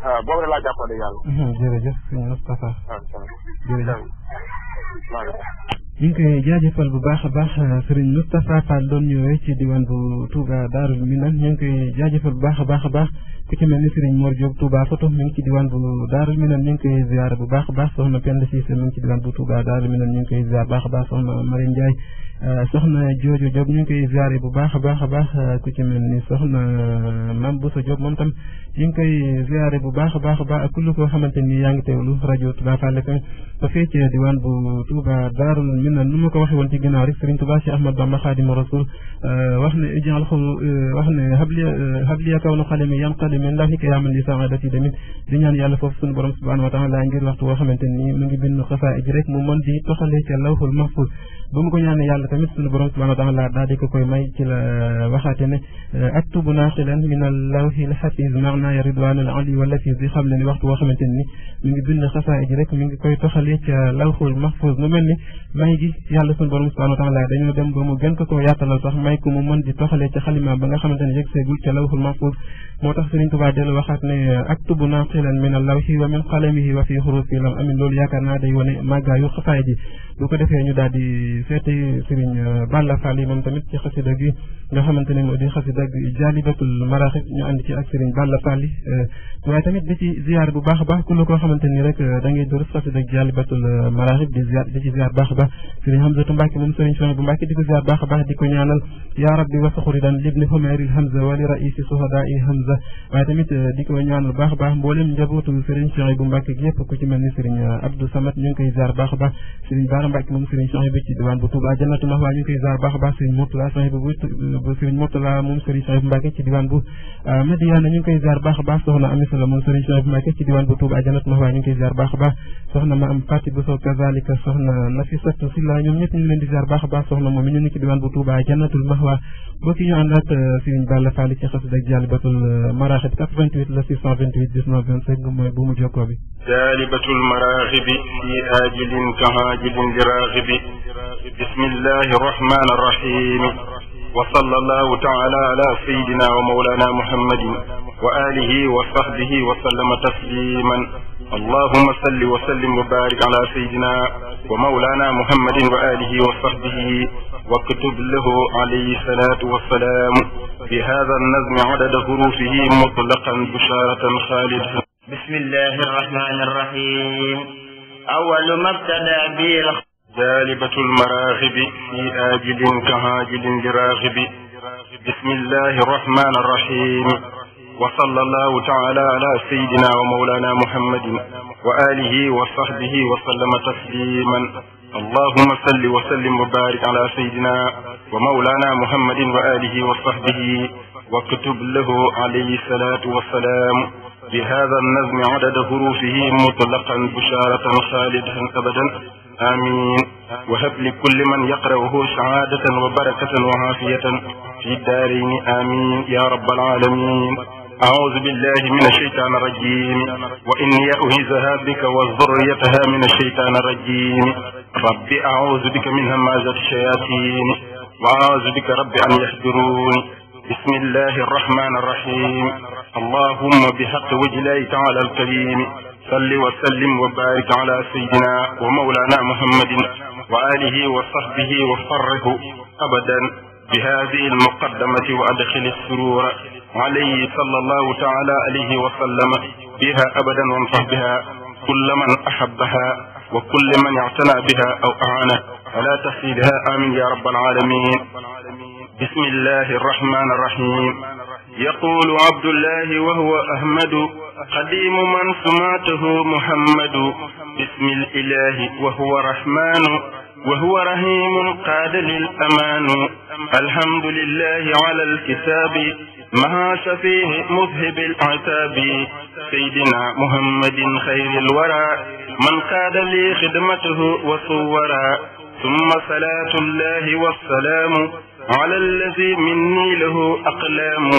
waaw ah, boobu de laa jàppale yàlla. Mm-hmm. ñu ngi koy jaajëfal bu baax a baax sëriñ Moustapha Fall doon ñëwee ci diwaan bu Touba Darou Minane ñu ngi koy jaajëfal bu baax a baax a baax ku ci mel ni sëriñ Mor Diop Touba Foto mi ngi ci diwaan bu Darou Minane ñu ngi koy ziar bu baax a baax soxna Penda Cissé mi ngi ci diwaan bu Touba Darou Minane ñu ngi koy ziar bu baax a baax soxna Marine Ndiaye euh, soxna Jojo Diop ñu ngi koy ziare bu baax a baax a baax euh, ku ci mel ni soxna euh, Mame Boussa Diop moom tam ñu ngi koy ziare bu baax a baax a baax ak kullu koo xamante ni yaa ngi teewlu rajo Touba Fall FM ba fee ci diwaan bu Touba Darou ñu ne nu ma ko waxee woon ci ginnaaw rek Serigne Touba Cheikh Ahmad Bamba Khadimu Rasul wax ne ijal xol wax ne habli habli yakaw na xale mi yan xale mi ndax yaa man li saadati tamit di ñaan yàlla foofu suñu borom subhanahu wa taala ngir waxtu woo xamante ni mu ngi bind xasaa ij rek mu mën di toxalee ca lawhul mahfuz ba mu ko ñaanee yàlla tamit suñu borom subhanahu wa taala daal di ko koy may ci la waxaate ne aktubu naaxilan min allawhi lxafiz maanaa ya ridwaan al ali wala fi di xam ne ni waxtu woo xamante ni mu ngi bind xasaa ij rek mu ngi koy toxalee ca lawhul mahfuz mu mel ni may may gi yàlla suñu borom subhanahu wa taala dañu dem ba mu gën ko koo yaatalal sax may ko mu mën di toxalee ci xalima ba nga xamante ne yëgseegul ca lawhul mahfuz moo tax Sëriñ Tuubaa dellu waxaat ne aktubu naqilan min allawhi wa min qalamihi wa fi xurufi lam amin loolu yaakaar naa day wane màggaayu xasaay ji bu ko defee ñu daal di seeti Sëriñ Balla Fall yi moom tamit ci xasida gi nga xamante ne moo di xasida gi jaalibatul maraaxib ñu ànd ci ak Sëriñ Balla Fall yi waaye tamit di ci ziyaar bu baax a baax ku la koo xamante ni rek da ngay dërës xasida gi jaalibatul maraaxib di ziyaar di ci ziyaar baax a baax sëriñ Hamzatu Mbàkke moom sëriñ Sonia bu Mbàkke di ko ziar baax a baax di ko ñaanal yaa rabbi wasaxuri dan libni Humayril Hamza wali raisi sohadaai Hamza waaye tamit di ko ñaanal baax a baax mboolem njabootu sëriñ Sonia bu Mbàkke gi yëpp ku ci mel ni sëriñ Abdou Samad ñu ngi koy ziar baax a baax sëriñ Baara Mbàkke moom sëriñ Sonia bi ci diwaan bu Touba Jannatu Mahwa ñu ngi koy ziar baax a baax sëriñ Mourtala Sonia bu sëriñ Mourtala moom sëriñ Sonia bu Mbàkke ci diwaan bu Madiana ñu ngi koy ziar baax a baax soxna Ami Sala moom sëriñ Sonia bu Mbàkke ci diwaan bu Touba Jannatu Mahwa ñu ngi koy ziar baax a baax soxna ma am Fati bu soo kazalika soxna Nafisatu Sylla ñoom ñëpp ñu ngi leen di ziar baax a baax soxna moom mi ñu nekk diwaan bu Touba jannatul mahwa bokk ñu ànd ak Serigne Balla Fall ci xasida ak jaalibatul maraaxib 88 la 628 19 25 mooy bu mu jokkoo bi jaalibatul maraaxibi fi aajilin kahaajilin bi raaxibi bismillahi rahmaani rahim وصلى الله تعالى على سيدنا ومولانا محمد وآله وصحبه وسلم تسليما اللهم صل وسلم وبارك على سيدنا ومولانا محمد وآله وصحبه واكتب له عليه الصلاة والسلام في هذا النظم عدد حروفه مطلقا بشارة خالدة بسم الله الرحمن الرحيم أول ما ابتدأ به جالبة المراغب في آجل كهاجل براغب بسم الله الرحمن الرحيم وصلى الله تعالى على سيدنا ومولانا محمد وآله وصحبه وسلم تسليما اللهم صل وسلم وبارك على سيدنا ومولانا محمد وآله وصحبه واكتب له عليه الصلاة والسلام بهذا النظم عدد حروفه مطلقا بشارة خالدا أبدا آمين وهب لكل من يقرأه سعادة وبركة وعافية في الدارين آمين يا رب العالمين أعوذ بالله من الشيطان الرجيم وإني أهزها بك وذريتها من الشيطان الرجيم رب أعوذ بك من همازة الشياطين وأعوذ بك رب أن يحضرون بسم الله الرحمن الرحيم اللهم بحق وجلي تعالى الكريم صل وسلم وبارك على سيدنا ومولانا محمد وآله وصحبه وفره أبدا بهذه المقدمة وأدخل السرور عليه صلى الله تعالى عليه وسلم بها أبدا وانصح بها كل من أحبها وكل من اعتنى بها أو أعانه على تحصيلها آمين يا رب العالمين بسم الله الرحمن الرحيم يقول عبد الله وهو أحمد قديم من سمعته محمد بسم الإله وهو رحمن وهو رحيم قاد للأمان الحمد لله على الكتاب مها شفيه مذهب العتاب سيدنا محمد خير الورى من قاد لي خدمته وصورا ثم صلاة الله والسلام على الذي مني له أقلام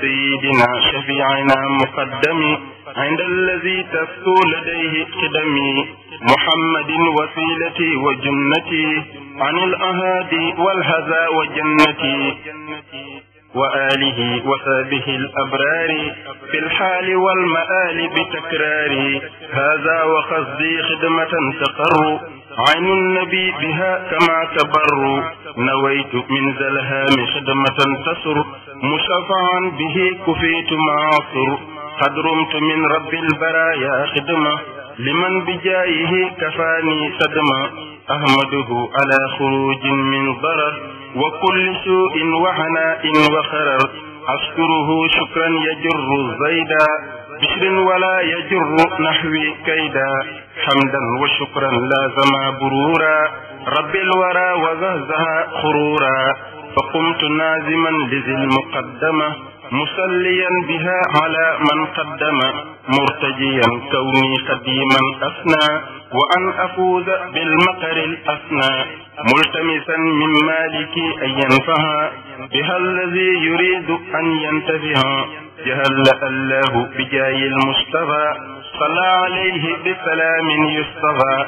سيدنا شفيعنا مقدم عند الذي تفتو لديه قدمي محمد وسيلتي وجنتي عن الأهادي والهذا وجنتي وآله وصحبه الأبرار في الحال والمآل بتكرار هذا وقصدي خدمة تقر عين النبي بها كما تبر نويت من زلهام خدمة تسر مشفعا به كفيت معصر قد رمت من رب البرايا خدمة لمن بجايه كفاني صدمة أحمده على خروج من ضرر وكل سوء وهناء وخرر أشكره شكرا يجر الزيدا بشر ولا يجر نحوي كيدا حمدا وشكرا لازم برورا رب الورى وزهزها خرورا فقمت نازما لذي المقدمة مسليا بها على من قدم مرتجيا كوني قديما أفنى وأن أفوز بالمقر الأفنى ملتمسا من مالك أن ينفها بها الذي يريد أن ينتفها جهل الله بجاي المصطفى صلى عليه بسلام يصطفى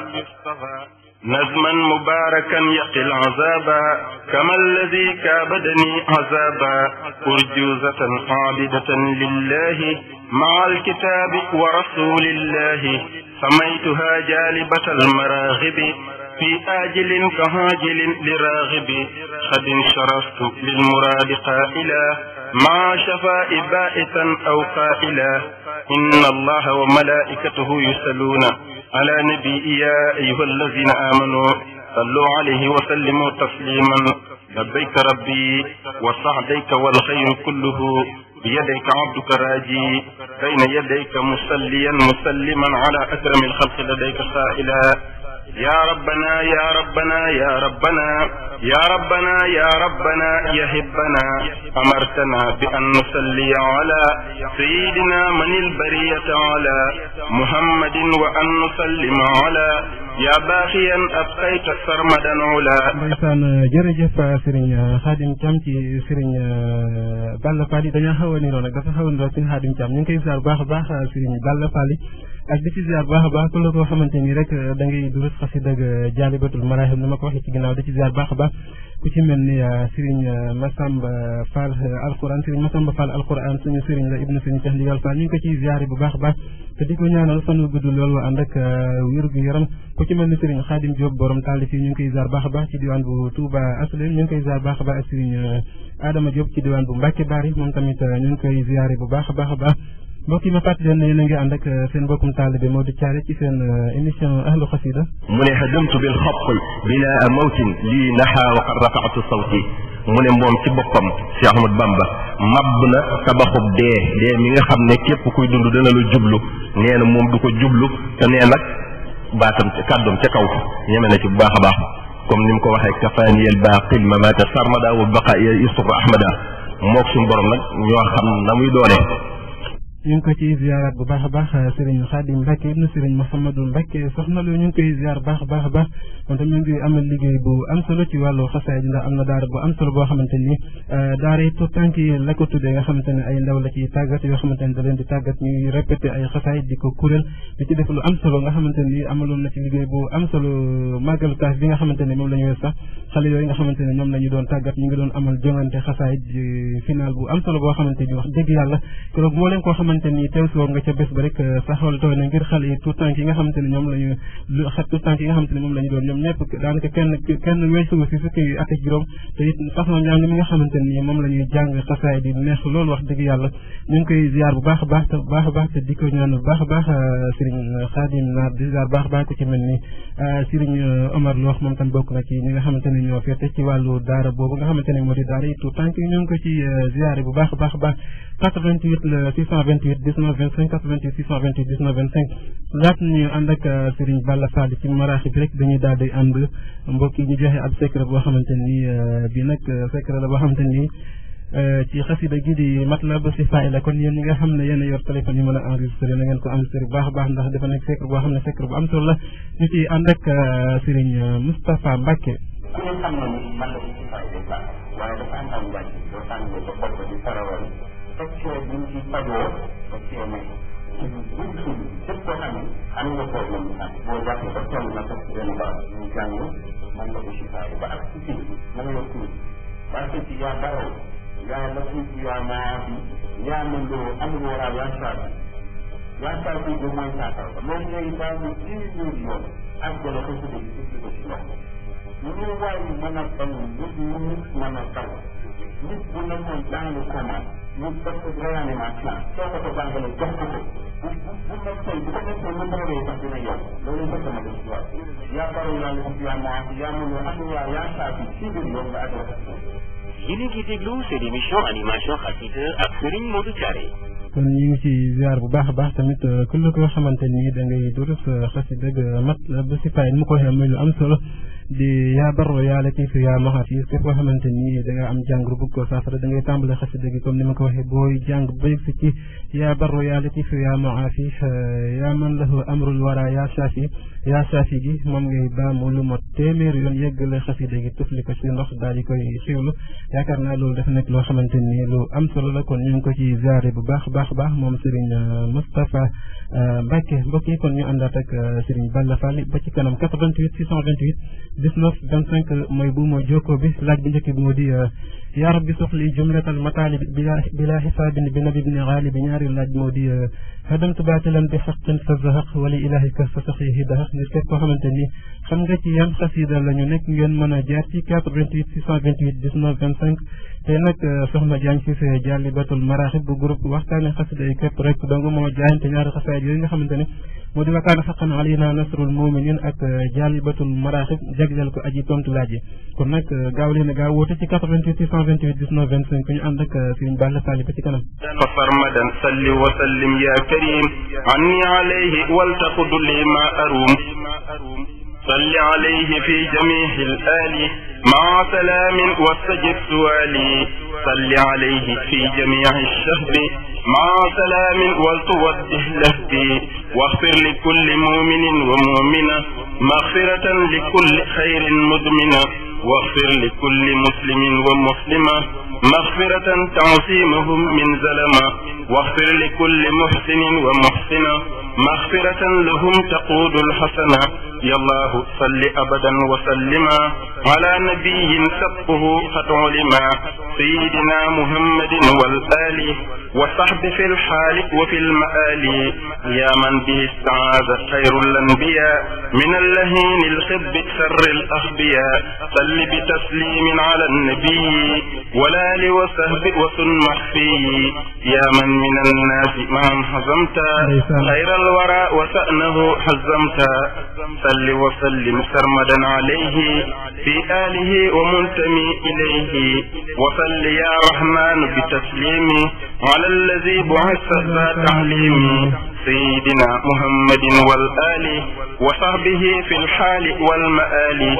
نزما مباركا يقي العذاب كما الذي كابدني عذابا أرجوزة عابدة لله مع الكتاب ورسول الله سميتها جالبة المراغب في آجل كهاجل لراغب خد شرفت للمراد قائلا مع شفاء بائسا أو قائلا إن الله وملائكته يسلون على نبي يا أيها الذين آمنوا صلوا عليه وسلموا تسليما لبيك ربي وسعديك والخير كله بيديك عبدك راجي بين يديك مسليا مسلما على أكرم الخلق لديك سائلا يا ربنا يا ربنا يا ربنا يا ربنا يا ربنا يا هبنا أمرتنا بأن نصلي على سيدنا من البرية على محمد وأن نسلم على يا باخيا أبقيت سرمدا على بيسان جرجة سرين خادم تمتي سرين بلا فالي دنيا هوني لونك دفع هوني لونك خادم تمتي سرين بلا فالي ak di ci ziar baax a baax ku la koo xamante ni rek euh, da ngay durus xasida ak euh, jaalibatul marahim ni ma ko waxee ci ginnaaw di ci ziar baax a baax ku ci mel ni euh, Serigne Massamba Fall alquran Serigne Massamba Fall alquran suñu Serigne la ibnu Serigne Cheikh Ndigal Fall ñu ngi ko ciy ziare bu baax a baax te di ko ñaanal fan wu gudd loolu ànd ak wér gu yaram ku ci mel ni Serigne Khadim Diop borom taalif yi ñu ngi koy ziar baax a baax ci diwaan bu Touba Aslim ñu ngi koy ziar baax a baax ak Serigne Adama Diop ci diwaan bu Mbacke Bari moom tamit ñu ngi koy ziare bu baax a baax a baax mbokk ma fàttali leen ne yéen a ngi ànd ak seen mbokkum taalibe Modou Thiaré ci seen émission ahlu xasida mu ne hadamtu bil xabqi bila mawtin li naxa wa qad rafaatu sawti mu ne moom ci boppam si Ahmad Bamba mabb na tabaxub dee dee mi nga xam ne képp kuy dund dana la jublu nee na moom du ko jublu te nee nag baatam ci kàddoom ca kaw ñeme na ci bu baax a baax comme ni mu ko waxee kafaani al ma mamaata sarmada wa baqa baqaa isur ahmada mook suñu borom nag ñoo xam na muy doone ñu ngi ko ci ziarat bu baax a baax Serigne Khadim Mbacke ibn Serigne Mouhamadou Mbacke soxna lu ñu ngi koy ziar baax a baax a baax moom tam ñu ngi amal liggéey bu am solo ci wàllu xasaay ndax am na daara bu am solo boo xamante ni daara yi tout tànk yi la ko tuddee nga xamante ne ay ndaw la ci tàggat yoo xamante ne da leen di tàggat ñuy répété ay xasaay di ko kuréel di ci def lu am solo nga xamante ni amaloon na ci liggéey bu am solo màggal kaas bi nga xamante ne moom la ñu wees sax xale yooyu nga xamante ne ñoom la ñu doon tàggat ñu ngi doon amal jongante xasaay final bu am solo boo xamante ni wax dëgg yàlla keroog moo leen koo xam xamante ni teew si woon nga ca bés ba rek euh, sa xol tooy na ngir xale yi tout temps nga xamante ni ñoom la ñu tout temps yi nga xamante ni moom la ñu doon ñoom ñëpp daanaka kenn kenn weesuwu si fukki at nga xamante ni moom la ñuy jàng xasaay di neex loolu wax dëgg yàlla ñu ngi koy ziar bu baax a baax te a baax te a baax euh, Serigne euh, Khadim a baax ku ci Omar Lo wax moom na ci ñi nga xamante ni ñoo féete ci wàllu daara boobu nga xamante ni moo di daara yi tout temps yi ñu ngi ko ci ziar bu baax a baax a baax 88 628 19 25 88 628 19 25 laata ñuy ànd ak euh, Serigne Balla Fall ci maraax bi rek dañuy daal di ànd mbokk yi ñu joxe ab secret boo xamante ni euh, bii nag euh, secret la boo xamante ni ci xasida gi di matlab si faay la kon yéen ñi nga xam ne yéen yor téléphone yi mën a enregistré na ngeen ko enregistré bu baax baax ndax dafa nekk secret boo xam ne secret bu am solo la ñu ciy ànd ak Serigne Moustapha Mbacke. xam na ni matlab si faay ba bopp di akche binti padwo, akche men, jib binti, sifte han, an lopo yon, ak bozak lakon, lakon sirene ba, minkan yon, man lopo shikare, ba ak titi, man lopo yon, bakit ya baon, ya lakon kiwa na api, ya mendo an lo a lanshara, lanshari yon man sata, lojne yon, lanshari kiwi moun yon, akde lakon sirene, sifte kwa shikare, moun wari manat an, lakon moun manat an, nit bu nekkoon dans le bu animation xasida ak Serigne Modou Thiaré kon ci ziar bu baax a baax tamit euh, ku koo xamante ni da ngay durus xasida mat la euh, ba mu ko waxee lu am solo di yaa barro yaa latiifu yaa maxafiis képp koo xamante ni da nga am jàngoro bëgg koo saafara da ngay tàmbale xasida gi comme ni ma ko waxee booy jàng bay si ci yaa barro yaa latiifu yaa maxafiis yaa man lahu amrul wara yaa saafi yaa saafi gi moom ngay baamu lu mot téeméer yoon yeggale xasida gi tufli ko ci ndox daal di koy xiwlu yaakaar naa loolu dafa nekk loo xamante ni lu am solo la kon ñu ngi ko ci ziare bu baax baax baax moom Serigne euh, Moustapha euh, Mbacke mbokk yi kon ñu àndaat ak euh, Serigne Balla Fall ba ci kanam 88 19 25 mooy bu ma jokkoo bi laaj bi njëkk bi moo di yaa rabbi soxli jumlatal mataalib bila xisaabin bi nabi bni xaali bi ñaari laaj moo di hadamtu baatilan bi xaqin sa zahaq wala ilaahi ka sa saxihi daxaq ngir képp koo xamante ni xam nga ci yan xasida la ñu nekk ngeen mën a jaar ci 88 628 19 25 tey nag soxna Diagne si sa jàllibatul maraaxib bu groupe waxtaane xasida yi képp rek dong moo jaayante ñaari xasaayit yooyu nga xamante ne moo di wa nasrul muminin ak jàllibatul maraaxib jagleel ko aji tontu laaj kon nak euh, gaaw leen gaaw ci 88 128 ñu ànd وسلم يا كريم عني عليه أروم صل عليه في جميع الآل مع سلام واستجب سؤالي صل عليه في جميع الشهب مع سلام ولتوجه لهدي واغفر لكل مؤمن ومؤمنة مغفرة لكل خير مدمنة واغفر لكل مسلم ومسلمة مغفرة تعصيمهم من زلمة واغفر لكل محسن ومحسنة مغفرة لهم تقود الحسنة يا الله صل أبدا وسلما على نبي سبه قد علما سيدنا محمد والآل وصحب في الحال وفي المآل يا من به استعاذ خير الأنبياء من اللهين الخب سر الأخبياء صل بتسليم على النبي والآل لوسهب وسن مخفي يا من من الناس ما حزمت خير الورى وسأنه حزمت صل وسلم سرمدا عليه في آله ومنتمي إليه وصل يا رحمن بتسليمي على الذي بعث ذا تعليمي سيدنا محمد والآل وصحبه في الحال والمآل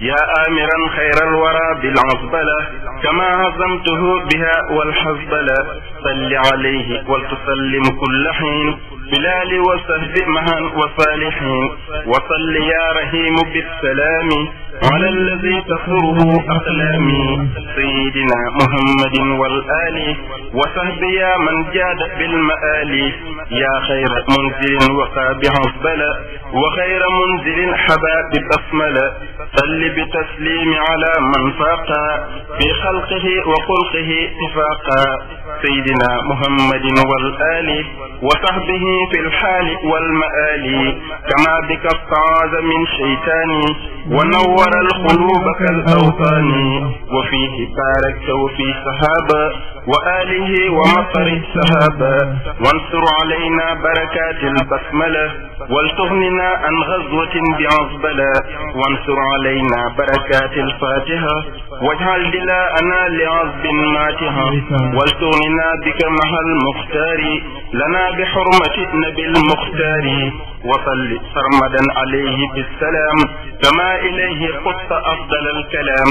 يا آمرا خير الورى بالعزبلة كما عظمته بها والحزبلة صل عليه ولتسلم كل حين بلال وسهد مهن وصالحين وصل يا رهيم بالسلام على الذي تفره أقلامي سيدنا محمد والآل وسهب يا من جاد بالمآل يا خير منزل وقابح البلاء وخير منزل حباب أصمل صل بتسليم على من فاق في خلقه وخلقه اتفاقا سيدنا محمد والآل وصحبه في الحال والمآل كما بك استعاذ من شيطاني ونور ورى القلوب كالأوطان وفيه باركت وفي سحابة وآله ومطر السحابة وانصر علينا بركات البسملة ولتغننا عن غزوة بعزبلة وانصر علينا بركات الفاتحة واجعل دلاءنا لعزب ماتها ولتغننا بك مها المختار لنا بحرمة النبي المختار وصل سرمدا عليه بالسلام كما إليه قلت أفضل الكلام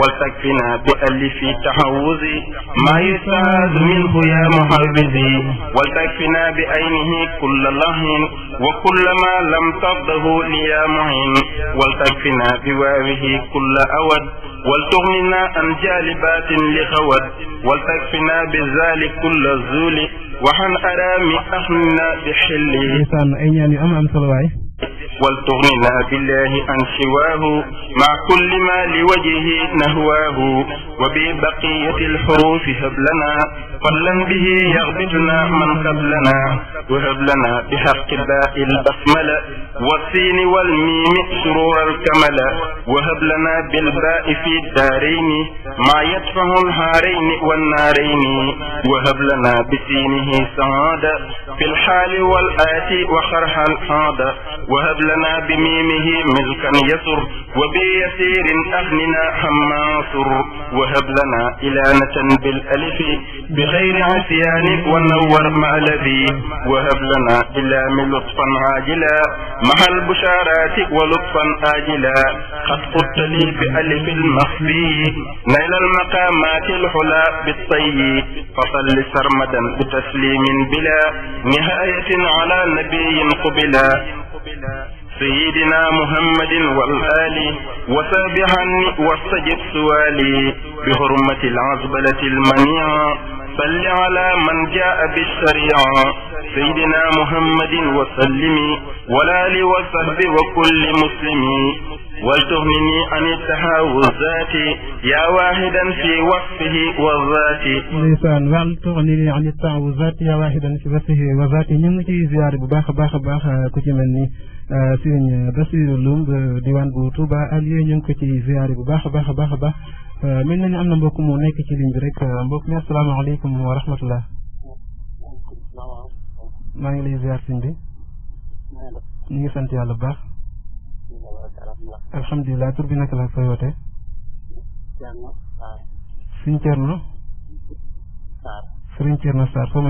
ولتكفنا بألف تحوزي ما يستعاذ منه يا محرزي ولتكفنا بعينه كل لهن وكل ما لم تفضه لي يا معين ولتكفنا بوابه كل أود ولتغننا عن جالبات لخود ولتكفنا بالزال كل الزول وحن أرامي أخنا بحلي. إيسان أيني يعني أم أم سلوعي؟ ولتغننا بالله عن سواه مع كل ما لوجهه نهواه وببقية الحروف هب لنا فضلا به يغبطنا من قبلنا وهب لنا بحق الباء البسملة والسين والميم سرور الكمل وهب لنا بالباء في الدارين ما يدفع الهارين والنارين وهب لنا بسينه سعادة في الحال والآتي وخرها الحادة وهب لنا بميمه ملكا يسر وبيسير أغننا حما وهب لنا إلانة بالألف غير عصيانك ونور مع الذي وهب لنا إلا من لطفا عاجلا مع البشارات ولطفا آجلا قد قلت لي بألف المخفي نيل المقامات الحلى بالطي فصل سرمدا بتسليم بلا نهاية على نبي قبلا سيدنا محمد والآل وسابحا واستجب سوالي بحرمة العزبلة المنيعة صل على من جاء بالشريعة سيدنا محمد وسلم ولا لوصحبه وكل مسلم والتهمني عن التهاو الذات يا واحدا في وصفه والذات ليسان والتهمني عن التهاو الذات يا واحدا في وصفه والذات نمكي زيار بباخ باخ باخ كتي مني آه، سيرين بسير اللوم ديوان بوتو با اليو نمكي تي زيار بباخ باخ باخ باخ آه، من نني امنا مبوكو مو نيكي بريك مبوك آه، مي السلام عليكم ورحمة الله ما يلي زيار سيندي ما يلي سنتي على الباخ alhamdulilah tur bi naka la koy wootee. Sëriñ Thierno. Sëriñ Thierno Sarr foo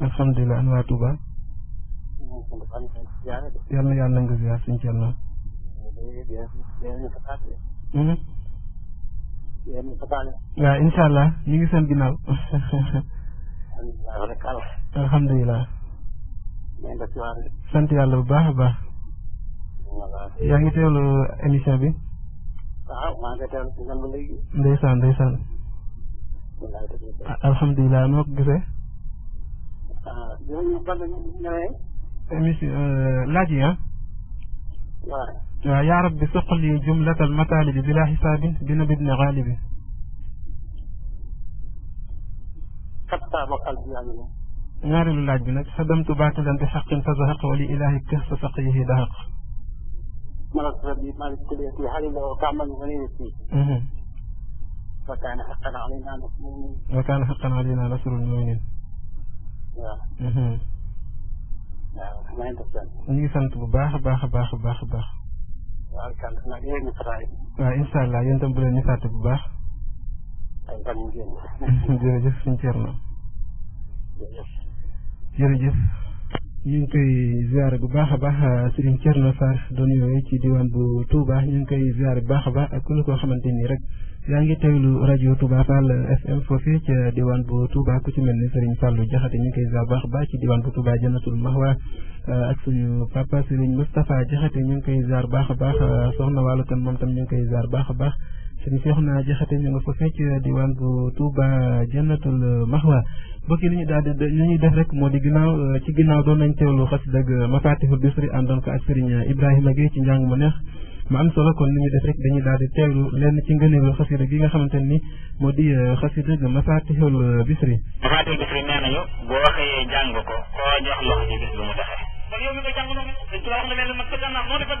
alhamdulilah an waa Touba. yal na yàlla nangu ziar Sëriñ Thierno. Mhm. waaw allah ñu ngi seen ginnaaw. alhamdulilah. sant yàlla bu baax a yaa ngi teewlu émission bi. waaw maa ngi teewlu si ndam léegi. ndeysaan ndeysaan. alhamdulilah noo ko gisee. ah jërëjëf Bada Ndiaye. émission laaj yi ah. waaw. yaa rabbi suq lii jumlatal mataalibi bila xisaabin bina bidna xaalibi. ñaareelu laaj bi nag sa demtu baatilan bi xaqin fa zahaq wali ilaahi kës sa saqiyihi dahaq. ملكت ربي مالك التي هل له كعما وليتي وكان حقا علينا نصر المؤمنين وكان حقا علينا نصر المؤمنين waaw. waaw maa ngi sant. ñu ngi sant bu baax a baax a baax a baax a baax. waaw sant naa yéen a faraay. waaw incha allah yéen itam bu leen ñu fàtte bu baax. ay fan yu génn. jërëjëf suñu Thierno. jërëjëf. jërëjëf. ñu ngi koy ziare bu baax a baax euh, Serigne na Sarr doon yooyu ci diwaan bu Touba ñu ngi koy ziare bu baax a baax ak ku ñu xamante ni rek yaa ngi teewlu rajo Touba Fall FM foofii di diwaan bu Touba ku ci mel ni Serigne Fallou Diakhaté ñu ngi koy ziare bu baax a baax ci diwaan bu Touba Jannatul Mahwa euh, ak suñu papa Serigne Moustapha Diakhaté ñu ngi koy ziare bu baax a baax euh, soxna wàllu kan moom tam ñu ngi koy ziare bu baax a baax. Serigne Cheikhouna Diakhaté ñu nga ko fekk di wàngu Touba Jannatul Mahwa mbokk yi ñu daal di li ñuy def rek moo di ginnaaw euh, ci ginnaaw doon nañ teewlu xas dëgg Mafatihul Bichri àndoon ko ak Serigne Ibrahima Gueye ci njàng mu neex mu am solo kon li ñu def rek dañuy daal di teewlu lenn ci ngëneelu xasida gi nga xamante ni moo di euh, xasida dëgg Mafatihul Bichri Mafatihul Bichri nee nañu boo xëyee jàng ko koo jox loxo ko ko wax la mel ne moo defat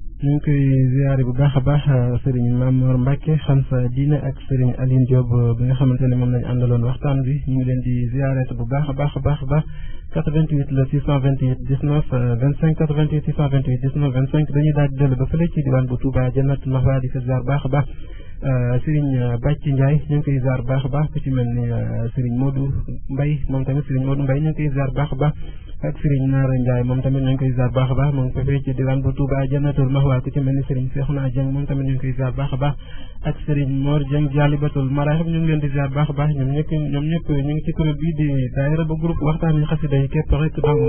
ñu ngi koy ziare bu baax a baax sëriñ Mamor Mbacke xam sa diine ak sëriñ Aline Diop bi nga xamante ne moom lañ àndaloon waxtaan bi ñu ngi leen di ziare bu baax a baax a baax a baax 88 la 628 19 25 88 628 19 25 dañuy daal di dellu ba fële ci diwaan bu Touba Jannat Mahwa di ko ziar baax a baax. Euh, Serigne euh, Bàcci Ndiaye ñu ngi koy baax a baax ku ci mel ni euh, Serigne Modou Mbaye moom tamit Serigne Modou Mbaye ñu ngi koy ziar baax baax ak Serigne Nara Ndiaye moom tamit ñu ngi koy ziar baax baax moom ko fee ci diwaan bu Touba Jannatul Mahwa ku ci mel ni Serigne Cheikhouna Dieng moom tamit ñu ngi koy ziar baax a baax ak Serigne Mor Dieng Jalibatul Marahib ñu ngi leen di ziar baax a baax ñoom ñëpp ñoom ñëpp ñu ngi ci kuréel bii di daayira ba groupe waxtaan yi xasida yi képp rek dong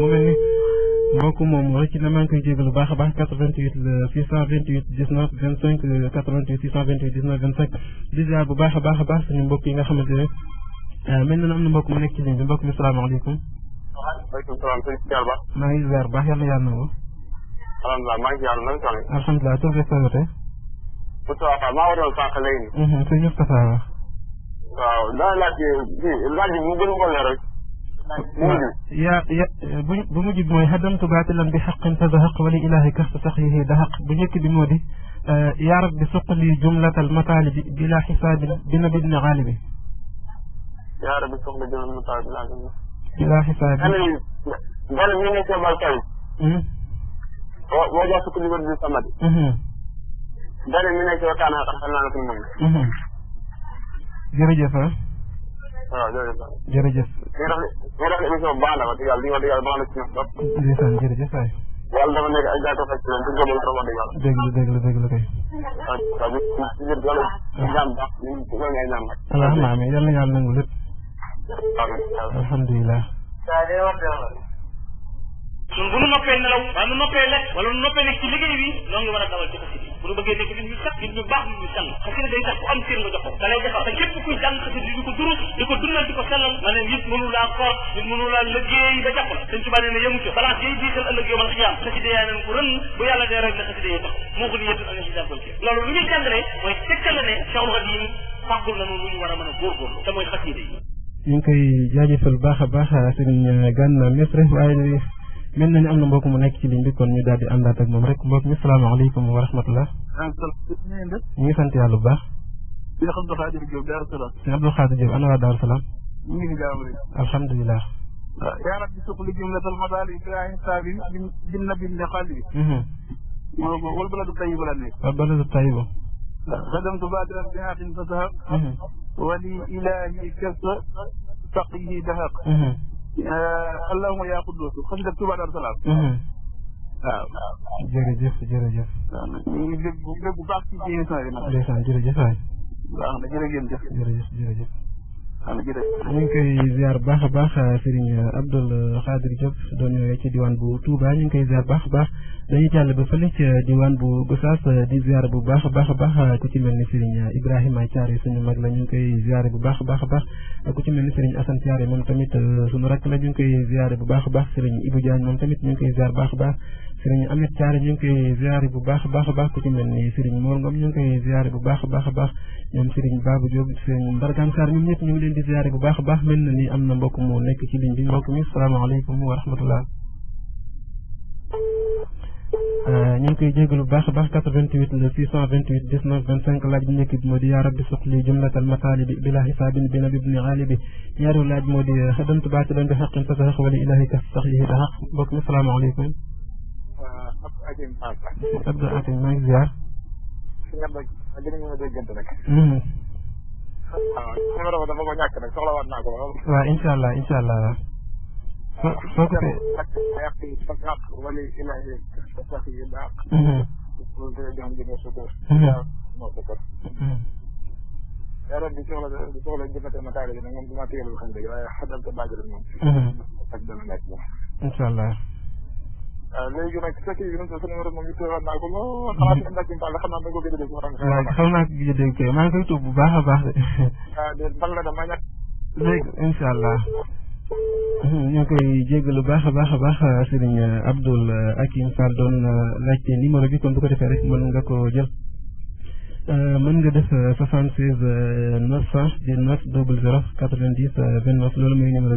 moo ko moom rëcc na maa ngi koy jégalu baax a baax 88 la 628 19 25 88 628 19 25 di ziar bu baax a baax a baax suñu mbokk yi nga xamante ne euh, mel na am na mbokk mu nekk ci ligne bi mbokk mi salaamaaleykum. waaleykum salaam sëñ bi Thiel ba. maa ngi ziar bu baax yàlla yàlla na ko. alhamdulilah maa ngi ziar nan sori. alhamdulilah tur beeg sooy wote. Moustapha Fall maa waroon sànq léegi. Mhm, sëñ Moustapha Fall. waaw dana laaj kii laaj bi mu gën ko leeral. نعم. يا يا بموجب ما هدمت باطلا بحق فذهق ولي إلهك فتخيه ذهق بنيك بمودي آه، يا رب سق لي جملة المطالب بلا حساب بنبي بن غالب يا رب سق لي جملة المطالب بلا حساب بلا حساب قال مين يسمى مالكي وجاء سق لي جملة المطالب قال مين يسمى مالكي وكان هذا خلنا نقول مالكي جرجة فرس waaw ah, jërëjëf. jërëjëf. ñu ngi rafetlu émission bu baax la wax dëgg yàlla li ñu wax dëgg yàlla baax na ci ñoom trop. ndeysaan jërëjëf waay. yàlla dafa nekk ay jaakoo fekk leen dëgg la trop wax dëgg yàlla. dëgg la dëgg la dëgg la kay. waaw alhamdulilah. ñun bu nu noppee nelaw wala nu noppee lekk wala nu noppee nekk ci liggéey bi noo ngi war a dawal ci xasida bu nu bëggee nekk nit ñu sax nit ñu baax nit ñu sell xasida day tax ku am cër nga jox ko da lay defal te képp kuy jàng xasida di ko durus di ko dundal di ko sellal ma ne nit mënu laa xool nit mënu laa liggéey ba jàpp la sëñ Tuubaa nee na yemu ci balance yay diisal ëllëg yow man xiyaam xasida yaa neen ko rën bu yàlla dee rek na xasida yee tax moo ko di yëttal ak xisab kon loolu lu ñuy jàngale mooy tegtal ne Cheikhul Khadim fàggul na noonu lu ñu war a mën a góorgóorlu te mooy xasida yi ñu ngi koy jaajëfal baax a baax sëñ Gana Mesre waaye mel na ni am na mbokk mu nekk ci ligne bi kon ñu daal di àndaat ak moom rek mbokk mi salaamaaleykum wa rahmatulah. ñu ngi sant yàlla bu baax. sëñ Abdou Khadir Diop Daaru Salaam. sëñ Abdou Khadir Diop ana waa Daaru Salaam. ñu ngi jaamu rek. alhamdulilah. يا رب سق لجملة المطال إبراهيم سابي بالنبي من قلبي والبلد الطيب لديك والبلد الطيب خدمت بادرا بهاق فزهق ولي إلهي كسر تقيه دهق Eh, allahuma yaa quddus xasida Tuuba Daaru Salaam mhm. waaw jërëjëf jërëjëf ñu ngi dégg bu baax ci émission bi nag jërëjëf waay waaw jërëjëf jërëjëf ñu ngi koy ziar baax a baax Serigne Abdoul Khadir Diop doon ñëwee ci diwaan bu Touba ñu ngi koy ziar baax a baax dañuy ba fële ci diwaan bu Gossas di ziar bu baax a baax a baax ku ci mel ni Serigne Ibrahima Thiaré suñu mag la ñu ngi koy ziar bu baax a baax a baax ku ci mel ni Serigne Assane Thiaré moom tamit suñu rakk la ñu ngi koy ziar bu baax a baax Serigne Ibou Diagne moom tamit ñu ngi koy ziar baax a baax Serigne Amet Thiaré ñu ngi koy ziar bu baax a baax a baax ku ci mel ni Serigne Mor Ngom ñu ngi koy ziar bu baax a baax a baax ñoom Serigne Babou Diop Serigne Mbargane Sarr ñoom ñu ngi leen leen di ziare bu baax baax mel ni am na mbokk mu nekk ci ligne bi mbokk mi salaamaaleykum wa rahmatullah ñu ngi koy jégalu bu baax baax 88 le 628 19 25 laaj bu nekk moo di yaa rabbi suqli jumlatal mataalibi bila xisaabin bi nabi bni xaalibi ñaareelu laaj moo di xadamtu baati doon bi xaqin sa sax wala ilahi ka sax yi da xaq mbokk mi salaamaaleykum Abdou Atim Abdou Atim maa ngi ziar. waaw numéro ba dama ko ñàkk nag soxlawaat naa ko lool. waaw euh, léegi nag su fekkee yéen a sori na moom it teewaat naa ko lool. Mm-hmm. xanaa ci ndaje Mballa xam naa da nga ko gëj a dégg. waaw xam naa ko gëj a dégg kay maa ngi koy toog bu baax a baax de. waaw maa ñàkk. léegi incha allah. Mm-hmm, ñoo koy jégalu baax a baax a baax sëriñ Abdoul Hakim Fall doon laajte numéro bi kon ko defee rek mën nga ko jël. Euh, mën nga def 76 919 00 90 29 loolu mooy numéro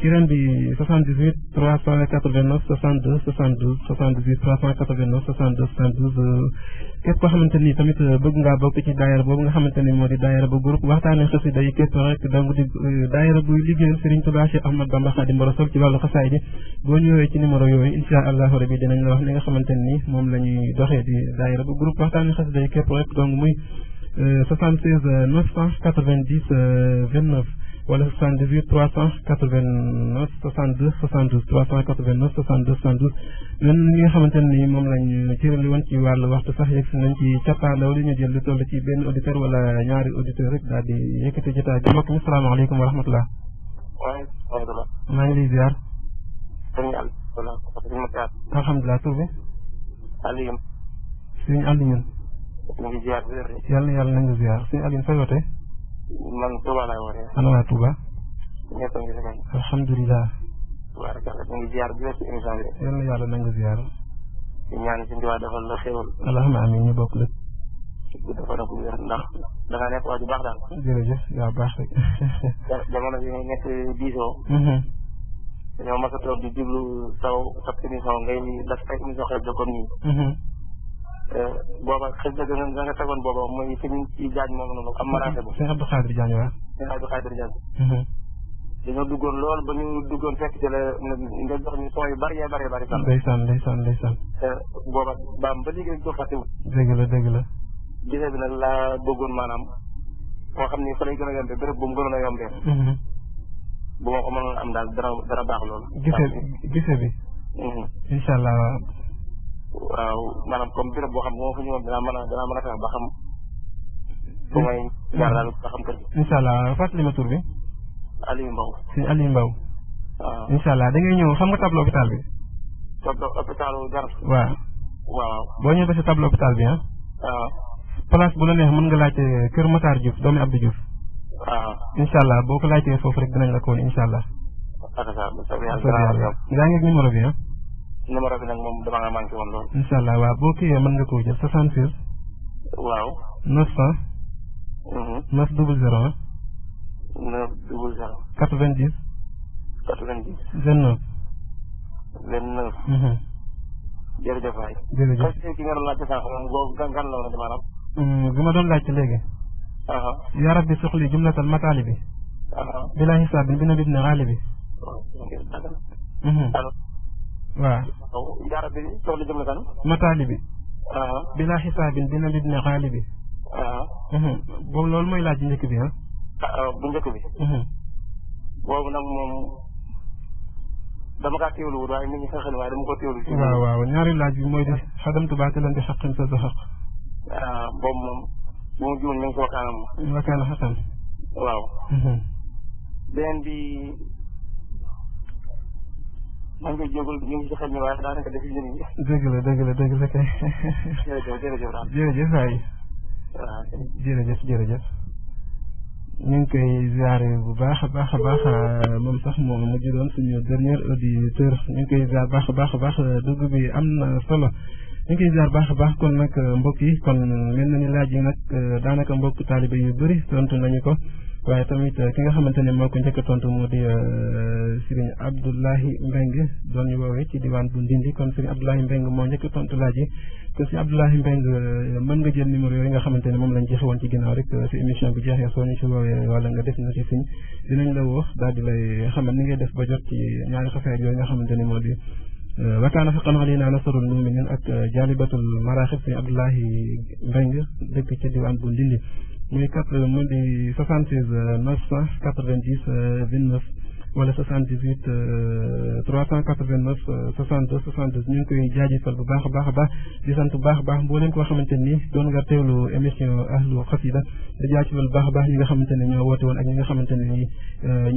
ci ren bi 78 389 62 72 78 389 62 72 képp koo xamante ni tamit euh, bëgg ngaa bokk ci daayira boobu nga xamante ni moo di daayira bu groupe waxtaane xasida yi képp rek donc di euh, daayira buy liggéeyal Serigne Touba Cheikh Ahmad Bamba Khadim Rassoul ci wàllu xasaay bi boo ñëwee ci numéro yooyu insha allahu rabi dina la wax li nga xamante ni moom la ñuy doxee di daayira bu groupe waxtaane xasida yi képp rek donc muy euh, wala 78 389 62 72 389 62 72 ñun li nga xamante ne ni moom lañ cërali woon ci wàllu waxtu sax yegg si nañ ci cappaandaw li ñu jël lu toll ci benn auditeur wala ñaari auditeur rek daal di yëkkati jotaay bi mi salaamaaleykum wa rahmatulah. waaleykum maa ngi lay ziar. alhamdulilah tur bi. Alioune. suñu Alioune. ñu ngi ziar bu wér. yàlla na yàlla na nga ziar suñu Alioune fay wootee. man Touba laa wootee. ana waa Touba. ñëpp a ngi si man. alhamdulilah. tabaarakalla ñu ngi ziar bu wér si émission bi. yal na yàlla nangu ziar. di ñaan si diwaan defal la xéwal. allahumma ndax da nga nekk baax daal. jërëjëf yaa baax rek. jamono bi ñu nekk diisoo. Mhm. dañoo a toog di saw sa émission ngay def ay émission xel jokkoon nii. Mhm. booba xëy na de dana tegoon booba mooy fi ñu ci jaañ moom noonu am maraate bu. Cheikh Abdou Khadir Diagne waaw. Cheikh Abdou Khadir Diagne. Mhm. dañoo duggoon lool ba ñu duggoon fekk ci la nga jox ñu son yu bari yaa bari bari. ndeysaan ndeysaan booba baam ba léegi dañ ko fàttewul. dëgg la dëgg la. gisee bi nag laa bëggoon maanaam foo xam ni fa lay gën a yombee béréb bu mu gënoon a yombee. Mhm. bu ma ko mënoon am daal dara dara baax lool. gisee gisee bi. Mhm. incha allah. waaw maanaam comme béréb boo xam ne moom fu ñu moom dinaa mën a dinaa a fexe ba xam. fu may jaar fàttali ma tur bi. Aliou Mbow. si Aliou Mbow. waaw incha ñëw xam nga tableau hôpital bi. tableau hôpital garab. waaw. waaw boo ñëwee ba si bi ah. la boo ko laajtee foofu rek dinañ la ko woon incha allah. bi ah. numéro bi nag moom dama nga manqué woon lool. incha allah waaw boo nga koo jël 66. waaw. 900. 900. 900. 90. 90. 29. 29. jërëjëf waay. jërëjëf question ki nga doon laajte sànq moom boobu gan la woon dama am. Mhm. bi ma doon laajte léegi. Uh-huh. yaa uh-huh. bi. bilaa xisaabin bi na bit ne xaali bi. waaw yaa rabbi soxla jëm la kan mataali bi uh-huh. bilaa xisaabin dina lib xaali bi uh-huh. Uh-huh. boobu loolu mooy laaj njëkk bi ah bu njëkk bi uh, boobu nag moom dama kaa teewlu wut waaye mi ngi xel waaye dama ko teewlu waaw waaw ñaari laaj bi mooy def xadamtu baatilan bi xaqin sa sa xaq uh, boobu moom bu mu juum mi ngi si wakaanam waaw beneen bi maa ngi koy jégalu ñu ngi ci xel ñu waaye daanaka dafiy njëriñ. dëgg la dëgg la dëgg la kay. jërëjëf jërëjëf daal ñu ngi koy ziare bu baax a baax a baax euh, moom sax moom mu ngi doon suñu dernier auditeur ñu ngi koy ziar baax a baax a baax dugg bi am na solo. ñu koy ziar baax a baax kon nag mbokk yi kon mel na ni laaj yi nag euh, daanaka mbokk taalibe yu bëri tontu nañu ko. waaye tamit uh, ki nga xamante ne moo ko njëkk a tontu moo di uh, Serigne Abdoulahi Mbengue doon ñu woowee ci diwaan bu Ndindi kon Serigne Abdoulahi Mbengue moo njëkk a tontu laaj yi kon Serigne Abdoulahi Mbengue uh, mën nga jël nga xamante ne moom lañ joxe woon ci ginnaaw rek bi jeexee soo ñu si woowee wala nga def na si siñ dinañ la woo daal di lay xamal ni ngay def ba jot ci ñaari xafeet yooyu nga xamante ne moo di wakaana xaqan alayna nasrul muminin ak jaalibatul maraaxib Serigne Abdoulahi Mbengue dëkk ci diwaan bu Ndindi les quatre le numéros 76 990 29. wala 78 389 62 72 ñu ngi koy jaajëfal bu baax baax baax di sant bu baax a baax mboolem koo ni doon nga teewlu émission ahlu xasida di jaajëfal bu baax baax ñi nga xamante ñoo woote woon ak ñi nga xamante ni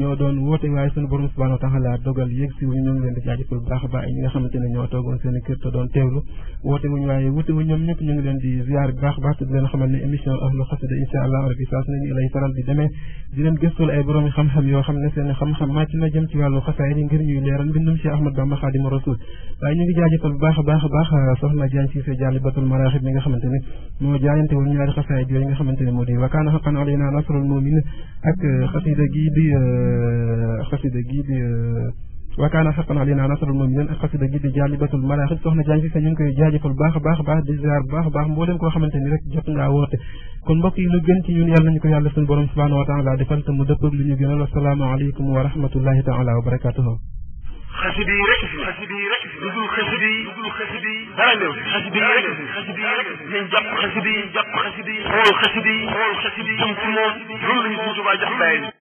ñoo doon woote waaye suñu borom subhanahu wa taala dogal yéeg si wuñu ñoo leen di jaajëfal bu baax baax ñi nga xamante ñoo toogoon seen kër te doon teewlu woote wuñu waaye wute wuñ ñoom ñëpp ñu ngi leen di ziar baax baax te di leen xamal ne émission ahlu xasida incha allah rabi saa su ne faral di demee di leen gëstul ay borom xam-xam yoo xam ne seen xam-xam màcc na jëm ci wàllu xasaay yi ngir ñuy leeral mbindum si Ahmad Bamba Xaadimu Rasuul waaye ñu ngi jaajëfal bu baax a baax a baax euh, soxna Diagne Cissé Jaalibatul Maraaxib mi nga xamante ni moo jaayante woon ñaari xasaay yooyu nga xamante ne moo di wa kaana haqqan alaynaa nasrul mu'minin ak euh, xasida gii di euh, xasida gii di وكان حقنا علينا نصر المؤمنين اقصد جدي جالبة الملاحق سوحنا جانجي سنين كي جاجف الباخ باخ باخ بزيار باخ باخ مولم كو خمال تنيرك جاك نا وقت كن بقي نجن تي يوني اللي نكو يالي سن بولم سبحانه وتعالى دفن تم دبب لني جنال السلام عليكم ورحمة الله تعالى وبركاته خسبي ركسي خسبي ركسي بدو خسبي بدو خسبي برانيو خسبي ركسي خسبي ركسي من جاب خسبي جاب خسبي رول خسبي رول خسبي جم كمون رول